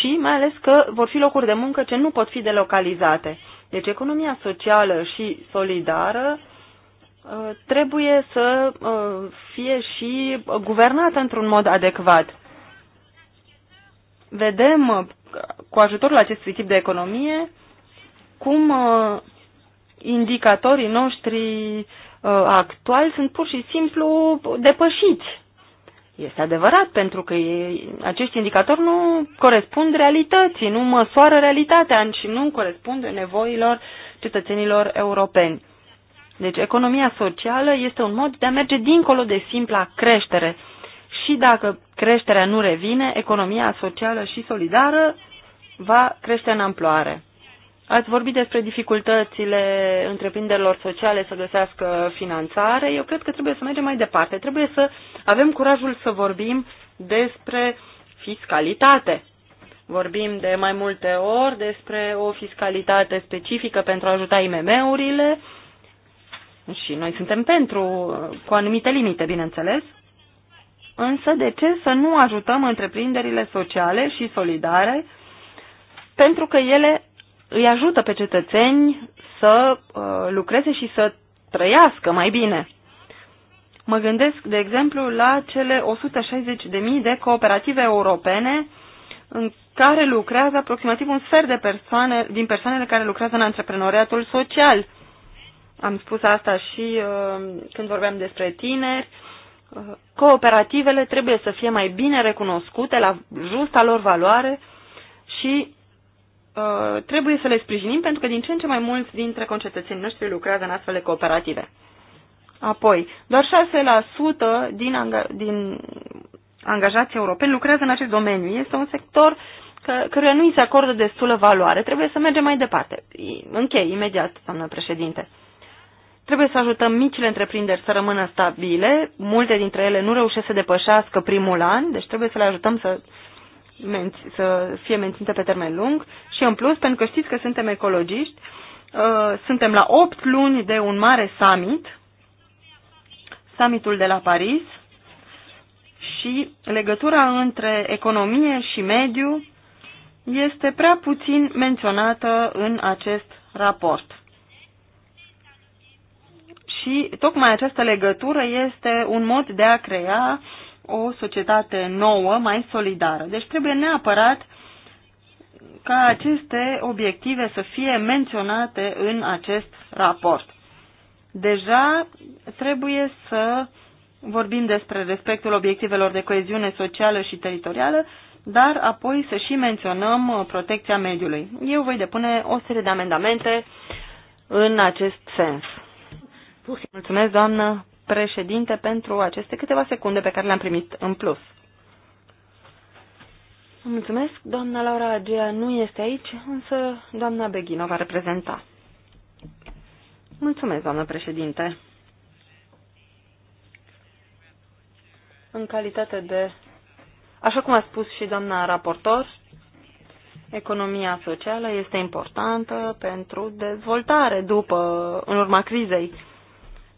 și mai ales că vor fi locuri de muncă ce nu pot fi delocalizate. Deci economia socială și solidară trebuie să uh, fie și guvernată într-un mod adecvat. Vedem uh, cu ajutorul acestui tip de economie cum uh, indicatorii noștri actuali sunt pur și simplu depășiți. Este adevărat, pentru că acești indicatori nu corespund realității, nu măsoară realitatea și nu corespund nevoilor cetățenilor europeni. Deci economia socială este un mod de a merge dincolo de simpla creștere. Și dacă creșterea nu revine, economia socială și solidară va crește în amploare. Ați vorbit despre dificultățile întreprinderilor sociale să găsească finanțare. Eu cred că trebuie să mergem mai departe. Trebuie să avem curajul să vorbim despre fiscalitate. Vorbim de mai multe ori despre o fiscalitate specifică pentru a ajuta IMM-urile, și noi suntem pentru, cu anumite limite, bineînțeles. Însă de ce să nu ajutăm întreprinderile sociale și solidare pentru că ele îi ajută pe cetățeni să uh, lucreze și să trăiască mai bine. Mă gândesc, de exemplu, la cele 160.000 de cooperative europene în care lucrează aproximativ un sfert de persoane, din persoanele care lucrează în antreprenoriatul social. Am spus asta și uh, când vorbeam despre tineri. Uh, cooperativele trebuie să fie mai bine recunoscute la justa lor valoare și uh, trebuie să le sprijinim pentru că din ce în ce mai mulți dintre concetățenii noștri lucrează în astfel de cooperative. Apoi, doar 6% din, anga- din angajații europeni lucrează în acest domeniu. Este un sector că, căruia nu îi se acordă destulă valoare. Trebuie să mergem mai departe. Închei imediat, doamnă președinte. Trebuie să ajutăm micile întreprinderi să rămână stabile. Multe dintre ele nu reușesc să depășească primul an, deci trebuie să le ajutăm să, să fie menținute pe termen lung. Și în plus, pentru că știți că suntem ecologiști, uh, suntem la 8 luni de un mare summit, summitul de la Paris, și legătura între economie și mediu este prea puțin menționată în acest raport și tocmai această legătură este un mod de a crea o societate nouă, mai solidară. Deci trebuie neapărat ca aceste obiective să fie menționate în acest raport. Deja trebuie să vorbim despre respectul obiectivelor de coeziune socială și teritorială, dar apoi să și menționăm uh, protecția mediului. Eu voi depune o serie de amendamente în acest sens plus. Mulțumesc, doamnă președinte, pentru aceste câteva secunde pe care le-am primit în plus. Mulțumesc. Doamna Laura Agea nu este aici, însă doamna Beghino va reprezenta. Mulțumesc, doamnă președinte. În calitate de, așa cum a spus și doamna raportor, economia socială este importantă pentru dezvoltare după, în urma crizei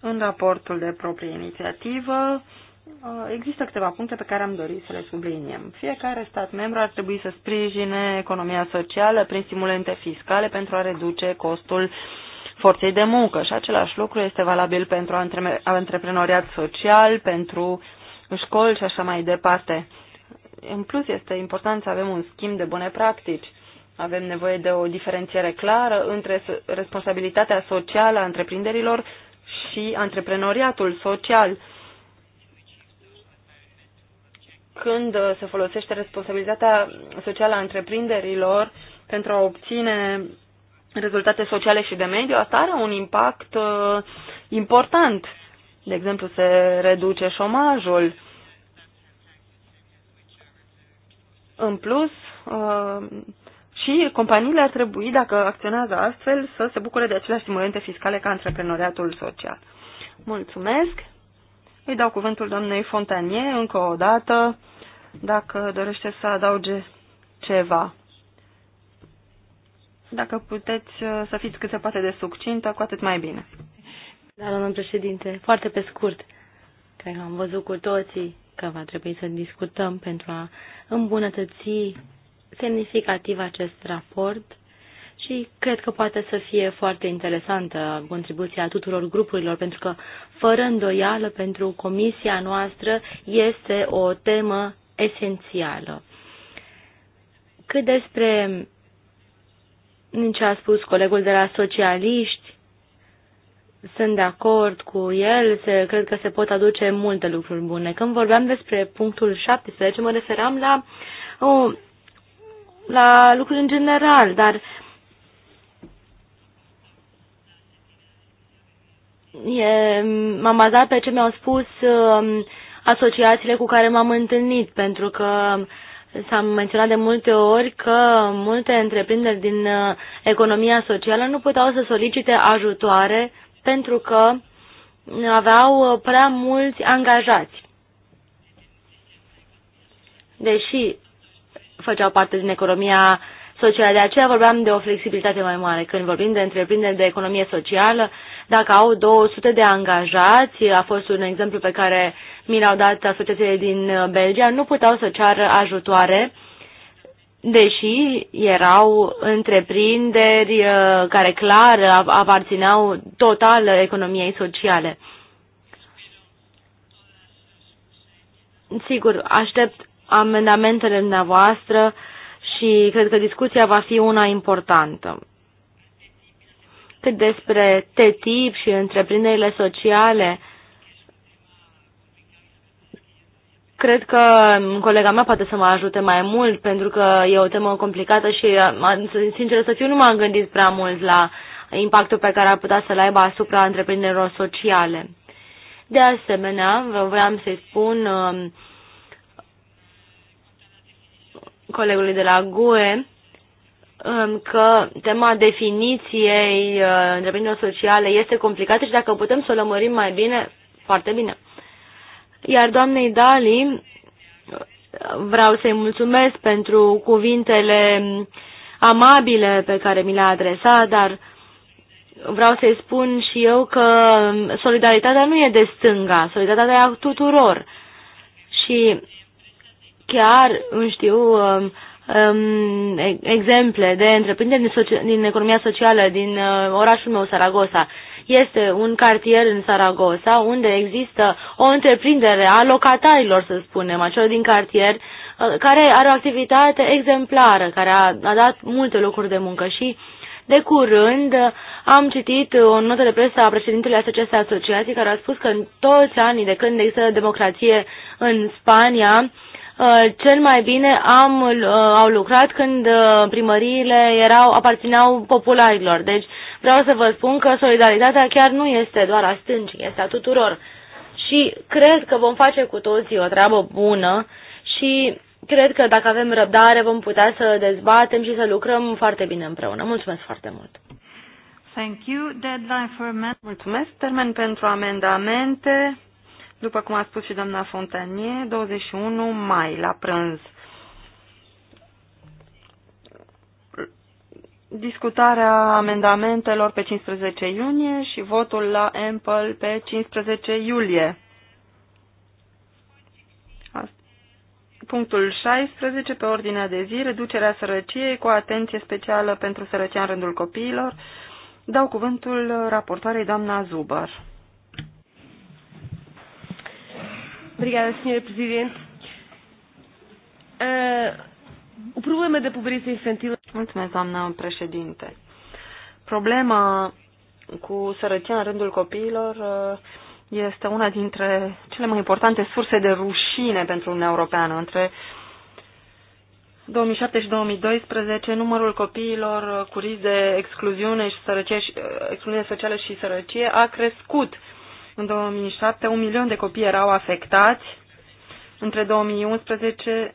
în raportul de proprie inițiativă uh, există câteva puncte pe care am dorit să le subliniem. Fiecare stat membru ar trebui să sprijine economia socială prin stimulente fiscale pentru a reduce costul forței de muncă și același lucru este valabil pentru antreprenoriat social, pentru școli și așa mai departe. În plus, este important să avem un schimb de bune practici. Avem nevoie de o diferențiere clară între responsabilitatea socială a întreprinderilor și antreprenoriatul social. Când se folosește responsabilitatea socială a întreprinderilor pentru a obține rezultate sociale și de mediu, asta are un impact uh, important. De exemplu, se reduce șomajul. În plus, uh, și companiile ar trebui, dacă acționează astfel, să se bucure de aceleași stimulente fiscale ca antreprenoriatul social. Mulțumesc! Îi dau cuvântul doamnei Fontanie încă o dată, dacă dorește să adauge ceva. Dacă puteți uh, să fiți cât se poate de succintă, cu atât mai bine. Da, domnul președinte, foarte pe scurt. Cred că am văzut cu toții că va trebui să discutăm pentru a îmbunătăți semnificativ acest raport și cred că poate să fie foarte interesantă contribuția tuturor grupurilor, pentru că, fără îndoială, pentru comisia noastră este o temă esențială. Cât despre ce a spus colegul de la socialiști, sunt de acord cu el, se, cred că se pot aduce multe lucruri bune. Când vorbeam despre punctul 17, mă referam la o la lucruri în general, dar m-am bazat pe ce mi-au spus uh, asociațiile cu care m-am întâlnit, pentru că s-a menționat de multe ori că multe întreprinderi din uh, economia socială nu puteau să solicite ajutoare pentru că aveau uh, prea mulți angajați. Deși făceau parte din economia socială. De aceea vorbeam de o flexibilitate mai mare. Când vorbim de întreprinderi de economie socială, dacă au 200 de angajați, a fost un exemplu pe care mi l-au dat asociațiile din Belgia, nu puteau să ceară ajutoare deși erau întreprinderi uh, care clar aparțineau total economiei sociale. Sigur, aștept amendamentele dumneavoastră și cred că discuția va fi una importantă. Cât despre TTIP și întreprinderile sociale, Cred că colega mea poate să mă ajute mai mult, pentru că e o temă complicată și, sincer să fiu, nu m-am gândit prea mult la impactul pe care ar putea să-l aibă asupra întreprinderilor sociale. De asemenea, vreau să-i spun um, colegului de la GUE um, că tema definiției uh, întreprinderilor sociale este complicată și dacă putem să o lămurim mai bine, foarte bine. Iar doamnei Dali, vreau să-i mulțumesc pentru cuvintele amabile pe care mi le-a adresat, dar vreau să-i spun și eu că solidaritatea nu e de stânga, solidaritatea e a tuturor. Și chiar nu știu um, um, exemple de întreprinderi din, din economia socială din uh, orașul meu, Saragossa. Este un cartier în Saragossa unde există o întreprindere a locatarilor, să spunem, a celor din cartier, uh, care are o activitate exemplară, care a, a dat multe locuri de muncă și de curând am citit o notă de presă a președintelui acestei asociații care a spus că în toți anii de când există democrație în Spania, Uh, cel mai bine am, uh, au lucrat când uh, primăriile erau, aparțineau popularilor. Deci vreau să vă spun că solidaritatea chiar nu este doar a stâncii, este a tuturor. Și cred că vom face cu toții o treabă bună și cred că dacă avem răbdare vom putea să dezbatem și să lucrăm foarte bine împreună. Mulțumesc foarte mult! Thank you. Deadline for Mulțumesc. Termen pentru amendamente după cum a spus și doamna Fontanie, 21 mai la prânz. Discutarea amendamentelor pe 15 iunie și votul la Ample pe 15 iulie. Punctul 16 pe ordinea de zi, reducerea sărăciei cu atenție specială pentru sărăcia în rândul copiilor. Dau cuvântul raportoarei doamna Zubar. Obrigada, Sra. Presidente. Uh, o problema da pobreza infantilă... Mulțumesc, doamnă președinte. Problema cu sărăcia în rândul copiilor ah, este una dintre cele mai importante surse de rușine pentru Uniunea Europeană. Între 2007 și 2012, numărul copiilor ah, cu risc de excluziune, și sărăcie, excluziune socială și sărăcie a crescut în 2007, un milion de copii erau afectați. Între 2011,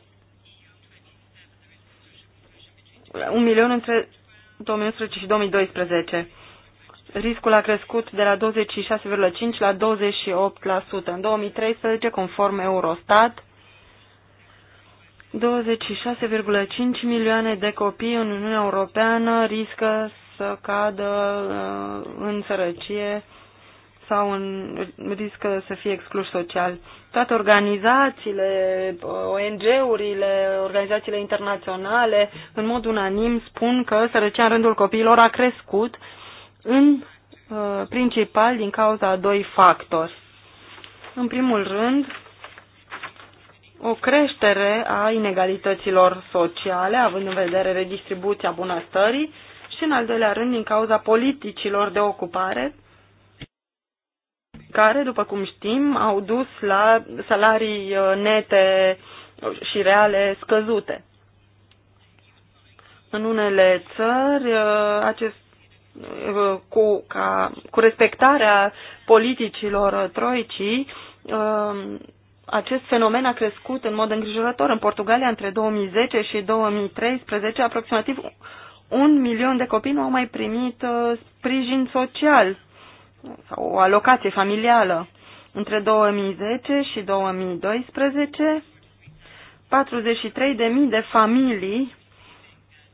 un milion între 2011 și 2012. Riscul a crescut de la 26,5 la 28%. În 2013, conform Eurostat, 26,5 milioane de copii în Uniunea Europeană riscă să cadă uh, în sărăcie sau în, riscă să fie excluși social. Toate organizațiile, ONG-urile, organizațiile internaționale, în mod unanim spun că sărăcia în rândul copiilor a crescut în uh, principal din cauza a doi factori. În primul rând, o creștere a inegalităților sociale, având în vedere redistribuția bunăstării, și în al doilea rând din cauza politicilor de ocupare care, după cum știm, au dus la salarii uh, nete și reale scăzute. În unele țări, uh, acest, uh, cu, ca, cu respectarea politicilor troicii, acest fenomen a crescut în mod îngrijorător. În Portugalia, între 2010 și 2013, aproximativ un milion de copii nu au mai primit sprijin social sau o alocație familială între 2010 și 2012, 43.000 de familii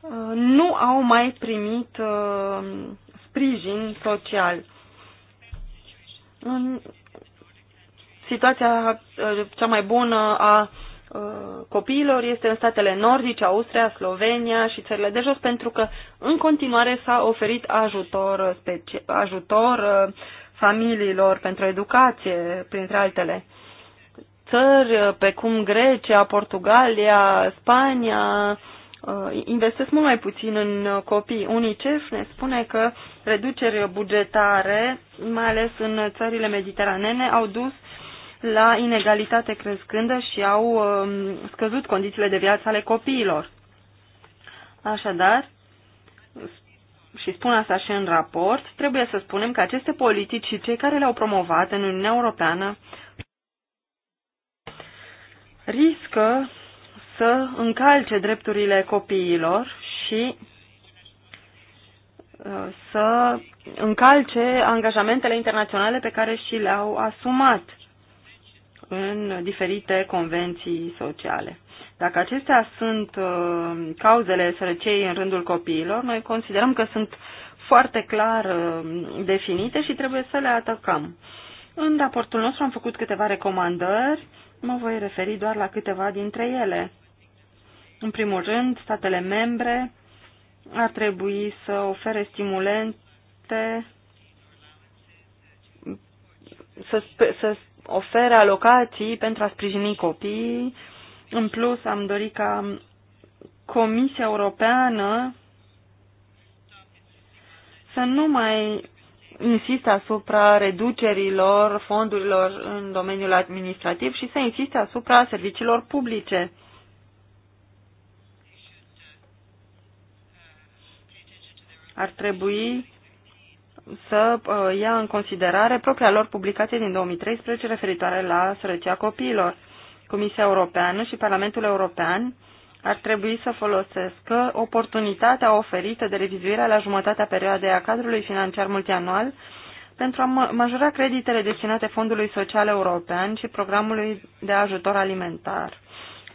uh, nu au mai primit uh, sprijin social. În situația uh, cea mai bună a Uh, copiilor este în statele nordice, Austria, Slovenia și țările de jos, pentru că în continuare s-a oferit ajutor, ajutor uh, familiilor pentru educație, printre altele. Țări uh, precum Grecia, Portugalia, Spania investesc mult mai puțin în copii. UNICEF ne spune că reduceri bugetare, mai ales în țările mediteranene, au dus la inegalitate crescândă și au um, scăzut condițiile de viață ale copiilor. Așadar, și spun asta și în raport, trebuie să spunem că aceste politici și cei care le-au promovat în Uniunea Europeană riscă să încalce drepturile copiilor și uh, să încalce angajamentele internaționale pe care și le-au asumat în diferite convenții sociale. Dacă acestea sunt uh, cauzele sărăciei în rândul copiilor, noi considerăm că sunt foarte clar uh, definite și trebuie să le atacăm. În raportul nostru am făcut câteva recomandări, mă voi referi doar la câteva dintre ele. În primul rând, statele membre ar trebui să ofere stimulente să, să ofere alocații pentru a sprijini copiii. În plus, am dorit ca Comisia Europeană să nu mai insiste asupra reducerilor fondurilor în domeniul administrativ și să insiste asupra serviciilor publice. Ar trebui să uh, ia în considerare propria lor publicație din 2013 referitoare la sărăcia copiilor. Comisia Europeană și Parlamentul European ar trebui să folosească oportunitatea oferită de revizuirea la jumătatea perioadei a cadrului financiar multianual pentru a majora creditele destinate Fondului Social European și programului de ajutor alimentar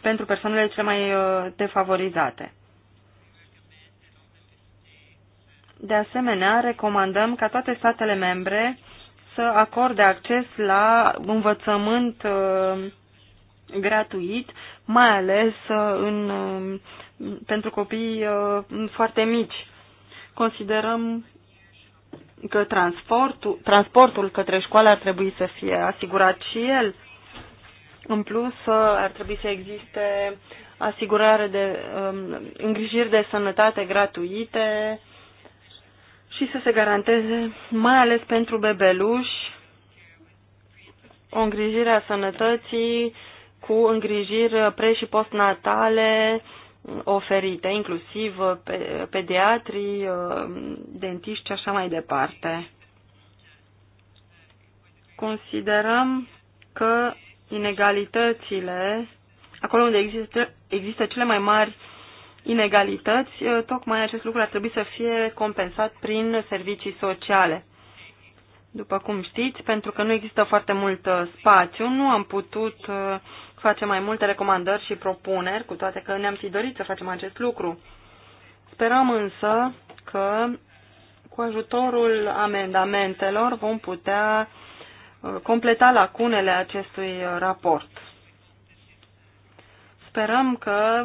pentru persoanele cele mai uh, defavorizate. De asemenea, recomandăm ca toate statele membre să acorde acces la învățământ uh, gratuit, mai ales uh, în, uh, pentru copii foarte mici. Considerăm că transportul, transportul către școală ar trebui să fie asigurat și el. În plus, ar trebui să existe asigurare de um, îngrijiri de sănătate gratuite, și să se garanteze, mai ales pentru bebeluși, o îngrijire a sănătății cu îngrijiri pre- și postnatale oferite, inclusiv pediatrii, dentiști și așa mai departe. Considerăm că inegalitățile, acolo unde există, există cele mai mari uh, inegalități, uh, tocmai acest lucru ar trebui să fie compensat prin servicii sociale. După cum știți, pentru că nu există foarte mult uh, spațiu, nu am putut uh, face mai multe recomandări și propuneri, cu toate că ne-am fi dorit să facem acest lucru. Sperăm însă că cu ajutorul amendamentelor vom putea completa lacunele acestui raport. Sperăm că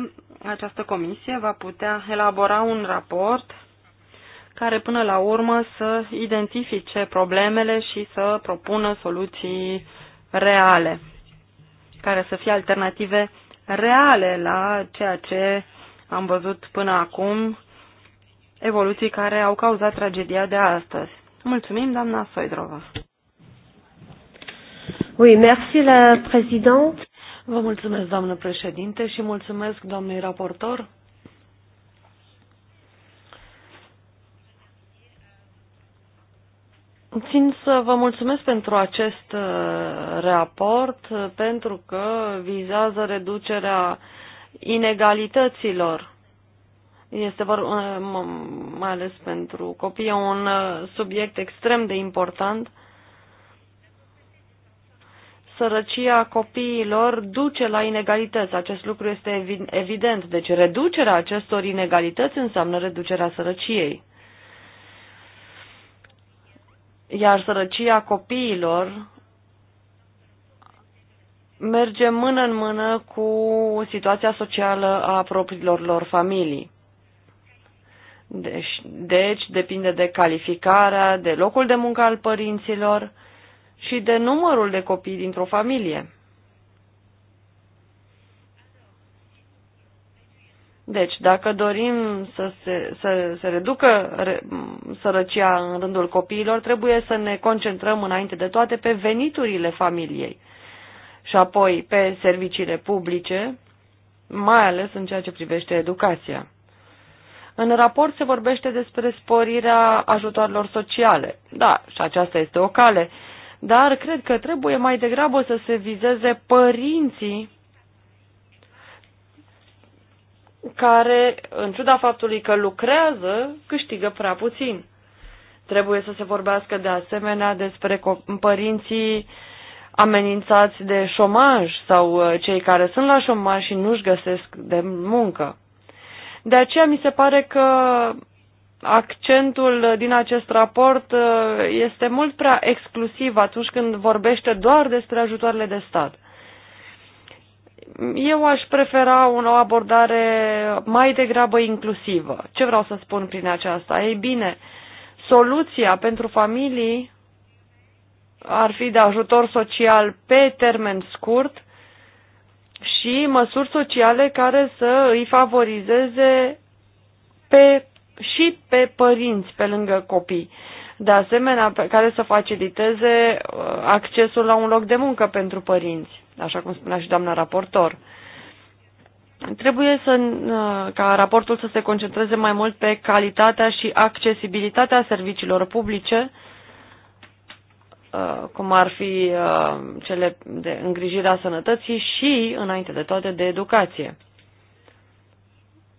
această comisie va putea elabora un raport care până la urmă să identifice problemele și să propună soluții reale, care să fie alternative reale la ceea ce am văzut până acum, evoluții care au cauzat tragedia de astăzi. Mulțumim, doamna Soidrova. Oui, merci la présidente. Vă mulțumesc, doamnă președinte, și mulțumesc, doamnei raportor. Țin să vă mulțumesc pentru acest uh, raport, uh, pentru că vizează reducerea inegalităților. Este vor, uh, mai ales pentru copii un subiect extrem de important sărăcia copiilor duce la inegalități. Acest lucru este evident. Deci reducerea acestor inegalități înseamnă reducerea sărăciei. Iar sărăcia copiilor merge mână în mână cu situația socială a propriilor lor familii. Deci, deci depinde de calificarea, de locul de muncă al părinților, și de numărul de copii dintr-o familie. Deci, dacă dorim să se, să se reducă re, sărăcia în rândul copiilor, trebuie să ne concentrăm înainte de toate pe veniturile familiei și apoi pe serviciile publice, mai ales în ceea ce privește educația. În raport se vorbește despre sporirea ajutoarelor sociale. Da, și aceasta este o cale, dar cred că trebuie mai degrabă să se vizeze părinții care, în ciuda faptului că lucrează, câștigă prea puțin. Trebuie să se vorbească de asemenea despre părinții amenințați de șomaj sau uh, cei care sunt la șomaj și nu-și găsesc de muncă. De aceea mi se pare că accentul din acest raport uh, este mult prea exclusiv atunci când vorbește doar despre ajutoarele de stat. Eu aș prefera o abordare mai degrabă inclusivă. Ce vreau să spun prin aceasta? Ei bine, soluția pentru familii ar fi de ajutor social pe termen scurt și măsuri sociale care să îi favorizeze pe și pe părinți pe lângă copii. De asemenea, care să faciliteze uh, accesul la un loc de muncă pentru părinți, așa cum spunea și doamna raportor. Trebuie să, uh, ca raportul să se concentreze mai mult pe calitatea și accesibilitatea serviciilor publice, uh, cum ar fi cele de îngrijire a sănătății și, înainte de toate, de educație.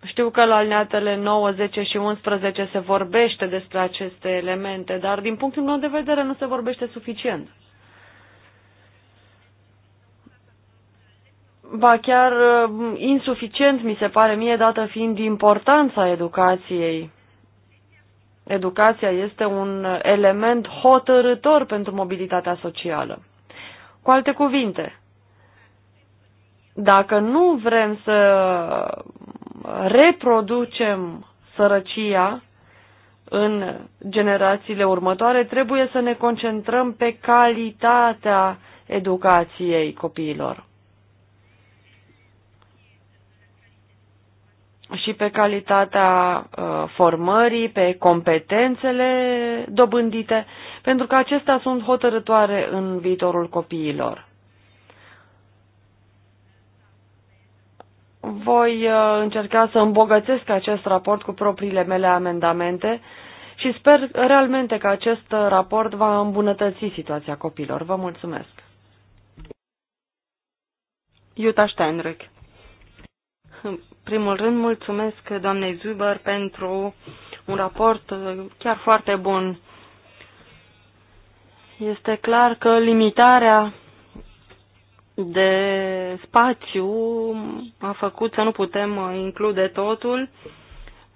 Știu că la alineatele 9, 10 și 11 se vorbește despre aceste elemente, dar din punctul meu de vedere nu se vorbește suficient. Ba chiar uh, insuficient mi se pare mie, dată fiind importanța educației. Educația este un element hotărător pentru mobilitatea socială. Cu alte cuvinte, dacă nu vrem să reproducem sărăcia în generațiile următoare, trebuie să ne concentrăm pe calitatea educației copiilor. și pe calitatea uh, formării, pe competențele dobândite, pentru că acestea sunt hotărătoare în viitorul copiilor. voi uh, încerca să îmbogățesc acest raport cu propriile mele amendamente și sper realmente că acest uh, raport va îmbunătăți situația copilor. Vă mulțumesc! Iuta Steinrück. În primul rând, mulțumesc doamnei Zuber pentru un raport uh, chiar foarte bun. Este clar că limitarea de spațiu a făcut să nu putem include totul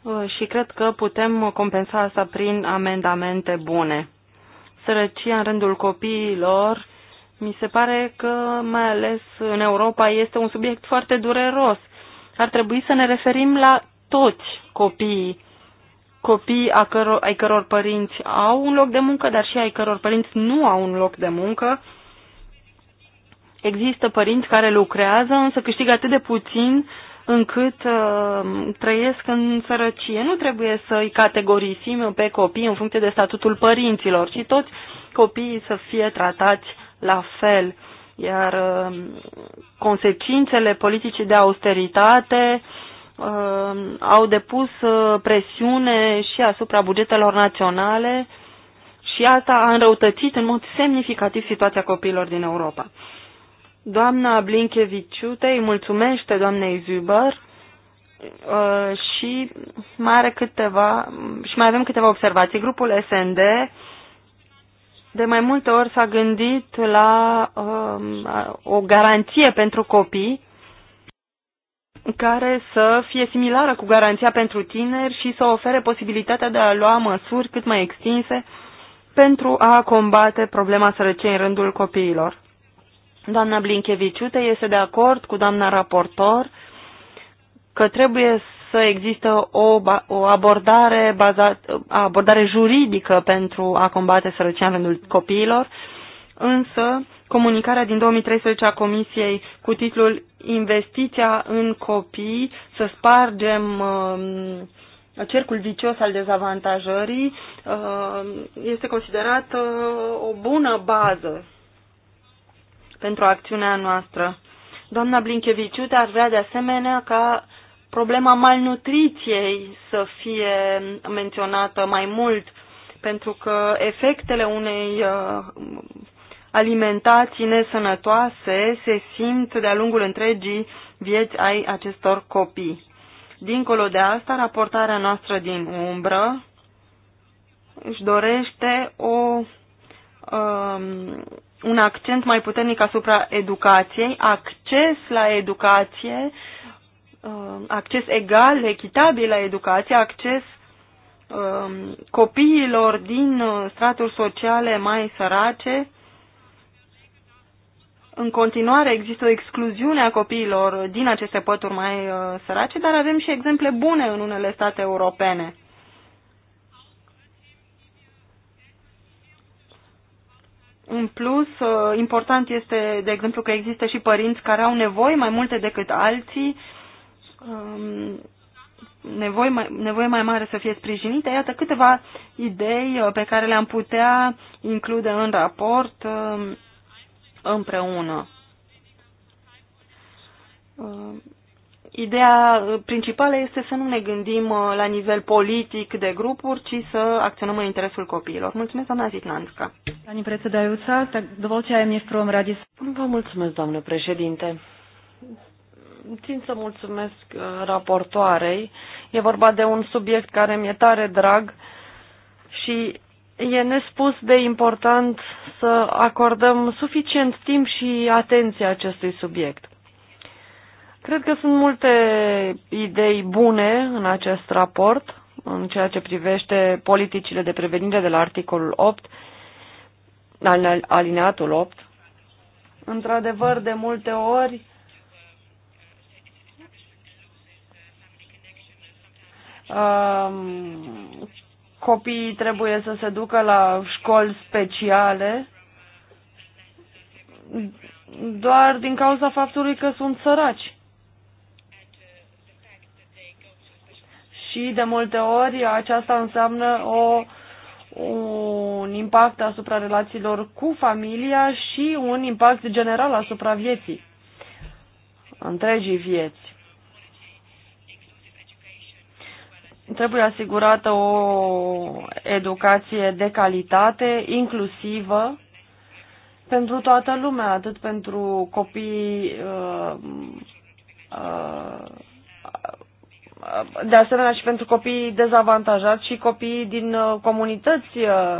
uh, și cred că putem compensa asta prin amendamente bune. Sărăcia în rândul copiilor mi se pare că, mai ales în Europa, este un subiect foarte dureros. Ar trebui să ne referim la toți copiii, copii a ai căror părinți au un loc de muncă, dar și ai căror părinți nu au un loc de muncă Există părinți care lucrează, însă câștigă atât de puțin încât uh, trăiesc în sărăcie. Nu trebuie să îi categorisim pe copii în funcție de statutul părinților, ci toți copiii să fie tratați la fel. Iar uh, consecințele politicii de austeritate uh, au depus uh, presiune și asupra bugetelor naționale și asta a înrăutățit în mod semnificativ situația copiilor din Europa. Doamna Blinkeviciute îi mulțumește doamnei Zuber uh, și mai are câteva, și mai avem câteva observații. Grupul SND de mai multe ori s-a gândit la uh, o garanție pentru copii care să fie similară cu garanția pentru tineri și să ofere posibilitatea de a lua măsuri cât mai extinse pentru a combate problema sărăciei în rândul copiilor. Doamna Blinkeviciute este de acord cu doamna raportor că trebuie să există o, o abordare, bazat, abordare juridică pentru a combate sărăcia în rândul copiilor, însă comunicarea din 2013 a Comisiei cu titlul Investiția în copii, să spargem uh, cercul vicios al dezavantajării, uh, este considerată uh, o bună bază pentru acțiunea noastră. Doamna Blinkeviciute ar vrea de asemenea ca problema malnutriției să fie menționată mai mult, pentru că efectele unei uh, alimentații nesănătoase se simt de-a lungul întregii vieți ai acestor copii. Dincolo de asta, raportarea noastră din umbră își dorește o um, un accent mai puternic asupra educației, acces la educație, uh, acces egal, echitabil la educație, acces um, copiilor din uh, straturi sociale mai sărace. În continuare există o excluziune a copiilor din aceste pături mai uh, sărace, dar avem și exemple bune în unele state europene. În plus, uh, important este, de exemplu, că există și părinți care au nevoi mai multe decât alții, um, nevoi mai, nevoie mai mare să fie sprijinite. Iată câteva idei uh, pe care le-am putea include în raport um, împreună. Uh, Ideea uh, principală este să nu ne gândim uh, la nivel politic de grupuri, ci să acționăm în interesul copiilor. Mulțumesc, doamna Zitlanska. Pani predsedajúca, dovolte aj mne v prvom Vă mulțumesc, doamnă președinte. Țin să mulțumesc uh, raportoarei. E vorba de un subiect care mi-e tare drag și e nespus de important să acordăm suficient timp și atenție acestui subiect. Cred că sunt multe idei bune în acest raport, în ceea ce privește politicile de prevenire de la articolul 8, alineatul 8. Într-adevăr, de multe ori, um, copiii trebuie să se ducă la școli speciale doar din cauza faptului că sunt săraci. și de multe ori aceasta înseamnă o, un impact asupra relațiilor cu familia și un impact general asupra vieții, întregii vieți. Trebuie asigurată o educație de calitate, inclusivă, pentru toată lumea, atât pentru copii uh, uh, de asemenea și pentru copiii dezavantajați și copiii din uh, comunități uh,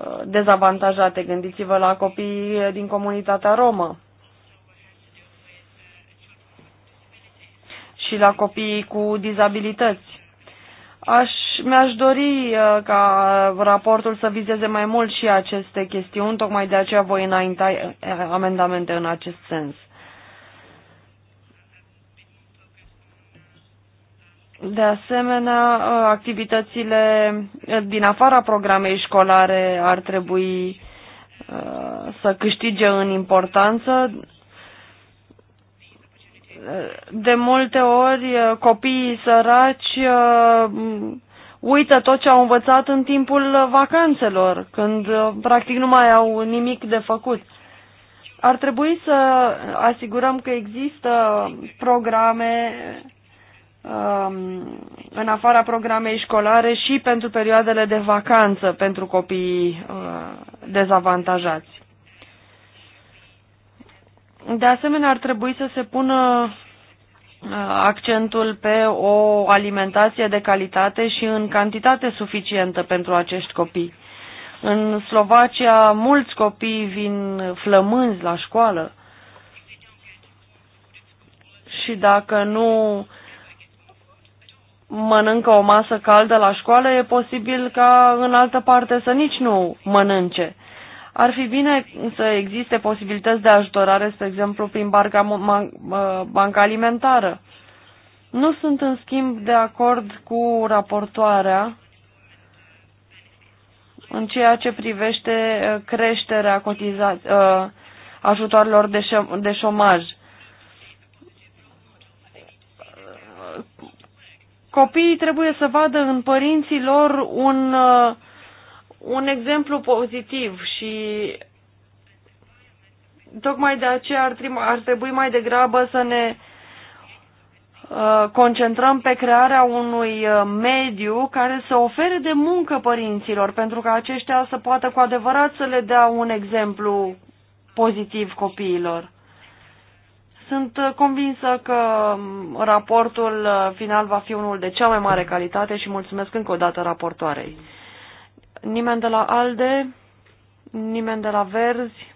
uh, dezavantajate. Gândiți-vă la copiii din comunitatea romă și la copiii cu dizabilități. Aș, mi-aș dori ca raportul să vizeze mai mult și aceste chestiuni, tocmai de aceea voi înainta amendamente în acest sens. De asemenea, activitățile din afara programei școlare ar trebui uh, să câștige în importanță. De multe ori, uh, copiii săraci uh, uită tot ce au învățat în timpul vacanțelor, când practic nu mai au nimic de făcut. Ar trebui să asigurăm că există programe Um, în afara programei școlare și pentru perioadele de vacanță pentru copiii uh, dezavantajați. De asemenea, ar trebui să se pună uh, accentul pe o alimentație de calitate și în cantitate suficientă pentru acești copii. În Slovacia, mulți copii vin flămânzi la școală și dacă nu mănâncă o masă caldă la școală, e posibil ca în altă parte să nici nu mănânce. Ar fi bine să existe posibilități de ajutorare, spre exemplu, prin barca, banca alimentară. Nu sunt, în schimb, de acord cu raportoarea în ceea ce privește uh, creșterea cotiza- uh, ajutoarelor de, șom- de șomaj. Copiii trebuie să vadă în părinții lor un, uh, un exemplu pozitiv și tocmai de aceea ar, trebui, ar trebui mai degrabă să ne uh, concentrăm pe crearea unui uh, mediu care să ofere de muncă părinților, pentru ca aceștia să poată cu adevărat să le dea un exemplu pozitiv copiilor. Sunt uh, convinsă că um, raportul uh, final va fi unul de cea mai mare calitate și mulțumesc încă o dată raportoarei. Nimeni de la ALDE, nimeni de la Verzi,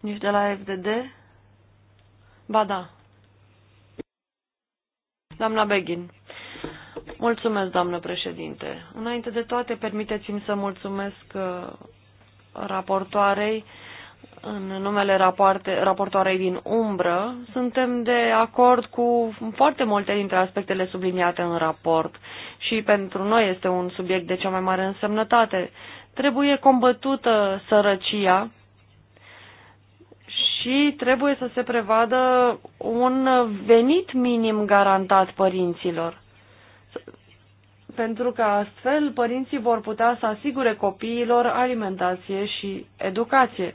nici de la FDD? Ba da. Doamna Begin. Mulțumesc, doamnă președinte. Înainte de toate, permiteți-mi să mulțumesc uh, raportoarei în numele rapoarte, raportoarei din umbră, suntem de acord cu foarte multe dintre aspectele subliniate în raport și pentru noi este un subiect de cea mai mare însemnătate. Trebuie combătută sărăcia și trebuie să se prevadă un venit minim garantat părinților. Pentru că astfel părinții vor putea să asigure copiilor alimentație și educație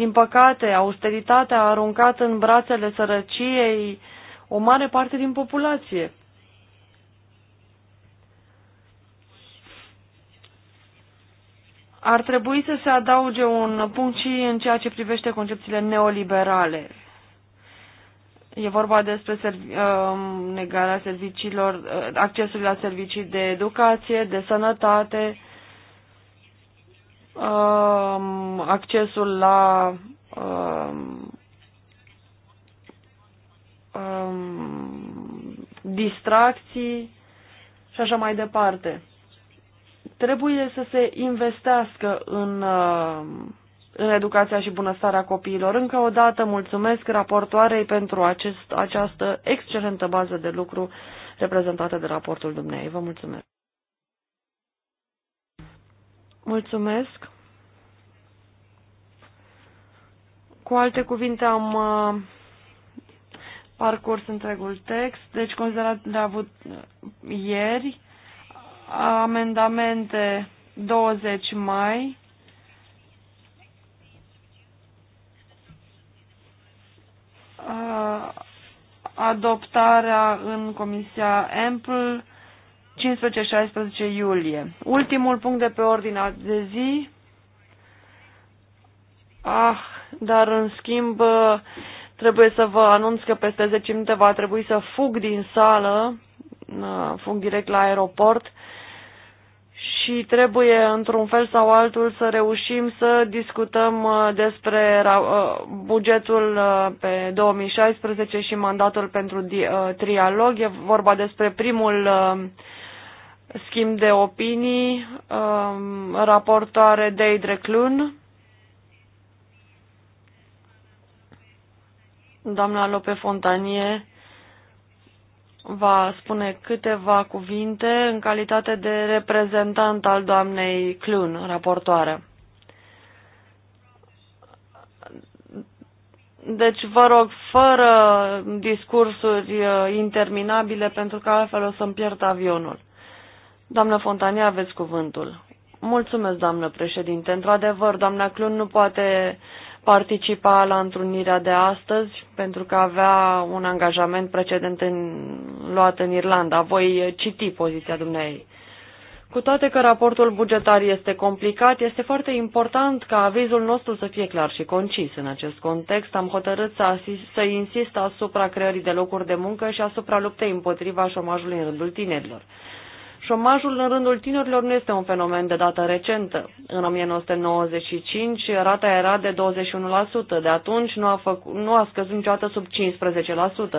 din păcate, austeritatea a aruncat în brațele sărăciei o mare parte din populație. Ar trebui să se adauge un punct și în ceea ce privește concepțiile neoliberale. E vorba despre servi, uh, negarea serviciilor, uh, accesul la servicii de educație, de sănătate, Um, accesul la um, um, distracții și așa mai departe. Trebuie să se investească în, uh, în educația și bunăstarea copiilor. Încă o dată mulțumesc raportoarei pentru acest, această excelentă bază de lucru reprezentată de raportul dumneavoastră. Vă mulțumesc! Mulțumesc. Cu alte cuvinte, am uh, parcurs întregul text, deci considerat de avut uh, ieri amendamente 20 mai uh, adoptarea în Comisia Ample 15-16 iulie. Ultimul punct de pe ordinea de zi. Ah, dar în schimb trebuie să vă anunț că peste 10 minute va trebui să fug din sală, fug direct la aeroport și trebuie într-un fel sau altul să reușim să discutăm uh, despre uh, bugetul uh, pe 2016 și mandatul pentru trialog. E vorba despre primul schimb de opinii, um, raportoare Deidre Clun, doamna Lope Fontanie va spune câteva cuvinte în calitate de reprezentant al doamnei Clun, raportoare. Deci vă rog, fără discursuri uh, interminabile, pentru că altfel o să-mi pierd avionul. Doamnă Fontania, aveți cuvântul. Mulțumesc, doamnă președinte. Într-adevăr, doamna Clun nu poate participa la întrunirea de astăzi pentru că avea un angajament precedent în, luat în Irlanda. Voi citi poziția dumneavoastră. Cu toate că raportul bugetar este complicat, este foarte important ca avizul nostru să fie clar și concis. În acest context, am hotărât să, asist, să insist asupra creării de locuri de muncă și asupra luptei împotriva șomajului în rândul tinerilor. Șomajul în rândul tinerilor nu este un fenomen de dată recentă. În 1995 rata era de 21%, de atunci nu a, făc, nu a scăzut niciodată sub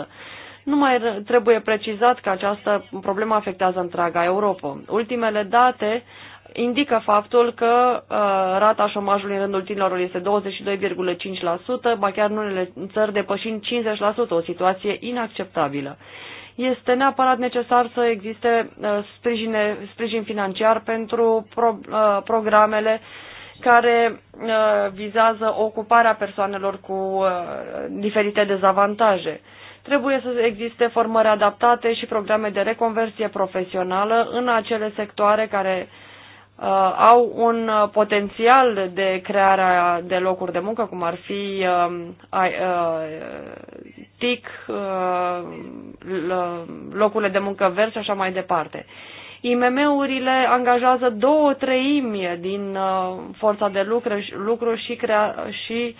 15%. Nu mai trebuie precizat că această problemă afectează întreaga Europa. Ultimele date indică faptul că uh, rata șomajului în rândul tinerilor este 22,5%, ba chiar în unele țări depășind 50%, o situație inacceptabilă este neapărat necesar să existe uh, sprijine, sprijin financiar pentru pro, uh, programele care uh, vizează ocuparea persoanelor cu diferite dezavantaje. Trebuie să existe formări adaptate și programe de reconversie profesională în acele sectoare care uh, uh, au un uh, potențial de crearea de locuri de muncă, cum ar fi uh, uh, TIC, uh, locurile de muncă verzi și așa mai departe. IMM-urile angajează două treimi din uh, forța de lucru, lucru și, crea, și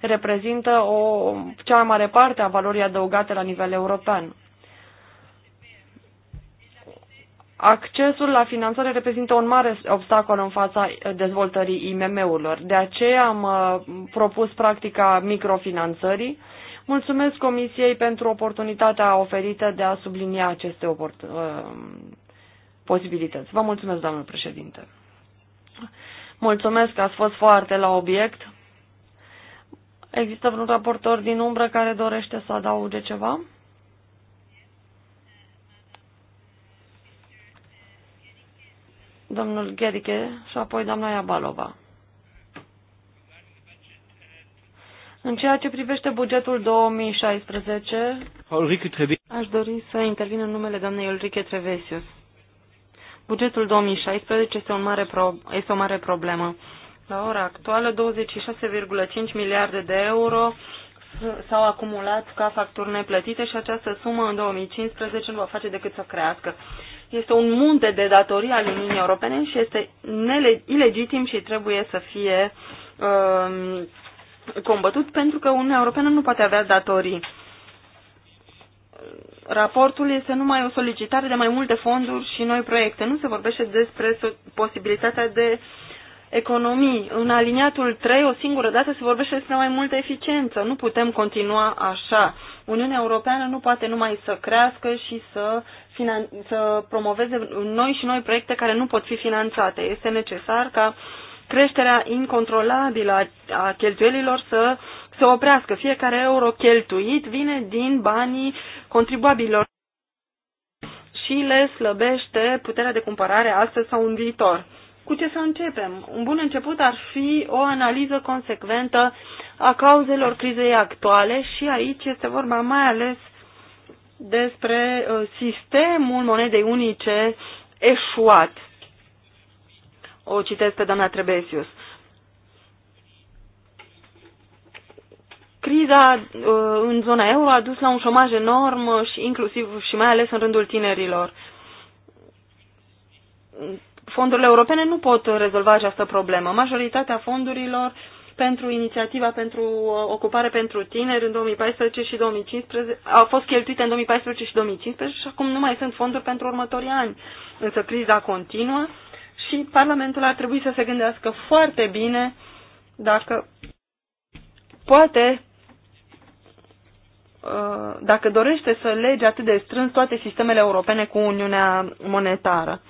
reprezintă o cea mai mare parte a valorii adăugate la nivel european. Accesul la finanțare reprezintă un mare obstacol în fața dezvoltării IMM-urilor. De aceea am uh, propus practica microfinanțării. Mulțumesc Comisiei pentru oportunitatea oferită de a sublinia aceste uh, posibilități. Vă mulțumesc, doamnă președinte. Mulțumesc că ați fost foarte la obiect. Există vreun raportor din umbră care dorește să adauge ceva? domnul Gherike și apoi doamna Iabalova. În ceea ce privește bugetul 2016, aș dori să intervin în numele doamnei Ulrike Trevesius. Bugetul 2016 este, un mare pro, este o mare problemă. La ora actuală, 26,5 miliarde de euro s-au acumulat ca facturi neplătite și această sumă în 2015 nu va face decât să crească. Este un munte de datorii al Uniunii Europene și este ilegitim și trebuie să fie um, combătut pentru că Uniunea Europeană nu poate avea datorii. Raportul este numai o solicitare de mai multe fonduri și noi proiecte. Nu se vorbește despre posibilitatea de economii. În aliniatul 3, o singură dată, se vorbește despre mai multă eficiență. Nu putem continua așa. Uniunea Europeană nu poate numai să crească și să să promoveze noi și noi proiecte care nu pot fi finanțate. Este necesar ca creșterea incontrolabilă a cheltuielilor să se oprească. Fiecare euro cheltuit vine din banii contribuabililor și le slăbește puterea de cumpărare astăzi sau în viitor. Cu ce să începem? Un bun început ar fi o analiză consecventă a cauzelor crizei actuale și aici este vorba mai ales despre uh, sistemul monedei unice eșuat. O citesc pe doamna Trebesius. Criza uh, în zona euro a dus la un șomaj enorm și inclusiv și mai ales în rândul tinerilor. Fondurile europene nu pot rezolva această problemă. Majoritatea fondurilor uh, pentru inițiativa pentru uh, ocupare pentru tineri în 2014 și 2015, au fost cheltuite în 2014 și 2015 și acum nu mai sunt fonduri pentru următorii ani. Însă criza continuă și Parlamentul ar trebui să se gândească foarte bine dacă poate uh, dacă dorește să lege atât de strâns toate sistemele europene cu Uniunea Monetară.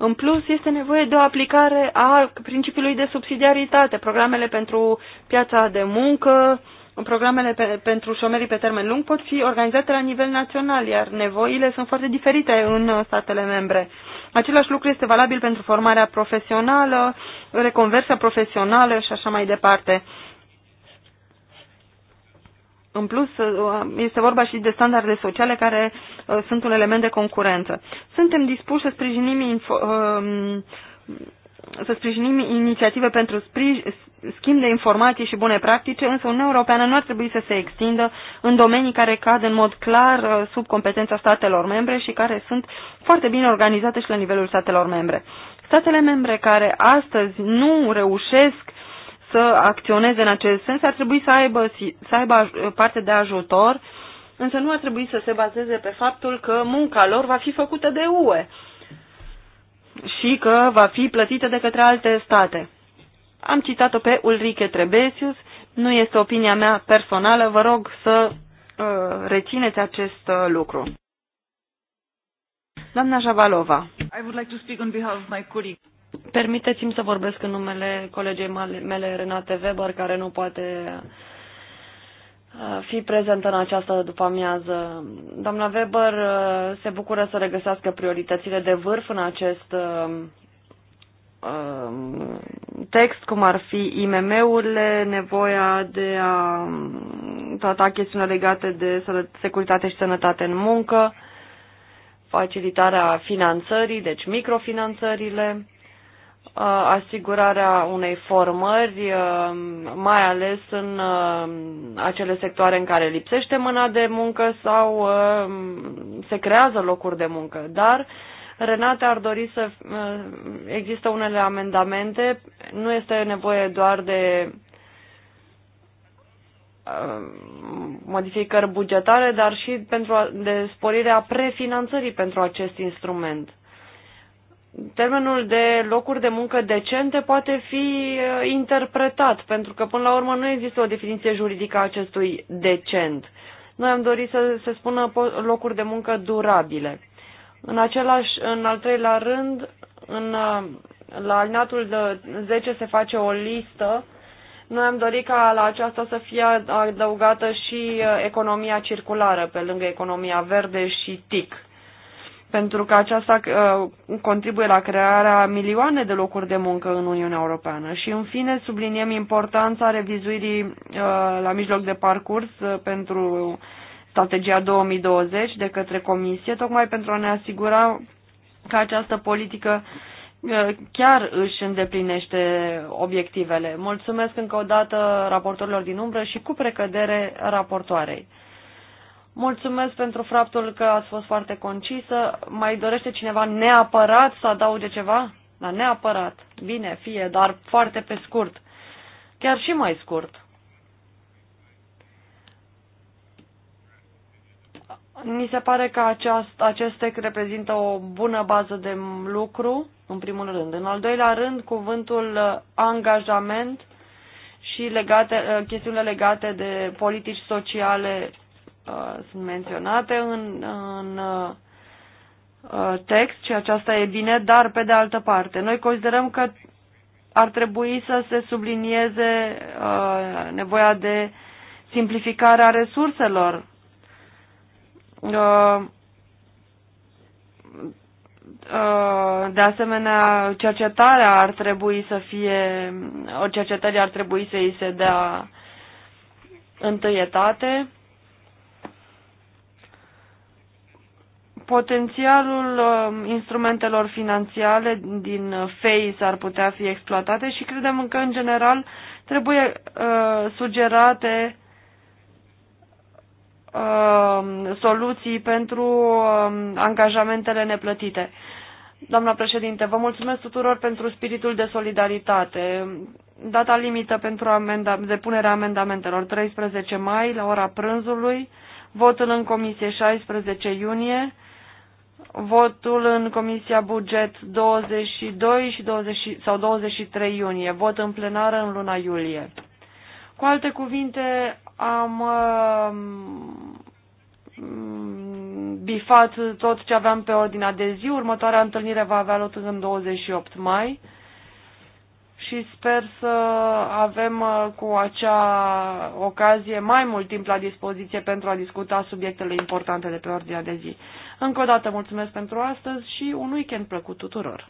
În plus, este nevoie de o aplicare a principiului de subsidiaritate, programele pentru piața de muncă, programele pe, pentru șomerii pe termen lung pot fi organizate la nivel național, iar nevoile sunt foarte diferite în statele membre. Același lucru este valabil pentru formarea profesională, reconversia profesională și așa mai departe. În plus, uh, este vorba și de standardele sociale care uh, sunt un element de concurență. Suntem dispuși să sprijinim, uh, să sprijinim inițiative pentru sprij, schimb de informații și bune practice, însă Uniunea Europeană nu ar trebui să se extindă în domenii care cad în mod clar sub competența statelor membre și care sunt foarte bine organizate și la nivelul statelor membre. Statele membre care astăzi nu reușesc să acționeze în acest sens, ar trebui să aibă, să aibă parte de ajutor, însă nu ar trebui să se bazeze pe faptul că munca lor va fi făcută de UE și că va fi plătită de către alte state. Am citat-o pe Ulrike Trebesius, nu este opinia mea personală, vă rog să uh, rețineți acest uh, lucru. Doamna Javalova. I would like to speak on behalf of my colleague. Permiteți-mi să vorbesc în numele colegei mele, Renate Weber, care nu poate uh, fi prezentă în această după-amiază. Doamna Weber uh, se bucură să regăsească prioritățile de vârf în acest uh, um, text, cum ar fi IMM-urile, nevoia de a um, trata chestiunea legate de securitate și sănătate în muncă, facilitarea finanțării, deci microfinanțările, Uh, asigurarea unei formări, uh, mai ales în uh, acele sectoare în care lipsește mâna de muncă sau se creează locuri de muncă. Dar Renate ar dori să există unele amendamente, nu este nevoie doar de modificări bugetare, dar și pentru de sporirea prefinanțării pentru acest instrument termenul de locuri de muncă decente poate fi uh, interpretat, pentru că până la urmă nu există o definiție juridică a acestui decent. Noi am dorit să se spună locuri de muncă durabile. În, același, în al treilea rând, în, uh, la alinatul de 10 se face o listă. Noi am dorit ca la aceasta să fie adăugată și uh, economia circulară, pe lângă economia verde și TIC pentru că aceasta uh, contribuie la crearea milioane de locuri de muncă în Uniunea Europeană. Și, în fine, subliniem importanța revizuirii uh, la mijloc de parcurs uh, pentru strategia 2020 de către Comisie, tocmai pentru a ne asigura că această politică chiar își îndeplinește obiectivele. Mulțumesc încă o dată raportorilor din umbră și cu precădere raportoarei. Mulțumesc pentru faptul că ați fost foarte concisă. Mai dorește cineva neapărat să adauge ceva? Da, neapărat. Bine, fie, dar foarte pe scurt. Chiar și mai scurt. Ni se pare că aceast, acest tec reprezintă o bună bază de lucru, în primul rând. În al doilea rând, cuvântul uh, angajament și legate, uh, chestiunile legate de politici sociale Uh, sunt menționate în, în uh, text și aceasta e bine, dar pe de altă parte, noi considerăm că ar trebui să se sublinieze uh, nevoia de simplificare a resurselor. De asemenea, cercetarea ar trebui să fie, o cercetare ar trebui să îi se dea întâietate. Potențialul um, instrumentelor financiare din FEI s-ar putea fi exploatate și credem că, în general, trebuie uh, sugerate um, soluții pentru um, angajamentele neplătite. Doamna președinte, vă mulțumesc tuturor pentru spiritul de solidaritate. Data limită pentru amenda depunerea amendamentelor 13 mai la ora prânzului, votul în comisie 16 iunie, Votul în Comisia Buget 22 și 20, sau 23 iunie. Vot în plenară în luna iulie. Cu alte cuvinte, am uh, bifat tot ce aveam pe ordinea de zi. Următoarea întâlnire va avea loc în 28 mai și sper să avem uh, cu acea ocazie mai mult timp la dispoziție pentru a discuta subiectele importante de pe ordinea de zi. Încă o dată mulțumesc pentru astăzi și un weekend plăcut tuturor!